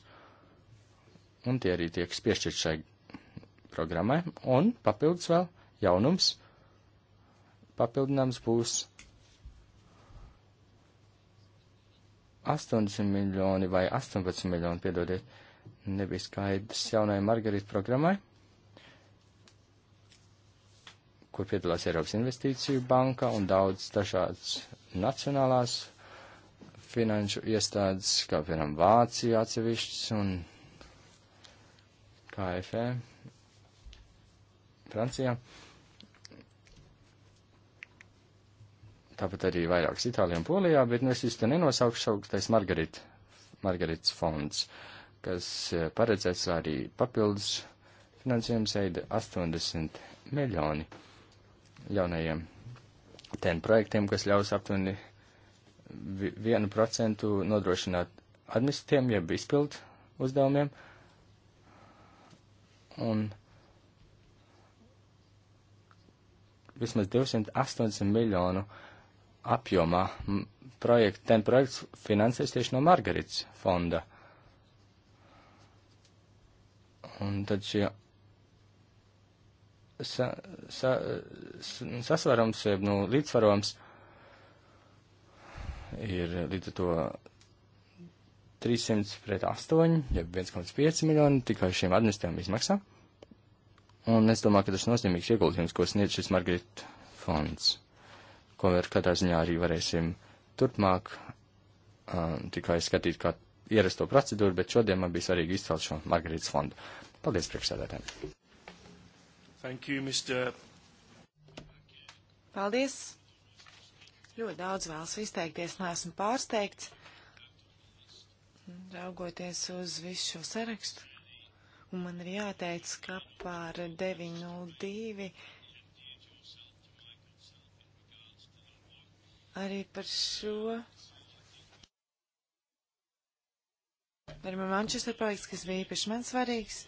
un tie arī tiek piešķirti šai programmai, un papildus vēl jaunums, papildinājums būs 80 miljoni vai 18 miljoni, piedodiet, nebija skaidrs jaunai Margarita programmai, kur piedalās Eiropas investīciju banka un daudz dažādas nacionālās finanšu iestādes, kā piemēram Vācija atsevišķas un KFE Francijā. Uh, tāpat arī vairākas Itālijā un Polijā, bet nu, es īsti nenosaukšu augstais Margarit, Margarits fonds, kas eh, paredzēs arī papildus finansējums eida 80 miljoni jaunajiem ten projektiem, kas ļaus aptuveni 1% nodrošināt administratiem, jeb izpild uzdevumiem. Un vismaz 280 miljonu uh, apjomā. Projekt, ten projekts finansēs tieši no Margarits fonda. Un tad šie sa, sa, sasvarams, jeb nu, līdzsvarojums ir līdz ar to 300 pret 8, jeb 1,5 miljoni tikai šiem administrējiem izmaksā. Un es domāju, ka tas ir nozīmīgs ieguldījums, ko sniedz šis Margarita fonds ko ar katrā ziņā arī varēsim turpmāk um, tikai skatīt kā ierasto procedūru, bet šodien man bija svarīgi izcelt šo Margarītas fondu. Paldies priekšsēdētājiem! Thank you, Mr. Paldies! Ļoti daudz vēlas izteikties, neesmu pārsteigts, raugoties uz visu šo sarakstu. Un man ir jāteic, ka par 902 arī par šo. Arī man Manchester projekts, kas bija īpaši man svarīgs,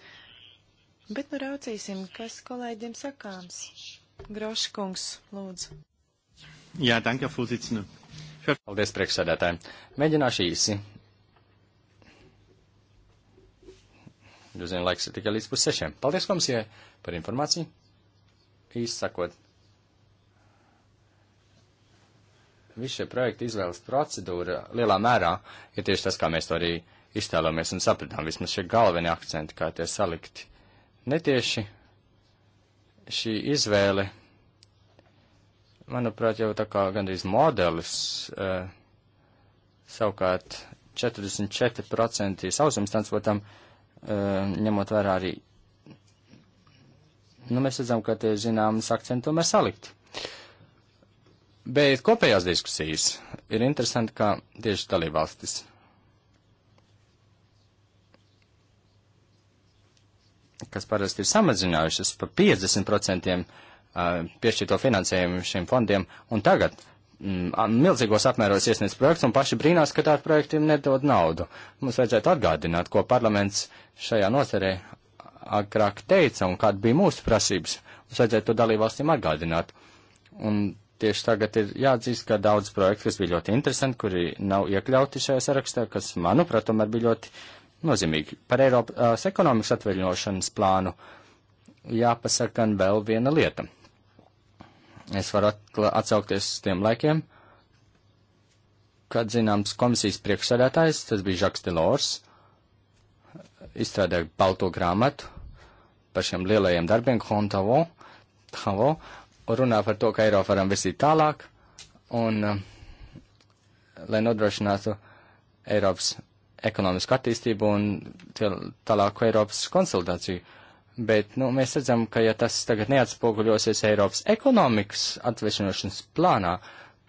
bet nu raucīsim, kas kolēģiem sakāms. Groškungs, lūdzu. Jā, danke, Fūzicinu. Paldies, priekšsēdētāji. Mēģināšu īsi. Jūs zināt, laiks ir tikai līdz pus sešiem. Paldies komisijai par informāciju. Īsi sakot, viss šie projekta izvēles procedūra lielā mērā ir tieši tas, kā mēs to arī iztēlojamies un sapratām. Vismaz šie galvenie akcenti, kā tie salikti. Netieši šī izvēle, manuprāt, jau tā kā gandrīz modelis, eh, savukārt 44% sausums transportam, eh, ņemot vērā arī, nu, mēs redzam, ka tie zināmas akcenti tomēr salikti. Bet kopējās diskusijas ir interesanti, kā tieši dalībvalstis. kas parasti ir samazinājušas par 50% piešķirto finansējumu šiem fondiem, un tagad mm, milzīgos apmēros iesniedz projekts un paši brīnās, ka tādi projekti nedod naudu. Mums vajadzētu atgādināt, ko parlaments šajā nozarē agrāk teica un kāda bija mūsu prasības. Mums vajadzētu to dalībvalstīm atgādināt. Un tieši tagad ir jāatzīst, ka daudz projektu, kas bija ļoti interesanti, kuri nav iekļauti šajā sarakstā, kas, manuprāt, tomēr bija ļoti nozīmīgi. Par Eiropas uh, ekonomikas atveļņošanas plānu jāpasaka gan vēl viena lieta. Es varu atsaukties uz tiem laikiem, kad, zināms, komisijas priekšsēdētājs, tas bija Žaks Delors, izstrādāja balto grāmatu par šiem lielajiem darbiem, Hontavo, Havo, runā par to, ka Eiropu varam virzīt tālāk un um, lai nodrošinātu Eiropas ekonomisku attīstību un tālāku Eiropas konsultāciju. Bet, nu, mēs redzam, ka ja tas tagad neatspoguļosies Eiropas ekonomikas atvešanošanas plānā,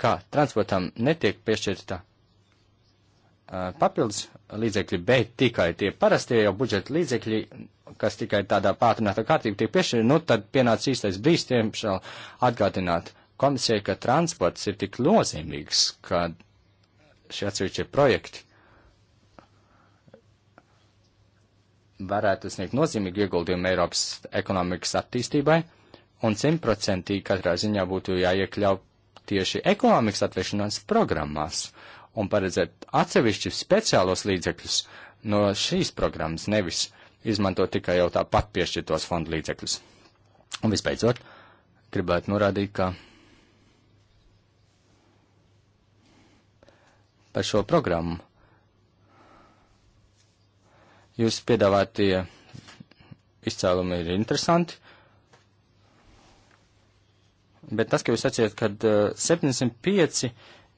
ka transportam netiek piešķirta Uh, papildus līdzekļi, bet tikai tie parastie jau budžeta līdzekļi, kas tikai tādā pātrinātā kārtībā tiek piešķirti, nu tad pienāca īstais brīdis tiem šal atgādināt komisijai, ka transports ir tik nozīmīgs, ka šie atsevišķie projekti varētu sniegt nozīmīgu ieguldījumu Eiropas ekonomikas attīstībai, un simtprocentīgi katrā ziņā būtu jāiekļauj tieši ekonomikas atvešanās programmās un paredzēt atsevišķus speciālos līdzekļus no šīs programmas, nevis izmantot tikai jau tāpat piešķirtos fondu līdzekļus. Un visbeidzot, gribētu norādīt, ka par šo programmu jūs piedāvātie izcēlumi ir interesanti, bet tas, ka jūs sacījat, ka eh, 705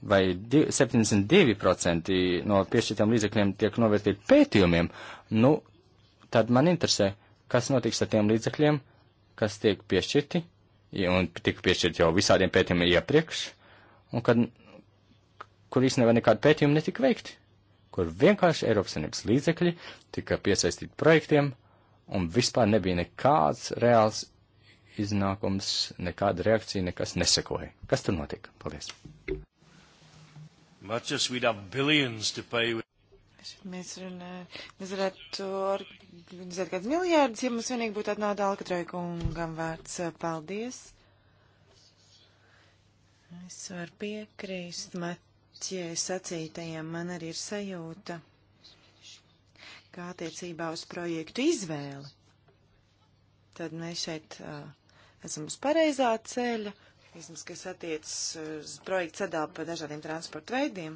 vai 72% no piešķirtiem līdzekļiem tiek novērtīti pētījumiem, nu, tad man interesē, kas notiks ar tiem līdzekļiem, kas tiek piešķirti, un tika piešķirti jau visādiem pētījumiem iepriekš, un kad, kur īstenībā nekādi pētījumi netika veikti, kur vienkārši Eiropas Savienības līdzekļi tika piesaistīti projektiem, un vispār nebija nekāds reāls iznākums, nekāda reakcija, nekas nesekoja. Kas tur notika? Paldies! Much as we'd have billions to pay with. Mēs, runā, mēs varētu organizēt kādus miljārdus, ja mums vienīgi būtu tāda nauda Alkatroja kungam vārds. Paldies! Es varu piekrīst Matjē sacītajiem, man arī ir sajūta, kā attiecībā uz projektu izvēli. Tad mēs šeit uh, esam uz pareizā ceļa. Uh, vismaz, kas attiecas uz eh, projektu sadalību pa dažādiem transporta veidiem.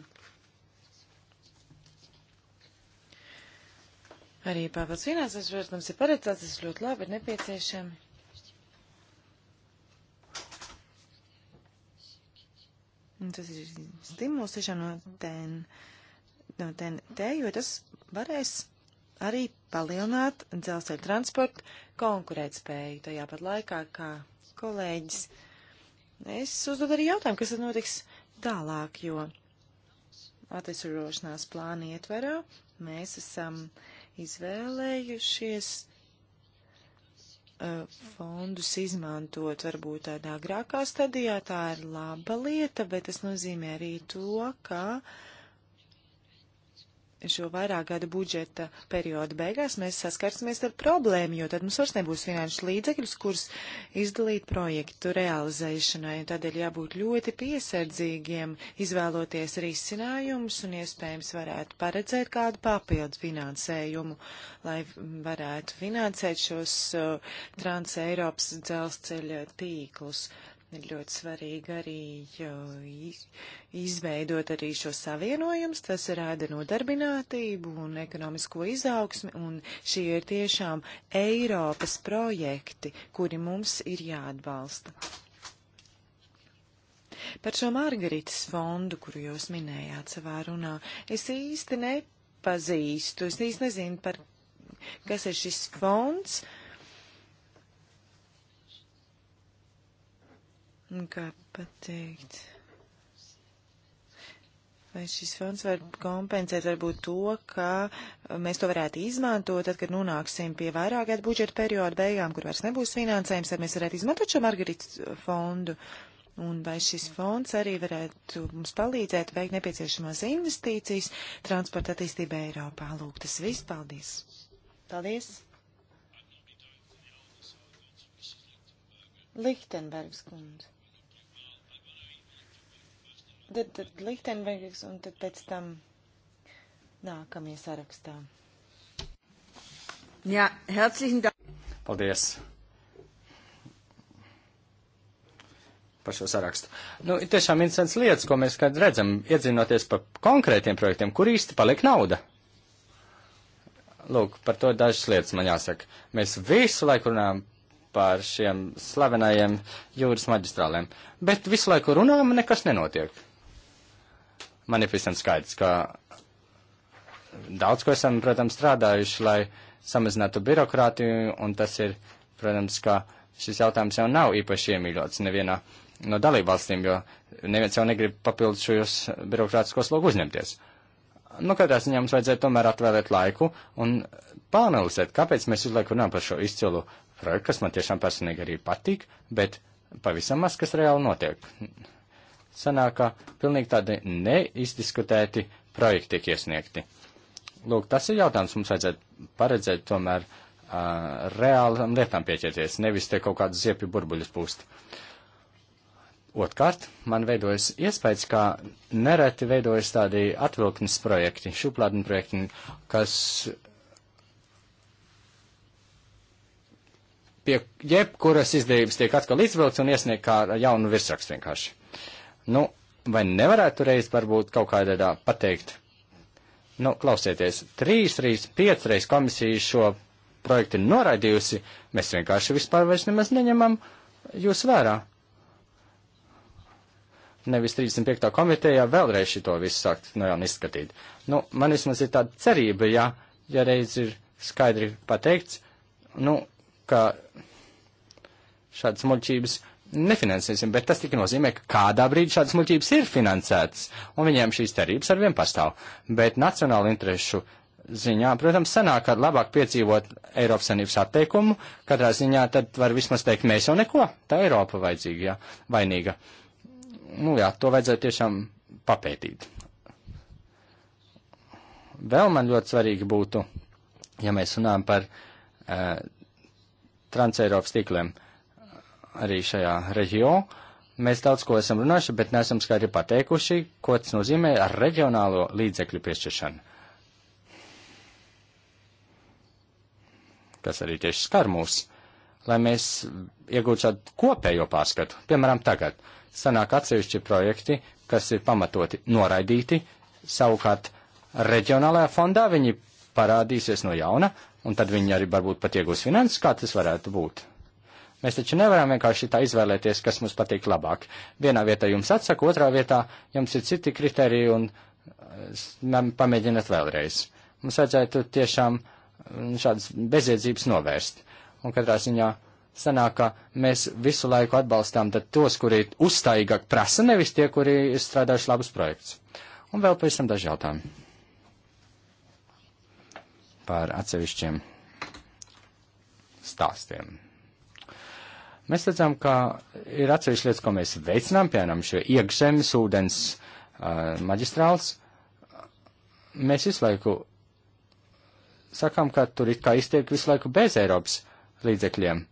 Arī pārvaldes finansēs, protams, ir paredzēts, tas ļoti labi ir nepieciešami. Un tas ir stimuls tiešām no ten, no ten te, jo tas varēs arī palielināt dzelzceļa transportu konkurētspēju tajā pat laikā, kā kolēģis. Mm Es uzdodu arī jautājumu, kas tad notiks tālāk, jo atvesurošanās plāna ietverā mēs esam izvēlējušies uh, fondus izmantot varbūt tādā agrākā stadijā, tā ir laba lieta, bet tas nozīmē arī to, ka uh, šo vairāk gada budžeta periodu beigās mēs saskarsimies ar problēmu, jo tad mums vairs nebūs finanšu līdzekļus, kurus izdalīt projektu realizēšanai. Tādēļ jābūt ļoti piesardzīgiem, izvēloties risinājumus un iespējams varētu paredzēt kādu papildu finansējumu, lai varētu finansēt šos uh, Trans-Eiropas dzelzceļa tīklus. Uh, Ir ļoti svarīgi arī izveidot arī šo savienojumus, tas rāda nodarbinātību un ekonomisko izaugsmi, un šie ir tiešām Eiropas projekti, kuri mums ir jāatbalsta. Par šo Margaritas fondu, kuru jūs minējāt savā runā, es īsti nepazīstu, es īsti nezinu, par kas ir šis fonds. Uh, Kā pateikt? Vai šis fonds var kompensēt varbūt to, ka mēs to varētu izmantot, tad, kad nonāksim pie vairāk gadu budžeta perioda beigām, kur vairs nebūs finansējums, tad mēs varētu izmantot šo Margaritas fondu. Un vai šis fonds arī varētu mums palīdzēt veikt nepieciešamās investīcijas transporta attīstībai Eiropā? Lūk, tas viss. Paldies! Paldies! Lichtenbergs kundze. Tad, tad Lichtenbergs un tad pēc tam nākamie sarakstā. Jā, herzlichen dank. Paldies. Par šo sarakstu. Nu, ir tiešām interesants lietas, ko mēs kad redzam, iedzinoties par konkrētiem projektiem, kur īsti paliek nauda. Lūk, par to dažas lietas man jāsaka. Mēs visu laiku runājam par šiem slavenajiem jūras maģistrāliem, bet visu laiku runājam, nekas nenotiek man ir pavisam skaidrs, ka daudz ko esam, protams, strādājuši, lai samazinātu birokrātiju, un tas ir, protams, ka šis jautājums jau nav īpaši iemīļots nevienā no dalībvalstīm, jo neviens jau negrib papildus šos birokrātiskos logu uzņemties. Nu, katrā ziņā mums vajadzētu tomēr atvēlēt laiku un pāanalizēt, kāpēc mēs visu laiku runājam par šo izcilu projektu, kas man tiešām personīgi arī patīk, bet pavisam maz, kas reāli notiek sanāk, ka pilnīgi tādi neizdiskutēti projekti tiek iesniegti. Lūk, tas ir jautājums, mums vajadzētu paredzēt tomēr uh, reālam lietām pieķerties, nevis te kaut kādas ziepju burbuļus pūst. Otkārt, man veidojas iespējas, ka nereti veidojas tādi atvilknes projekti, šuplādni projekti, kas pie jebkuras izdevības tiek atkal izvilkts un iesniegt kā jaunu virsrakstu vienkārši. Nu, vai nevarētu reiz varbūt kaut kādā veidā pateikt? Nu, klausieties, trīs, trīs, piecreiz komisija šo projektu ir noraidījusi, mēs vienkārši vispār vairs nemaz neņemam jūs vērā. Nevis 35. komitejā vēlreiz šito visu sākt no jauna izskatīt. Nu, man vismaz ir tāda cerība, ja, ja reiz ir skaidri pateikts, nu, ka šādas muļķības nefinansēsim, bet tas tikai nozīmē, ka kādā brīdī šādas muļķības ir finansētas, un viņiem šīs cerības ar vien pastāv. Bet nacionāla interešu ziņā, protams, sanāk, ka labāk piedzīvot Eiropas Sanības atteikumu, katrā ziņā tad var vismaz teikt, mēs jau neko, tā Eiropa vajadzīga, jā, vainīga. Nu jā, to vajadzētu tiešām papētīt. Vēl man ļoti svarīgi būtu, ja mēs runājam par uh, transeiropas tīkliem. Uh, arī šajā reģionā. Mēs daudz ko esam runājuši, bet neesam skaidri pateikuši, ko tas nozīmē ar reģionālo līdzekļu piešķiršanu. Kas arī tieši skar mūs, lai mēs iegūtu šādu kopējo pārskatu. Piemēram, tagad sanāk atsevišķi projekti, kas ir pamatoti noraidīti, savukārt reģionālajā fondā viņi parādīsies no jauna, un tad viņi arī varbūt pat iegūs finanses, kā tas varētu būt. Mēs taču nevaram vienkārši tā izvēlēties, kas mums patīk labāk. Vienā vietā jums atsaka, otrā vietā jums ir citi kriteriji un pamēģināt vēlreiz. Mums vajadzētu tiešām mm, šādas bezjēdzības novērst. Un katrā ziņā sanāk, ka mēs visu laiku atbalstām tos, kuri uzstājīgāk prasa, nevis tie, kuri ir strādājuši labus projekts. Un vēl pēc tam daži jautājumi par atsevišķiem stāstiem. Mēs redzam, ka ir atsevišķi lietas, ko mēs veicinām, piemēram, šo iekšzemes ūdens uh, maģistrāls. Mēs visu laiku sakām, ka tur it kā iztiek visu laiku bez Eiropas līdzekļiem.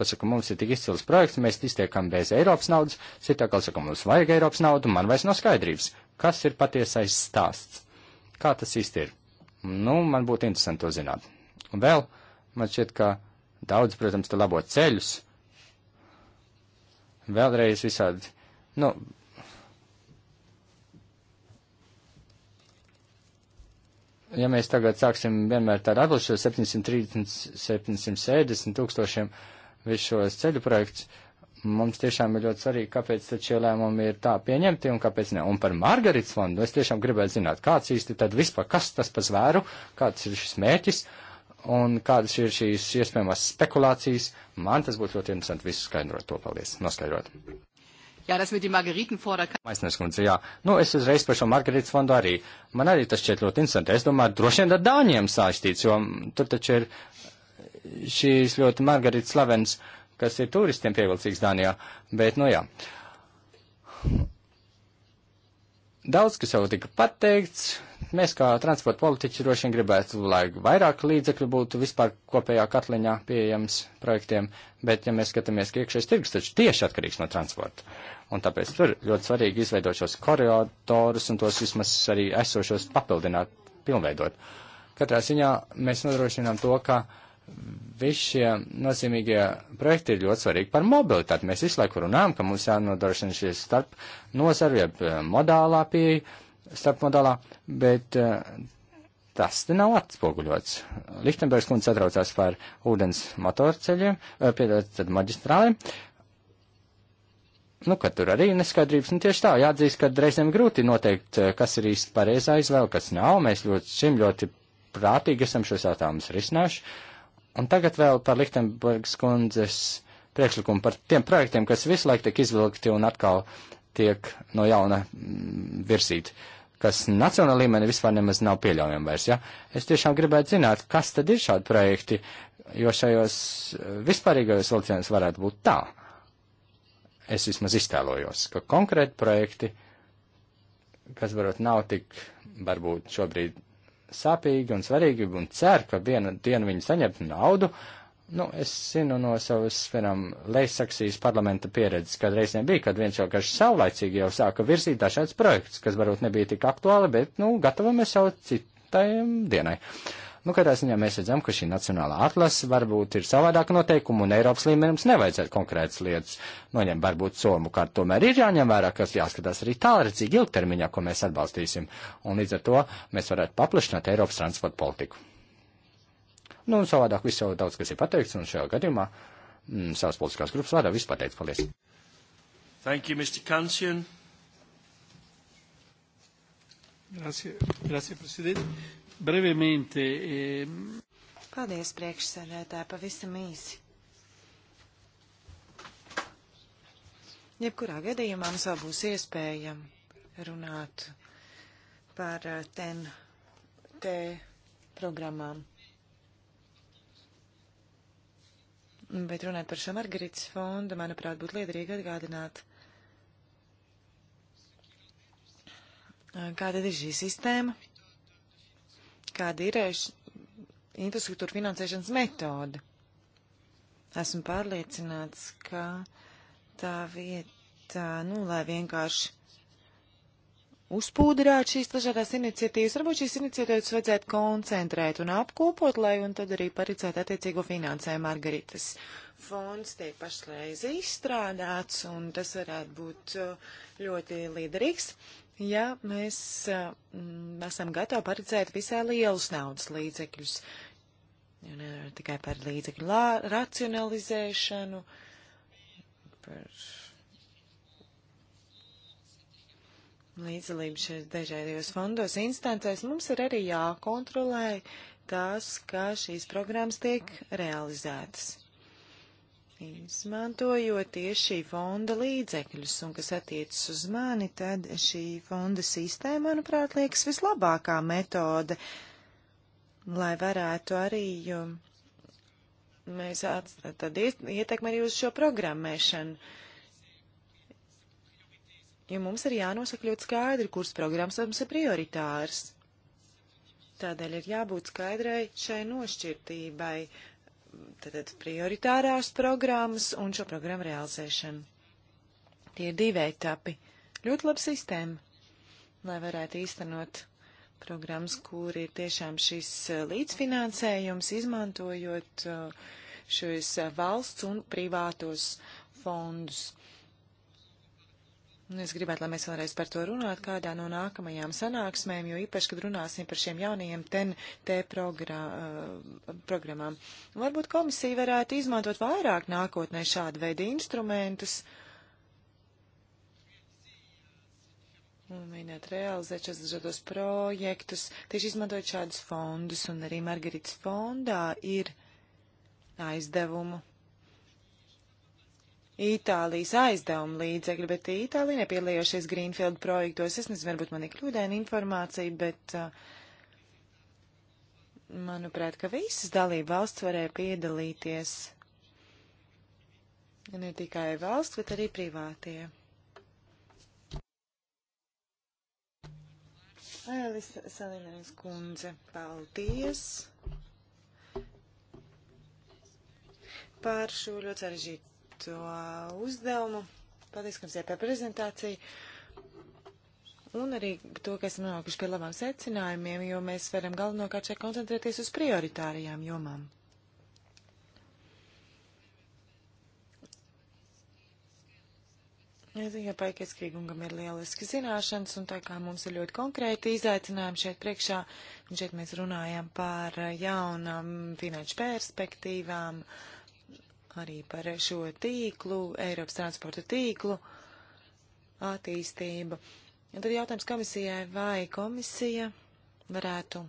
Pasaka, mums ir tik izcils projekts, mēs iztiekam bez Eiropas naudas, citākal saka, mums vajag Eiropas naudu, man vairs nav skaidrības, kas ir patiesais stāsts, kā tas īsti ir. Nu, man būtu interesanti to zināt. Un vēl, man šķiet, ka Daudz, protams, te labo ceļus. Vēlreiz visādi, nu, ja mēs tagad sāksim vienmēr tādu atbalstu 730, 770 tūkstošiem visu šos ceļu projekts, mums tiešām ir ļoti svarīgi, kāpēc tad šie lēmumi ir tā pieņemti un kāpēc ne. Un par Margarits fondu es tiešām gribētu zināt, kāds īsti tad vispār, kas tas par zvēru, kāds ir šis mērķis un kādas ir šīs iespējamās spekulācijas. Man tas būtu ļoti interesanti visu skaidrot to. Paldies. Noskaidrot. Jā, tas bija Margarītas fonda. Maisnes kundze, jā. Nu, es uzreiz par šo Margarītas fondu arī. Man arī tas šķiet ļoti interesanti. Es domāju, droši vien ar Dāņiem sāstīts, jo mm, tur taču ir šīs ļoti Margarītas slavens, kas ir turistiem pievilcīgs Dānijā. Bet, nu jā. Daudz, kas jau tika pateikts, mēs kā transporta politiķi droši vien gribētu, lai vairāk līdzekļu būtu vispār kopējā katliņā pieejams projektiem, bet ja mēs skatāmies, ka iekšējais tirgus taču tieši atkarīgs no transporta, un tāpēc tur ļoti svarīgi izveidot šos koridorus un tos vismaz arī esošos papildināt, pilnveidot. Katrā ziņā mēs nodrošinām to, ka visi šie nozīmīgie projekti ir ļoti svarīgi par mobilitāti. Mēs visu laiku runājam, ka mums jānodrošina šīs starp nozarvieb eh, modālā pieeja starpmodālā, bet eh, tas te nav atspoguļots. Lichtenbergs kundze satraucās par ūdens motorceļiem, eh, piedod, tad maģistrāliem. Nu, ka tur arī neskaidrības, nu tieši tā, jāatzīst, ka reizēm grūti noteikt, eh, kas ir īsti pareizā izvēle, kas nav. Mēs ļoti, šim ļoti prātīgi esam šos jautājumus risinājuši. Un tagad vēl par Lichtenbergs kundzes priekšlikumu par tiem projektiem, kas visu laiku tiek izvilkti un atkal tiek no jauna mm, virsīti. Uh, kas nacionāla līmenī vispār nemaz nav pieļaujami vairs. Ja? Es tiešām gribētu zināt, kas tad ir šādi projekti, jo šajos eh, vispārīgajos vilcienos varētu būt tā. Es vismaz iztēlojos, ka konkrēti projekti, kas varbūt nav tik varbūt šobrīd sāpīgi un svarīgi un cer, ka vienu dienu viņi saņem naudu, uh, Nu, es zinu no savas, piemēram, Leisaksijas parlamenta pieredzes, kad reizēm bija, kad viens jau kaž saulaicīgi jau sāka virzīt dažādas projekts, kas varbūt nebija tik aktuāli, bet, nu, gatavamies jau citajam dienai. Nu, katrā ziņā mēs redzam, ka šī nacionālā atlase varbūt ir savādāka noteikuma, un Eiropas līmenim nevajadzētu konkrētas lietas noņemt. Varbūt somu kārt tomēr ir jāņem vērā, kas jāskatās arī tālredzīgi ilgtermiņā, ko mēs atbalstīsim. Un līdz ar to mēs varētu paplašināt Eiropas transporta politiku. Nu, un savādāk viss jau daudz kas ir pateikts, un šajā gadījumā mm, savas politiskās grupas vārdā viss pateicis. Paldies! Thank you, Mr. Kansian. Grazie, grazie, Presidente. Brevemente. Eh... Paldies, priekšsēdētāji, pavisam īsi. Jebkurā gadījumā mums vēl būs iespēja runāt par eh, ten, te programmām. Bet runājot par šo Margaritas fondu, manuprāt, būtu liederīgi atgādināt, kāda ir šī sistēma, kāda ir infrastruktūra finansēšanas metode. Esmu pārliecināts, ka tā vieta, nu, lai vienkārši uzpūdināt šīs dažādās iniciatīvas. Varbūt šīs iniciatīvas vajadzētu koncentrēt un apkopot, lai un tad arī paredzēt attiecīgo finansējumu Margaritas fonds tiek pašreiz izstrādāts, un tas varētu būt uh, ļoti liederīgs, ja mēs uh, mm, esam gatavi paredzēt visai lielus naudas līdzekļus. Un uh, tikai par līdzekļu racionalizēšanu, par līdzdalību šajos dažādajos fondos instancēs, mums ir arī jākontrolē tas, kā šīs programmas tiek realizētas. Izmantojot tieši šī fonda līdzekļus, un kas attiecas uz mani, tad šī fonda sistēma, manuprāt, liekas vislabākā metode, lai varētu arī mēs atstāt, tad ietekmi arī uz šo programmēšanu. Uh, jo mums ir jānosaka ļoti skaidri, kuras programmas mums ir prioritārs. Tādēļ ir jābūt skaidrai šai nošķirtībai, tātad prioritārās programmas un šo programmu realizēšanu. Tie ir divi etapi. Ļoti laba sistēma, lai varētu īstenot programmas, kur ir tiešām šis eh, līdzfinansējums, izmantojot eh, šos eh, valsts un privātos fondus. Es gribētu, lai mēs vēlreiz par to runātu kādā no nākamajām sanāksmēm, jo īpaši, kad runāsim par šiem jaunajiem TNT progrā, uh, programmām. Varbūt komisija varētu izmantot vairāk nākotnē šādu veidu instrumentus. Un mēģināt realizēt šos dažādos projektus, tieši izmantojot šādus fondus, un arī Margaritas fondā ir aizdevumu Itālijas aizdevuma līdzekļi, bet Itālija nepiedalījušies Greenfield projektos. Es nezinu, varbūt man ir kļūdaina informācija, bet uh, manuprāt, ka visas dalība valsts varēja piedalīties. Ne tikai valsts, bet arī privātie. Elis Salinēns kundze, paldies par šo ļoti sarežģītu šo uzdevumu. Paldies, ka par prezentāciju. Un arī to, ka esam nonākuši pie labām secinājumiem, jo mēs varam galvenokārt šeit koncentrēties uz prioritārajām jomām. Es zinu, ka Paikas Krīgungam ir lieliski zināšanas, un tā kā mums ir ļoti konkrēti izaicinājumi šeit priekšā, un šeit mēs runājam par jaunām finanšu perspektīvām, uh, arī par šo tīklu, Eiropas transporta tīklu attīstību. Un tad jautājums komisijai, vai komisija varētu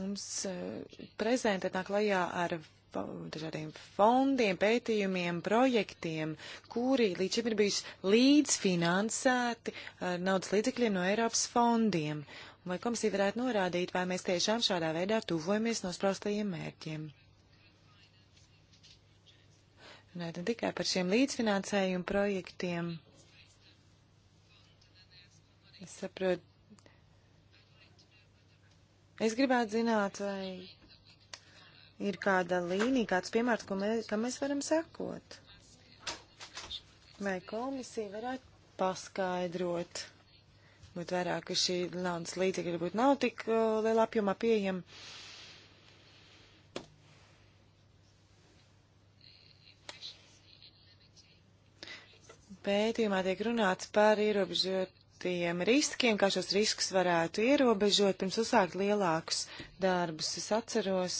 mums eh, prezentēt nāk lajā ar dažādiem fondiem, pētījumiem, projektiem, kuri līdz šim ir bijuši līdzfinansēti ar naudas līdzekļiem no Eiropas fondiem. Vai komisija varētu norādīt, vai mēs tiešām šādā veidā tuvojamies nospraustajiem mērķiem? ne tikai par šiem līdzfinansējumu projektiem. Es saprotu. Es gribētu zināt, vai ir kāda līnija, kāds piemērs, ko mēs, kam mēs varam sekot. Vai komisija varētu paskaidrot, būt vairāk, ka šī naudas līdzekļa varbūt nav tik uh, lielā apjomā pieejama. Pētījumā tiek runāts par ierobežotiem riskiem, kā šos riskus varētu ierobežot pirms uzsākt lielākus darbus. Es atceros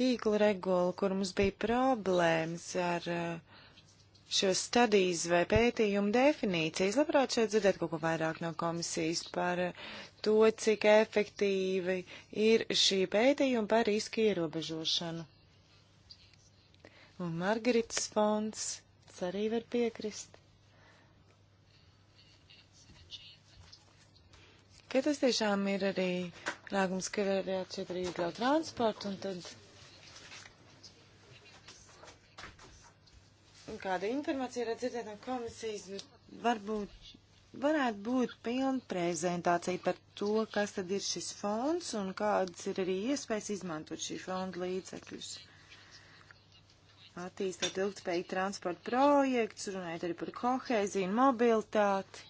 tīklu regulu, kur mums bija problēmas ar uh, šo stadijas vai pētījumu definīcijas. Labprāt šeit dzirdēt kaut ko vairāk no komisijas par uh, to, cik efektīvi ir šī pētījuma par riska ierobežošanu. Un Margaritas fonds Roberts arī var piekrist. Ka tas tiešām ir arī lēgums, ka variācija arī iekļaut transportu un tad. Kāda informācija varētu dzirdēt no komisijas, varbūt varētu būt pilna prezentācija par to, kas tad ir šis fonds un kādas ir arī iespējas izmantot šī fonda līdzekļus attīstot ilgtspējīgi transporta projekts, runājot arī par kohēziju un mobilitāti.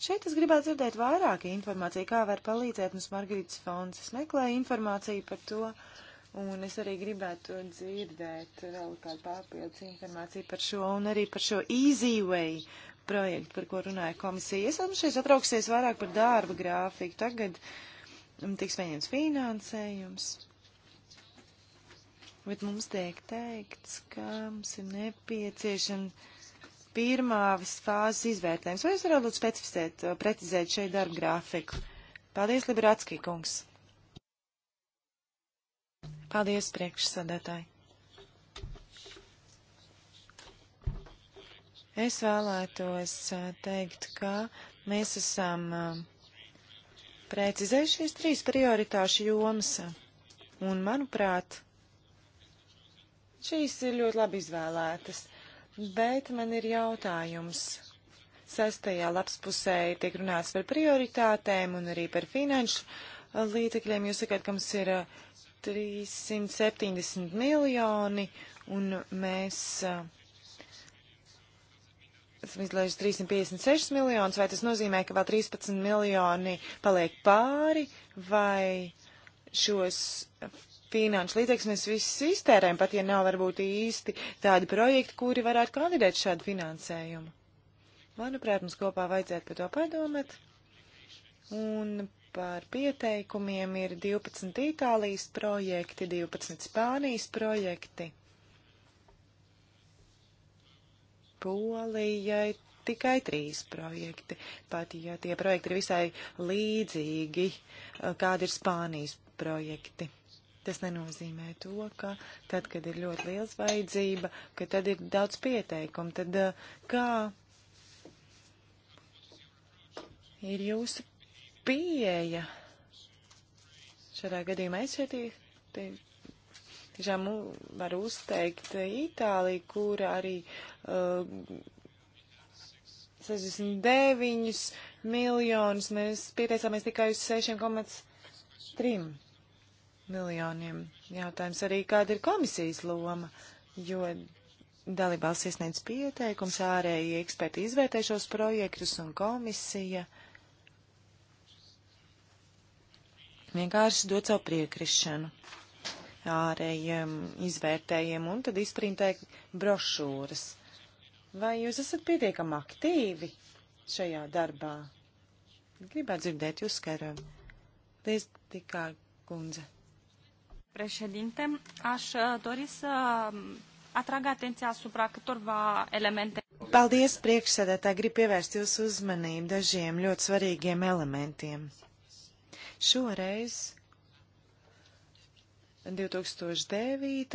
Šeit es gribētu dzirdēt vairāk informāciju, kā var palīdzēt mums Margaritas fonds. Es meklēju informāciju par to, un es arī gribētu dzirdēt vēl kādu papildus informāciju par šo, un arī par šo EasyWay projektu, par ko runāja komisija. Es esmu šeit satrauksies vairāk par darba grāfiku. Tagad mm, tiks saņemts finansējums bet mums tiek teikts, ka mums ir nepieciešama pirmā fāzes izvērtējums. Vai jūs varat lūdzu specificēt, uh, precizēt šeit darba grafiku? Paldies, Liberāckī kungs. Paldies, priekšsādātāji. Es vēlētos uh, teikt, ka mēs esam uh, precizējušies trīs prioritāšu jomas, un, manuprāt, Šīs ir ļoti labi izvēlētas, bet man ir jautājums. Sestajā lapspusē tiek runāts par prioritātēm un arī par finanšu līdzekļiem. Jūs sakāt, ka mums ir 370 uh, miljoni un mēs uh, esam izlaižuši 356 miljonus. Vai tas nozīmē, ka vēl 13 miljoni paliek pāri vai šos finanšu līdzekļus mēs visus iztērējam, pat ja nav varbūt īsti tādi projekti, kuri varētu kandidēt šādu finansējumu. Manuprāt, mums kopā vajadzētu par to padomāt. Un par pieteikumiem ir 12 Itālijas projekti, 12 Spānijas projekti. Polijai tikai trīs projekti, pat ja tie projekti ir visai līdzīgi, kādi ir Spānijas projekti. Tas nenozīmē to, ka tad, kad ir ļoti liels vajadzība, ka tad ir daudz pieteikumu. Tad kā ir jūsu pieeja? Šādā gadījumā es šeit tiešām varu uzteikt Itāliju, kura arī uh, 69 miljonus mēs pieteicāmies tikai uz 6,3 miljoniem. Jautājums arī, kāda ir komisijas loma, jo dalībās iesniedz pieteikums, ārējie eksperti izvērtē šos projektus un komisija vienkārši dod savu priekrišanu ārējiem izvērtējiem un tad izprintē brošūras. Vai jūs esat pietiekami aktīvi šajā darbā? Gribētu dzirdēt jūs skaidrojumu. Lies tikā kundze. Președinte, aș uh, dori să um, atrag atenția asupra câtorva elemente. Paldies, priekšsēdētāji, gribu pievērst jūsu uzmanību dažiem ļoti svarīgiem elementiem. Šoreiz 2009.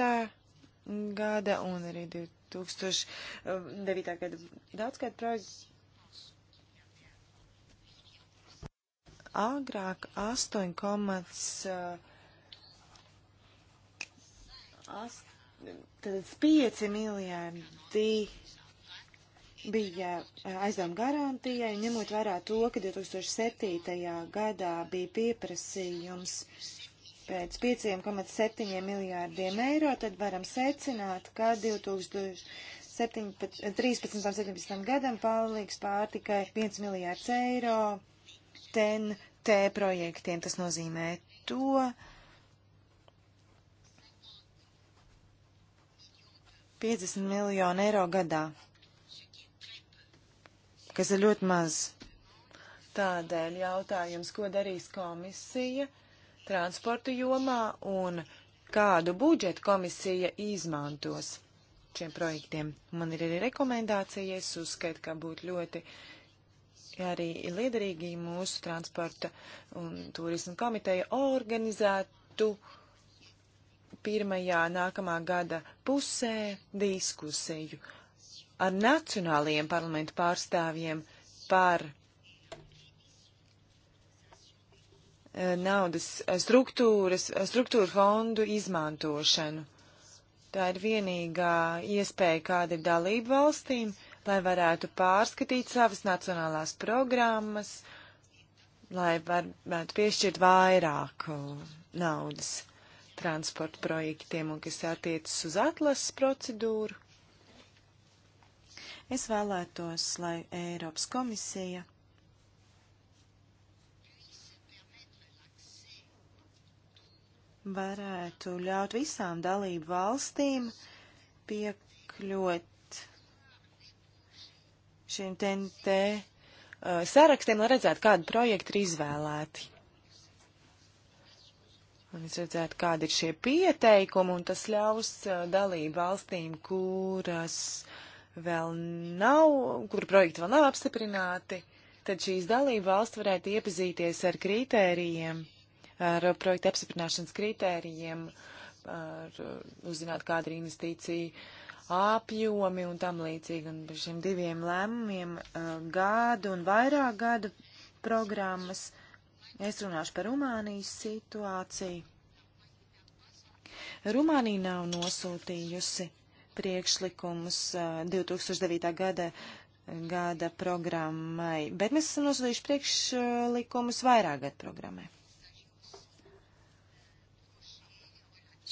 gada un arī 2009. gada daudzgad projekts agrāk 8, Tātad 5 miljardi bija eh, aizdevuma garantijai, ņemot vērā to, ka 2007. gadā bija pieprasījums pēc 5,7 miljārdiem eiro, tad varam secināt, ka 2013. un 17. gadam paliks pār tikai 1 miljārds eiro TEN-T projektiem. Tas nozīmē to, 50 miljonu eiro gadā, kas ir ļoti maz. Tādēļ jautājums, ko darīs komisija transporta jomā un kādu budžetu komisija izmantos šiem projektiem. Man ir arī rekomendācija, es uzskaitu, ka būtu ļoti arī liederīgi mūsu transporta un turismu komiteja organizētu uh, pirmajā nākamā gada pusē diskusiju ar nacionālajiem parlamentu pārstāvjiem par e, naudas struktūras, struktūra fondu izmantošanu. Tā ir vienīgā iespēja, kāda ir dalību valstīm, lai varētu pārskatīt savas nacionālās programmas, lai varētu piešķirt vairāk e, naudas transporta projektiem un kas attiecas uz atlases procedūru. Es vēlētos, lai Eiropas komisija varētu ļaut visām dalību valstīm piekļot šiem TNT uh, sarakstiem, lai redzētu, kādi projekti ir izvēlēti. Un es redzētu, kādi ir šie pieteikumi, un tas ļaus uh, dalību valstīm, kuras vēl nav, kur projekti vēl nav apstiprināti, tad šīs dalība valsts varētu iepazīties ar kritērijiem, ar projektu apstiprināšanas kritērijiem, ar, uh, uzzināt, kāda ir investīcija apjomi un tam līdzīgi. Un par šiem diviem lēmumiem uh, gadu un vairāk gadu programmas. Uh, Es runāšu par Rumānijas situāciju. Rumānija nav nosūtījusi priekšlikumus 2009. gada, gada programmai, bet mēs esam nosūtījuši priekšlikumus vairāk gada programmai.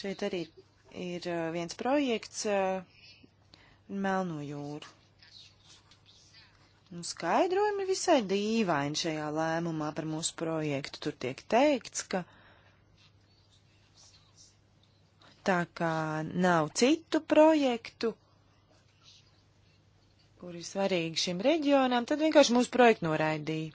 Šeit arī ir viens projekts Melno jūru. Nu, skaidrojumi visai dīvaini šajā lēmumā par mūsu projektu. Tur tiek teikts, ka tā kā nav citu projektu, kuri svarīgi šim reģionam, tad vienkārši mūsu projektu noraidīja.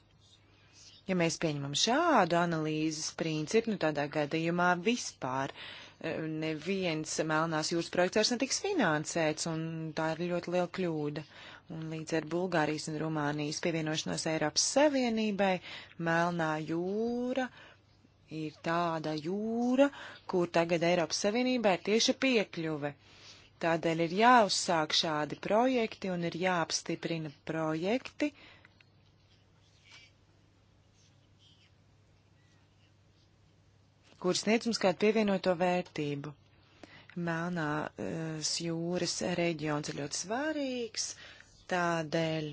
Ja mēs pieņemam šādu analīzes principu, nu tādā gadījumā vispār e, neviens Melnās jūras projekts vairs netiks finansēts, un tā ir ļoti liela kļūda. Un līdz ar Bulgārijas un Rumānijas pievienošanos Eiropas Savienībai, Melnā jūra ir tāda jūra, kur tagad Eiropas Savienībai ir tieši piekļuve. Tādēļ ir jāuzsāk šādi projekti un ir jāapstiprina projekti. kuras sniedz mums kādu pievienoto vērtību. Melnās eh, jūras reģions ir ļoti svarīgs, uh, Tādēļ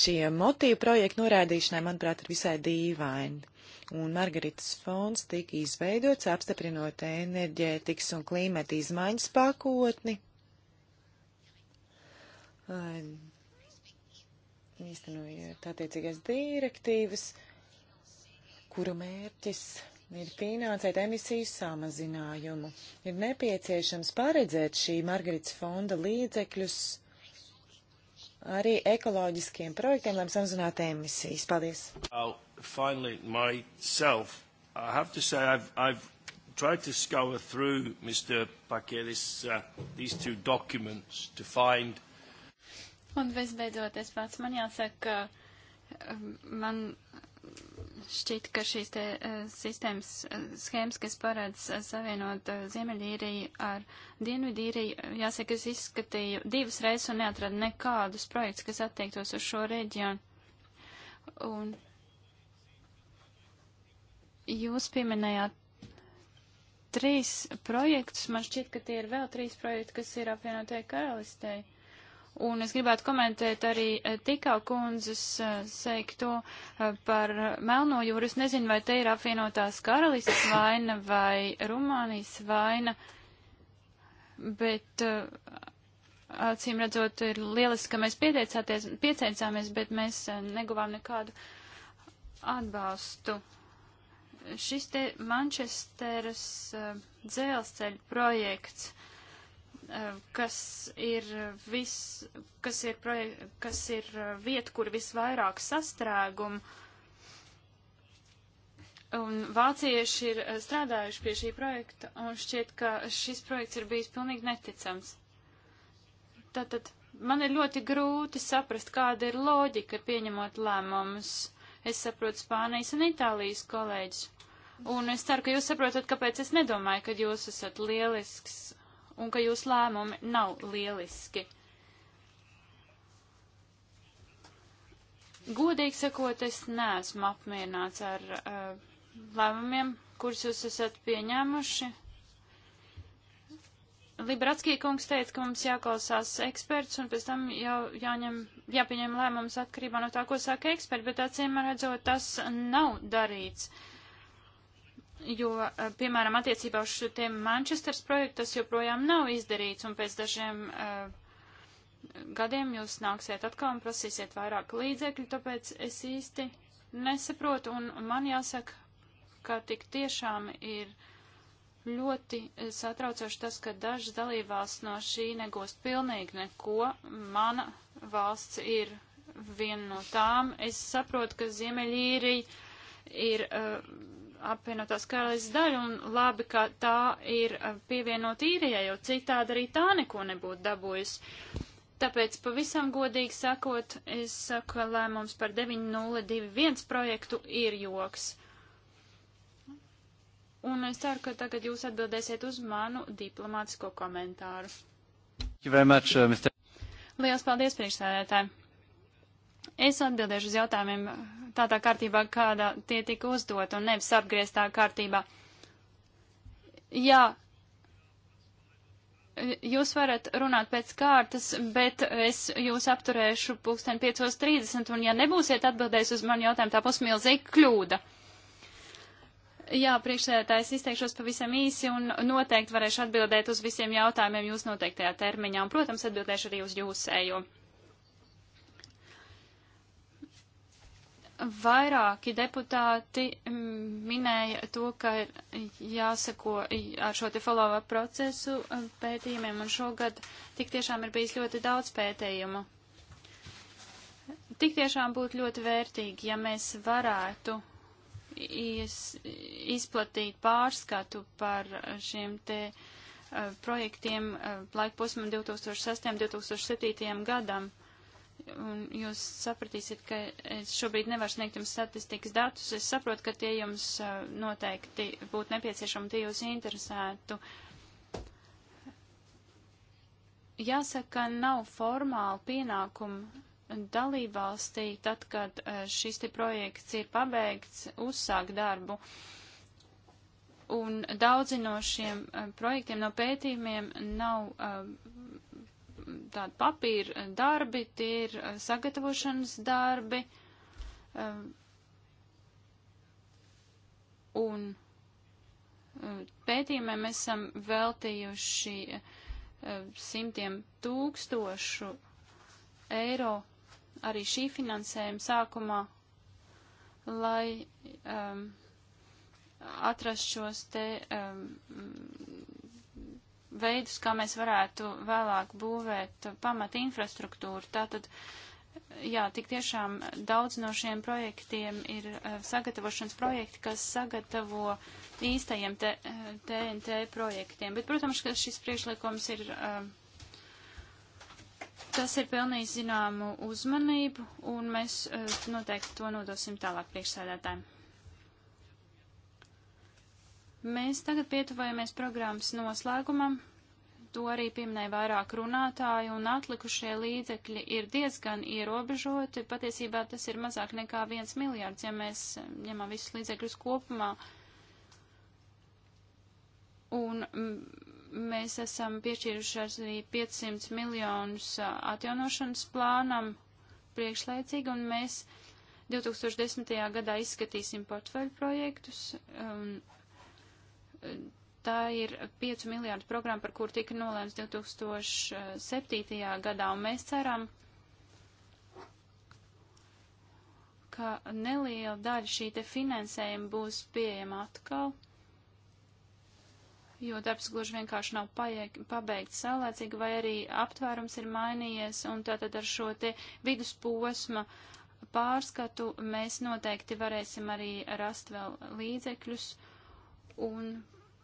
šie motīvu projektu norādīšanai, manuprāt, ir visai dīvaini. Un Margaritas fonds tika izveidots apstiprinot enerģētikas un klīmeta izmaiņas pakotni. Īstenojot attiecīgās direktīvas, kuru mērķis ir finansēt emisiju samazinājumu. Ir nepieciešams paredzēt šī Margaritas fonda līdzekļus arī ekoloģiskiem projektiem, lai samazinātu emisijas. Paldies! Oh, finally, myself, I have to say I've, I've tried to scour through, Mr. Pakelis, uh, these two documents to find. Un visbeidzot, es pats man jāsaka, ka um, man šķiet, ka šīs te e, sistēmas, e, schēmas, kas paredz e, savienot Ziemeļīriju ar Dienvidīriju, jāsaka, es izskatīju divas reizes un neatradu nekādus projektus, kas attiektos uz šo reģionu. Un jūs pieminējāt trīs projektus, man šķiet, ka tie ir vēl trīs projekti, kas ir apvienotie karalistei. Un es gribētu komentēt arī eh, tikā kundzes eh, seikto eh, par Melnojūru. Es nezinu, vai te ir apvienotās karalistas vaina vai Rumānijas vaina, bet acīm redzot, ir lieliski, ka mēs pieteicāmies, bet mēs neguvām nekādu atbalstu. Šis te Mančesteras dzelzceļa projekts Eh, kas ir, vis, kas ir, projek, kas ir eh, vieta, kur visvairāk sastrēgumu. Un vācieši ir eh, strādājuši pie šī projekta, un šķiet, ka šis projekts ir bijis pilnīgi neticams. Tātad man ir ļoti grūti saprast, kāda ir loģika pieņemot lēmumus. Es saprotu Spānijas un Itālijas kolēģis. Un es ceru, ka jūs saprotat, kāpēc es nedomāju, ka jūs esat lielisks un ka jūsu lēmumi nav lieliski. Godīgi sakot, es neesmu apmierināts ar uh, lēmumiem, kurus jūs esat pieņēmuši. Libratskī kungs teica, ka mums jāklausās eksperts un pēc tam jau jāņem, jāpieņem lēmums atkarībā no tā, ko saka eksperts, bet acīm redzot, tas nav darīts. Uh, jo, eh, piemēram, attiecībā uz tiem Manchesters projektu tas joprojām nav izdarīts, un pēc dažiem uh, gadiem jūs nāksiet atkal un prasīsiet vairāk līdzekļu, tāpēc es īsti nesaprotu, un man jāsaka, ka tik tiešām ir ļoti eh, satraucoši tas, ka dažas dalībvalsts no šī negūst pilnīgi neko. Mana valsts ir viena no tām. Es saprotu, ka Ziemeļīrija ir. Uh, apvienotās karalistas daļu, un labi, ka tā ir eh, pievienot īrijai, jo citādi arī tā neko nebūtu dabūjusi. Tāpēc, pavisam godīgi sakot, es saku, ka lēmums par 9021 projektu ir joks. Un es ceru, ka tagad jūs atbildēsiet uz manu diplomātisko komentāru. Much, uh, Liels paldies, priekšsēdētāji! Es atbildēšu uz jautājumiem tādā kārtībā, kādā tie tika uzdot, un nevis apgrieztā kārtībā. Jā, jūs varat runāt pēc kārtas, bet es jūs apturēšu pulksten 5.30, un ja nebūsiet atbildējis uz manu jautājumu, tā būs milzīga kļūda. Jā, priekšsēdētājs izteikšos pavisam īsi un noteikti varēšu atbildēt uz visiem jautājumiem jūs noteiktajā termiņā, un, protams, atbildēšu arī uz jūsējo. Jūs Vairāki deputāti mm, minēja to, ka ir jāseko ar šo te follow-up procesu mm, pētījumiem, un šogad tik tiešām ir bijis ļoti daudz pētījumu. Tik tiešām būtu ļoti vērtīgi, ja mēs varētu iz, izplatīt pārskatu par šiem te uh, projektiem uh, laikposmam 2006. un 2007. gadam un jūs sapratīsiet, ka es šobrīd nevaru sniegt jums statistikas datus. Es saprotu, ka tie jums noteikti būtu nepieciešami, tie jūs interesētu. Jāsaka, nav formāli pienākumu dalībvalstī, tad, kad šis te projekts ir pabeigts, uzsākt darbu. Un daudzi no šiem projektiem, no pētījumiem nav tādi papīra darbi, tie ir eh, sagatavošanas darbi. Ehm, un eh, pētījumiem mēs esam veltījuši eh, simtiem tūkstošu eiro arī šī finansējuma sākumā, lai um, atrast šos te um, veidus, kā mēs varētu vēlāk būvēt pamat infrastruktūru. Tātad, jā, tik tiešām daudz no šiem projektiem ir eh, sagatavošanas projekti, kas sagatavo īstajiem TNT eh, projektiem. Bet, protams, ka šis priekšlikums ir. Eh, tas ir pelnījis zināmu uzmanību, un mēs noteikti to nodosim tālāk priekšsēdētājiem. Mēs tagad pietuvojamies programmas noslēgumam. To arī pieminēja vairāk runātāji, un atlikušie līdzekļi ir diezgan ierobežoti. Patiesībā tas ir mazāk nekā viens miljards, ja mēs ņemam visus līdzekļus kopumā. Un mēs esam piešķīruši arī 500 miljonus atjaunošanas plānam priekšlaicīgi, un mēs 2010. gadā izskatīsim portfeļu projektus. Un, tā ir 5 miljārdu programma, par kur tika nolēmts 2007. gadā, un mēs ceram, ka neliela daļa šī te finansējuma būs pieejama atkal, jo darbs gluži vienkārši nav paiek, pabeigts saulēcīgi, vai arī aptvērums ir mainījies, un tātad ar šo te vidusposma pārskatu mēs noteikti varēsim arī rast vēl līdzekļus. Uh, un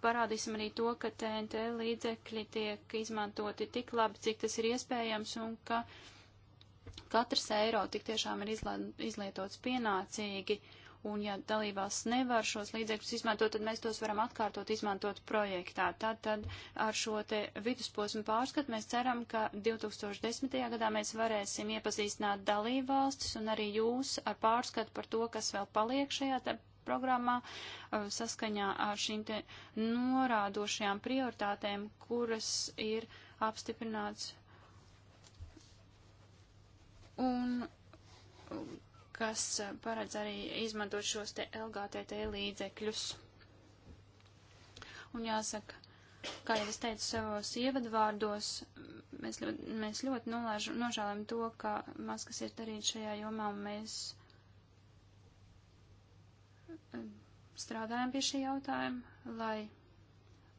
parādīsim arī to, ka TNT līdzekļi tiek izmantoti tik labi, cik tas ir iespējams, un ka katrs eiro tik tiešām ir izlietots pienācīgi, un ja dalībās nevar šos līdzekļus izmantot, tad mēs tos varam atkārtot izmantot projektā. Tātad ar šo te vidusposmu pārskatu mēs ceram, ka 2010. gadā mēs varēsim iepazīstināt dalībvalstis un arī jūs ar pārskatu par to, kas vēl paliek šajā programmā uh, saskaņā ar šīm te norādošajām prioritātēm, kuras ir apstiprināts un um, kas uh, paredz arī izmantot šos te LGTT līdzekļus. Un jāsaka, kā jau es teicu savos ievadvārdos, mēs ļoti, mēs ļoti nolāž, nožēlam to, ka Maskas ir darīt šajā jomā, un mēs Um, strādājam pie šī jautājuma, lai,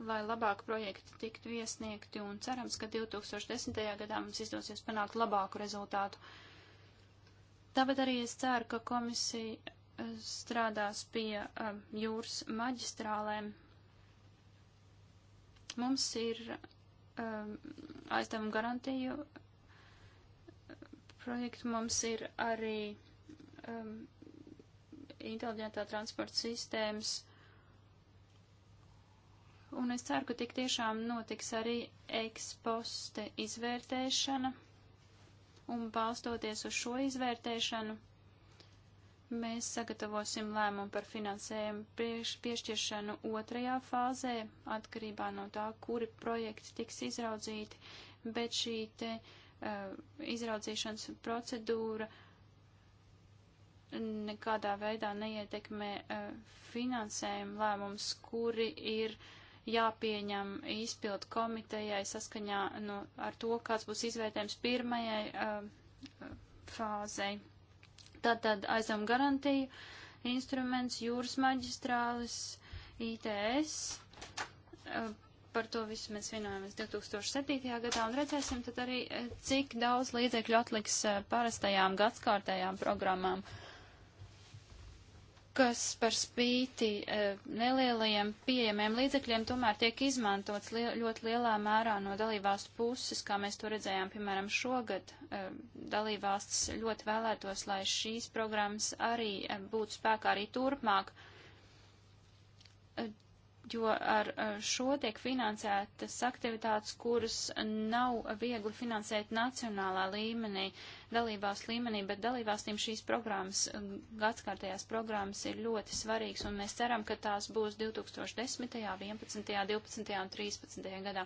lai labāk projekti tiktu iesniegti un cerams, ka 2010. gadā mums izdosies panākt labāku rezultātu. Tāpat arī es ceru, ka komisija uh, strādās pie um, jūras maģistrālēm. Mums ir um, aizdevumu garantiju uh, projektu, mums ir arī um, inteliģentā transporta sistēmas. Un es ceru, ka tik tiešām notiks arī eksposte izvērtēšana. Un balstoties uz šo izvērtēšanu, mēs sagatavosim lēmumu par finansējumu prieš, piešķiršanu otrajā fāzē, atkarībā no tā, kuri projekti tiks izraudzīti, bet šī te uh, izraudzīšanas procedūra uh, nekādā veidā neietekmē e, finansējuma lēmums, kuri ir jāpieņem izpildu komitejai saskaņā no, nu, ar to, kāds būs izvērtējums pirmajai e, e, fāzei. Tātad aizdevuma garantija, instruments, jūras maģistrālis, ITS, par to visu mēs vienojamies 2007. gadā un redzēsim tad arī, cik daudz līdzekļu atliks parastajām gadskārtējām programmām. Uh, kas par spīti e, nelielajiem pieejamiem līdzekļiem tomēr tiek izmantots li ļoti lielā mērā no dalībvalstu puses, kā mēs to redzējām, piemēram, šogad. E, dalībvalstis ļoti vēlētos, lai šīs programmas arī e, būtu spēkā arī turpmāk jo ar šo tiek finansētas aktivitātes, kuras nav viegli finansēt nacionālā līmenī, dalībās līmenī, bet dalībvalstīm šīs programmas, um, gadskārtajās programmas ir ļoti svarīgas, un mēs ceram, ka tās būs 2010., 11., 12. un 13. gadā.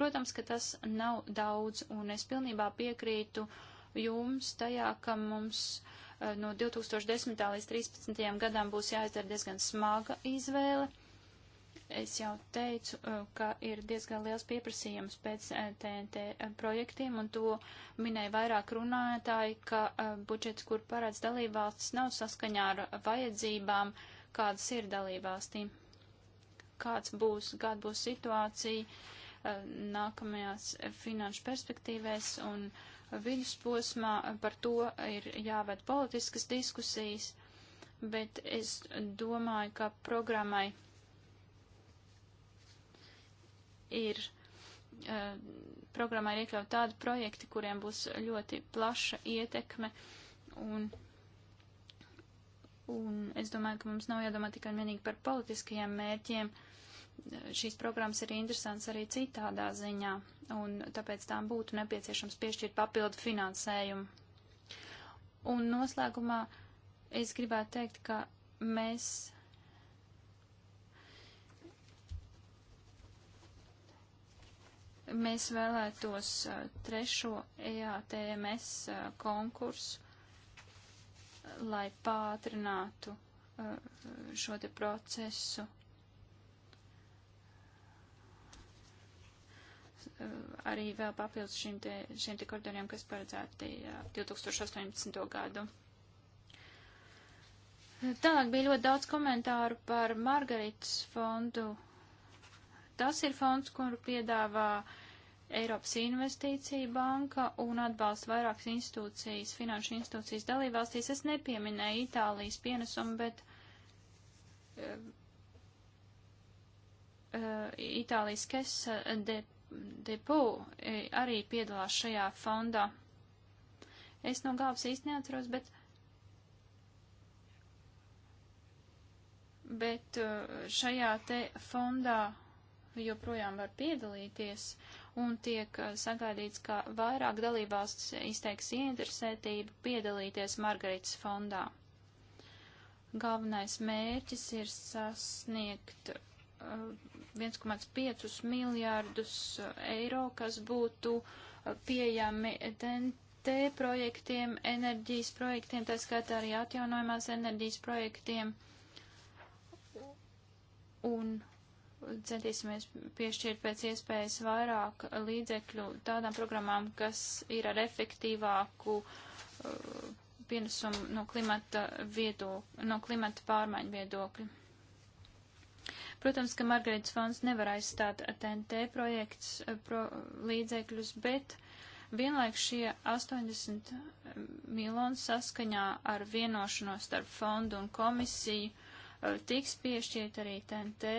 Protams, ka tas nav daudz, un es pilnībā piekrītu jums tajā, ka mums uh, no 2010. līdz 2013. gadam būs jāizdara diezgan smaga izvēle Es jau teicu, uh, ka ir diezgan liels pieprasījums pēc TNT uh, uh, projektiem, un to minēja vairāk runātāji, ka budžets, kur parāds dalībvalstis, nav saskaņā ar vajadzībām, kādas ir dalībvalstīm. Kāds būs, kāda būs situācija nākamajās finanšu perspektīvēs un vidusposmā, par to ir jāved politiskas diskusijas, bet es domāju, ka programmai ir uh, programmā ir iekļaut tādi projekti, kuriem būs ļoti plaša ietekme un, un es domāju, ka mums nav jādomā tikai un vienīgi par politiskajiem mērķiem. Šīs programmas ir interesants arī citādā ziņā un tāpēc tām būtu nepieciešams piešķirt papildu finansējumu. Un noslēgumā es gribētu teikt, ka mēs mēs vēlētos uh, trešo EATMS uh, konkursu, uh, lai pātrinātu šo te procesu. Arī vēl papildus šiem te, šiem te koridoriem, kas paredzēti 2018. gadu. Tālāk bija ļoti daudz komentāru par Margaritas fondu. Tas ir fonds, kuru piedāvā uh, Eiropas Investīcija banka un atbalsta vairākas institūcijas, finanšu institūcijas dalībvalstīs. Es nepieminēju Itālijas pienesumu, bet uh, uh, Itālijas Kesa de, depo uh, arī piedalās šajā fondā. Es no galvas īsti neatceros, bet. Bet uh, šajā te fondā joprojām var piedalīties, un tiek uh, sagaidīts, ka vairāk dalībvalsts izteiks ieinteresētību piedalīties Margaritas fondā. Galvenais mērķis ir sasniegt 1,5 uh, miljārdus uh, eiro, kas būtu pieejami TNT projektiem, enerģijas projektiem, tā skaitā arī atjaunojumās enerģijas projektiem. Un centīsimies piešķirt pēc iespējas vairāk līdzekļu tādām programmām, kas ir ar efektīvāku uh, pienesumu no klimata, viedokļa, no klimata pārmaiņu viedokļu. Protams, ka Margaritas fonds nevar aizstāt TNT projekts uh, pro, līdzekļus, bet vienlaik šie 80 uh, miljoni saskaņā ar vienošanos starp fondu un komisiju uh, tiks piešķirt arī TNT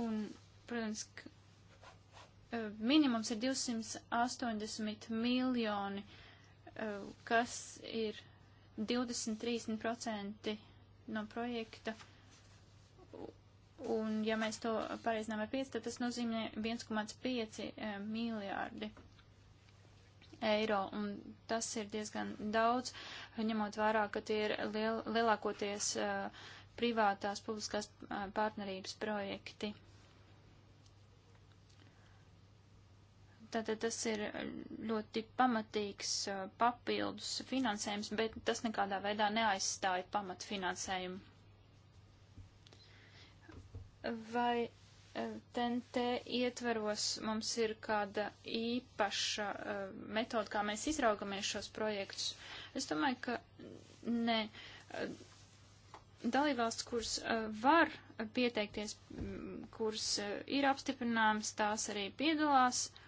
Un, protams, e, minimums ir 280 miljoni, e, kas ir 23% no projekta. Un, ja mēs to pareizinām ar 5, tad tas nozīmē 1,5 e, miljārdi eiro. Un tas ir diezgan daudz, ņemot vērā, ka tie ir liel, lielākoties uh, privātās publiskās uh, partnerības projekti. Tātad tas ir eh, ļoti pamatīgs eh, papildus finansējums, bet tas nekādā veidā neaizstāja pamatfinansējumu. Vai TNT eh, ietveros mums ir kāda īpaša metoda, kā mēs izraugamies šos projektus? Es domāju, ka nē. Dalībvalsts, kuras var pieteikties, kuras ir apstiprināmas, tās arī piedalās. Uh,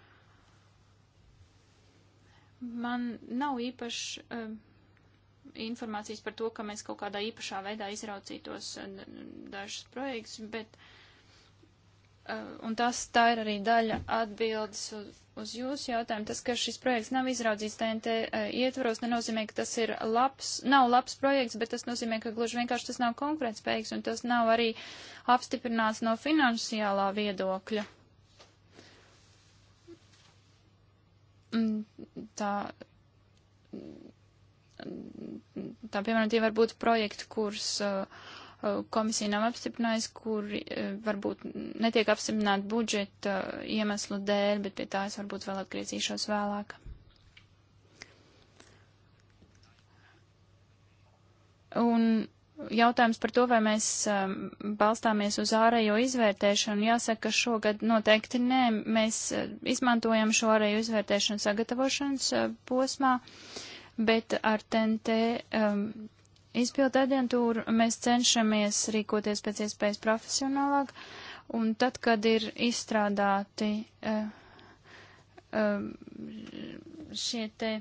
Man nav īpaši uh, eh, informācijas par to, ka mēs kaut kādā īpašā veidā izraucītos eh, dažus projektus, bet. Uh, un tas tā ir arī daļa atbildes uz, uz jūsu jautājumu. Tas, ka šis projekts nav izraudzīts TNT uh, ietvaros, nenozīmē, ka tas ir labs, nav labs projekts, bet tas nozīmē, ka gluži vienkārši tas nav konkurētspējīgs un tas nav arī apstiprināts no finansiālā viedokļa. Uh, tā, tā piemēram, tie var būt projekti, kurus uh, komisija nav apstiprinājusi, kuri uh, varbūt netiek apstiprināti budžeta uh, iemeslu dēļ, bet pie tā es varbūt vēl atgriezīšos vēlāk. Un jautājums par to, vai mēs um, balstāmies uz ārējo izvērtēšanu. Jāsaka, ka šogad noteikti nē. Mēs uh, izmantojam šo ārējo izvērtēšanu sagatavošanas uh, posmā, bet ar TNT um, izpildu aģentūru mēs cenšamies rīkoties pēc iespējas profesionālāk. Un tad, kad ir izstrādāti uh, um, šie te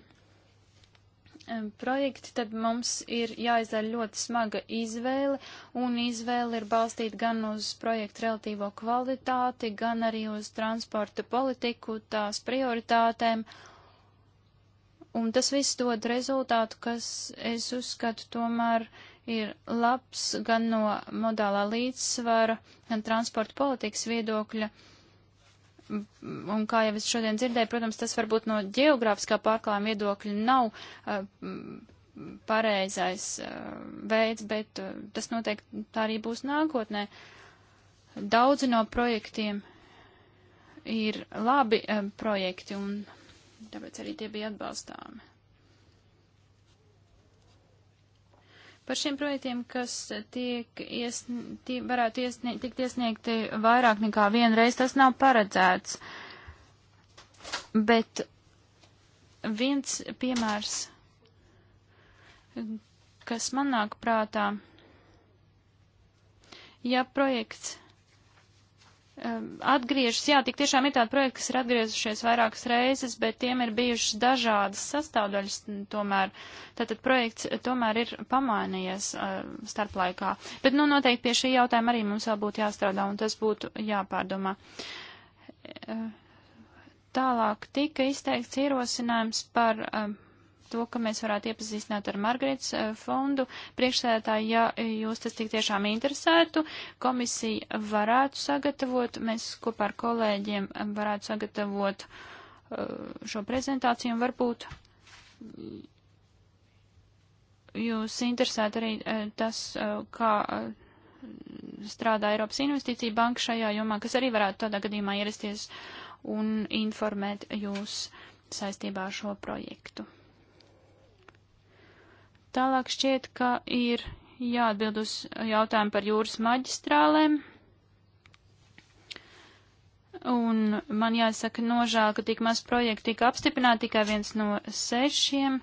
projekti, tad mums ir jāizdara ļoti smaga izvēle, un izvēle ir balstīta gan uz projektu relatīvo kvalitāti, gan arī uz transporta politiku, tās prioritātēm. Un tas viss dod rezultātu, kas, es uzskatu, tomēr ir labs gan no modālā līdzsvara, gan transporta politikas viedokļa. Uh, Un kā jau es šodien dzirdēju, protams, tas varbūt no geogrāfiskā pārklājuma viedokļa nav uh, pareizais uh, veids, bet uh, tas noteikti tā arī būs nākotnē. Daudzi no projektiem ir labi uh, projekti, un tāpēc arī tie bija atbalstāmi. Par šiem projektiem, kas tiek iesn... tie varētu iesnie... tikt iesniegti vairāk nekā vienreiz, tas nav paredzēts. Bet viens piemērs, kas man nāk prātā, ja projekts atgriežas, jā, tik tiešām ir tādi projekti, kas ir atgriezušies vairākas reizes, bet tiem ir bijušas dažādas sastāvdaļas tomēr. Tātad projekts tomēr ir pamainījies uh, starplaikā. Bet, nu, noteikti pie šī jautājuma arī mums vēl būtu jāstrādā un tas būtu jāpārdomā. Uh, tālāk tika izteikts ierosinājums par uh, to, ka mēs varētu iepazīstināt ar Margarets eh, fondu. Priekšsēdētāji, ja jūs tas tik tiešām interesētu, komisija varētu sagatavot, mēs kopā ar kolēģiem eh, varētu sagatavot eh, šo prezentāciju un varbūt jūs interesētu arī tas, kā strādā Eiropas Investīcija Banka šajā jomā, kas arī varētu tādā gadījumā ierasties un informēt jūs saistībā ar šo projektu. Tālāk šķiet, ka ir jāatbild uz jautājumu par jūras maģistrālēm. Un man jāsaka nožēl, ka tik maz projektu tika apstiprināti tikai viens no sešiem.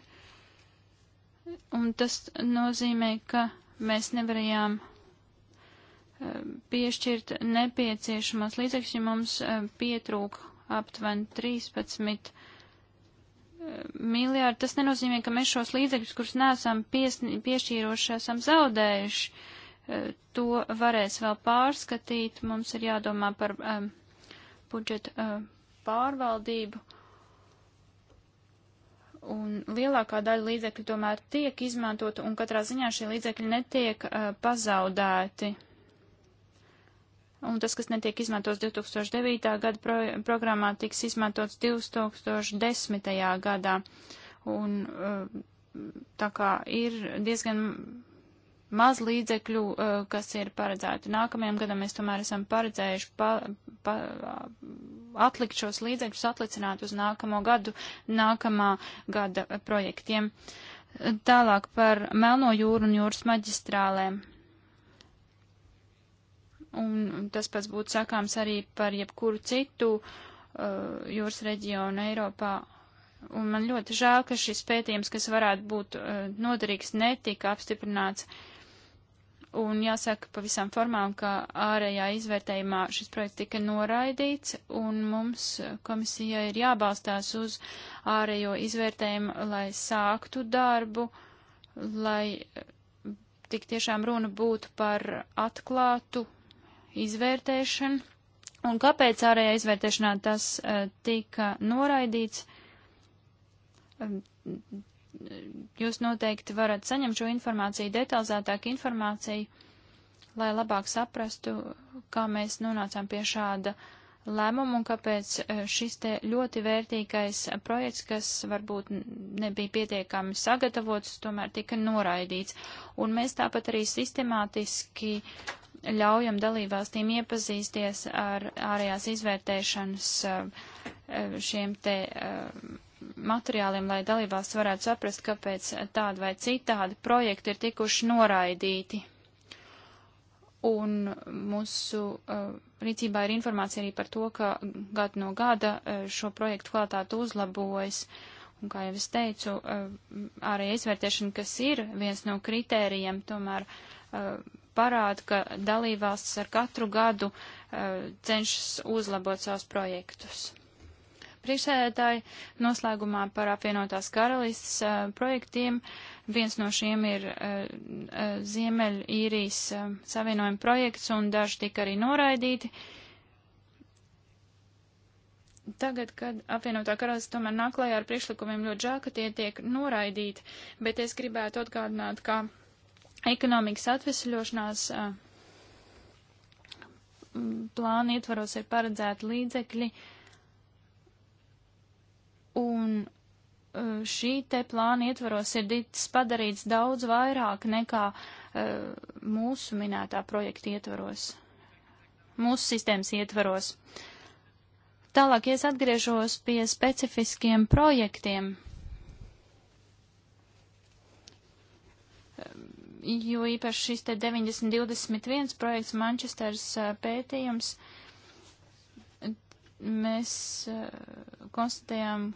Un tas nozīmē, ka mēs nevarējām eh, piešķirt nepieciešamās līdzekļus, ja mums eh, pietrūka aptuveni 13 miljārdi, tas nenozīmē, ka mēs šos līdzekļus, kurus neesam piešķīroši, esam zaudējuši. E, to varēs vēl pārskatīt. Mums ir jādomā par um, budžeta um, pārvaldību. Un lielākā daļa līdzekļu tomēr tiek izmantota, un katrā ziņā šie līdzekļi netiek uh, pazaudēti un tas, kas netiek izmantots 2009. gada pro programmā, tiks izmantots 2010. gadā. Un eh, tā kā ir diezgan maz līdzekļu, eh, kas ir paredzēti nākamajam gadam, mēs tomēr esam paredzējuši pa, pa, atlikt šos līdzekļus, atlicināt uz nākamo gadu, nākamā gada projektiem. Tālāk par Melno jūru un jūras maģistrālēm un tas pats būtu sakāms arī par jebkuru citu uh, jūras reģionu Eiropā. Un man ļoti žēl, ka šis pētījums, kas varētu būt uh, noderīgs, netika apstiprināts. Un jāsaka pavisam formām, ka ārējā izvērtējumā šis projekts tika noraidīts, un mums komisijai ir jābalstās uz ārējo izvērtējumu, lai sāktu darbu, lai tik tiešām runa būtu par atklātu izvērtēšana. Un kāpēc ārējā izvērtēšanā tas uh, tika noraidīts? Jūs noteikti varat saņemt šo informāciju, detalizētāku informāciju, lai labāk saprastu, kā mēs nonācām pie šāda lēmuma un kāpēc e, šis te ļoti vērtīgais projekts, kas varbūt nebija pietiekami sagatavots, tomēr tika noraidīts. Un mēs tāpat arī sistemātiski uh, ļaujam dalībvalstīm iepazīsties ar ārējās izvērtēšanas eh, šiem te eh, materiāliem, lai dalībvalsts varētu saprast, kāpēc tādi vai citādi projekti ir tikuši noraidīti. Un mūsu uh, rīcībā ir informācija arī par to, ka gadu no gada uh, šo projektu kvalitāte uzlabojas. Un, kā jau es teicu, uh, arī izvērtēšana, kas ir viens no kritērijiem, tomēr uh, parāda, ka dalībvalstis ar katru gadu uh, cenšas uzlabot savus projektus. Priekšsēdētāji noslēgumā par apvienotās karalistas uh, eh, projektiem. Viens no šiem ir uh, Ziemeļīrijas savienojuma projekts, un daži tika arī noraidīti. Tagad, kad apvienotā karalists tomēr nāk klajā ar priekšlikumiem, ļoti žēl, ka tie tiek noraidīti, bet es gribētu atgādināt, ka Ekonomikas atvesļošanās eh, plāna ietvaros ir paredzēti līdzekļi, un eh, šī te plāna ietvaros ir dits padarīts daudz vairāk nekā uh, mūsu minētā projekta ietvaros, mūsu sistēmas ietvaros. Tālāk es atgriežos pie specifiskiem projektiem jo īpaši šis te 9021 projekts Manchesteras pētījums, mēs konstatējām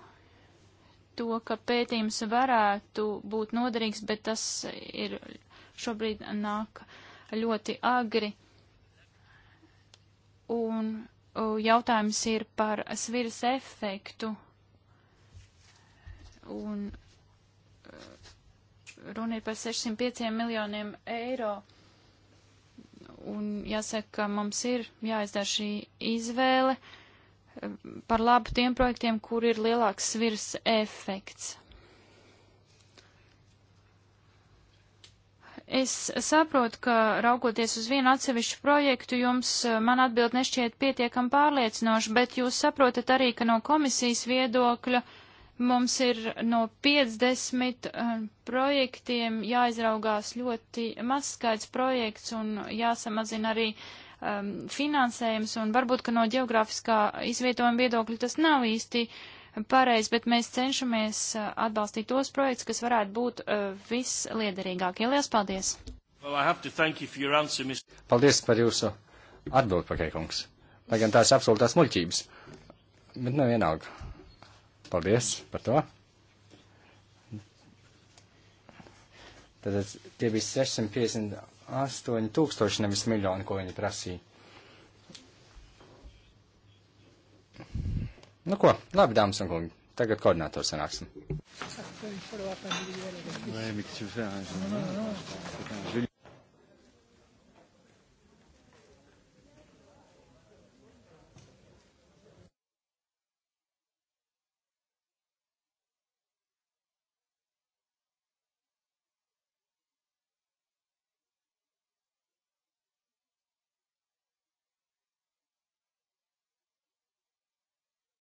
to, ka pētījums varētu būt noderīgs, bet tas ir šobrīd nāk ļoti agri. Un jautājums ir par sviras efektu. Un runa ir par 605 miljoniem eiro. Un jāsaka, ka mums ir jāizdara šī izvēle eh, par labu tiem projektiem, kur ir lielāks svirs efekts. Es saprotu, ka raugoties uz vienu atsevišķu projektu, jums eh, man atbild nešķiet pietiekam pārliecinoši, bet jūs saprotat arī, ka no komisijas viedokļa uh, Mums ir no 50 uh, eh, projektiem jāizraugās ļoti maz skaits projekts un jāsamazina arī um, finansējums, un varbūt, ka no geogrāfiskā izvietojuma viedokļa tas nav īsti pareizi, bet mēs cenšamies uh, atbalstīt tos projekts, kas varētu būt uh, visliederīgākie. Lielas paldies! Well, you answer, paldies par jūsu atbildi, pakeikungs. Lai gan tās absolūtās muļķības, bet nav vienalga. Paldies par to. Tātad tie bija 658 tūkstoši, nevis miljoni, ko viņi prasīja. Nu ko, labi, dāmas un kungi, tagad koordinātors sanāksim.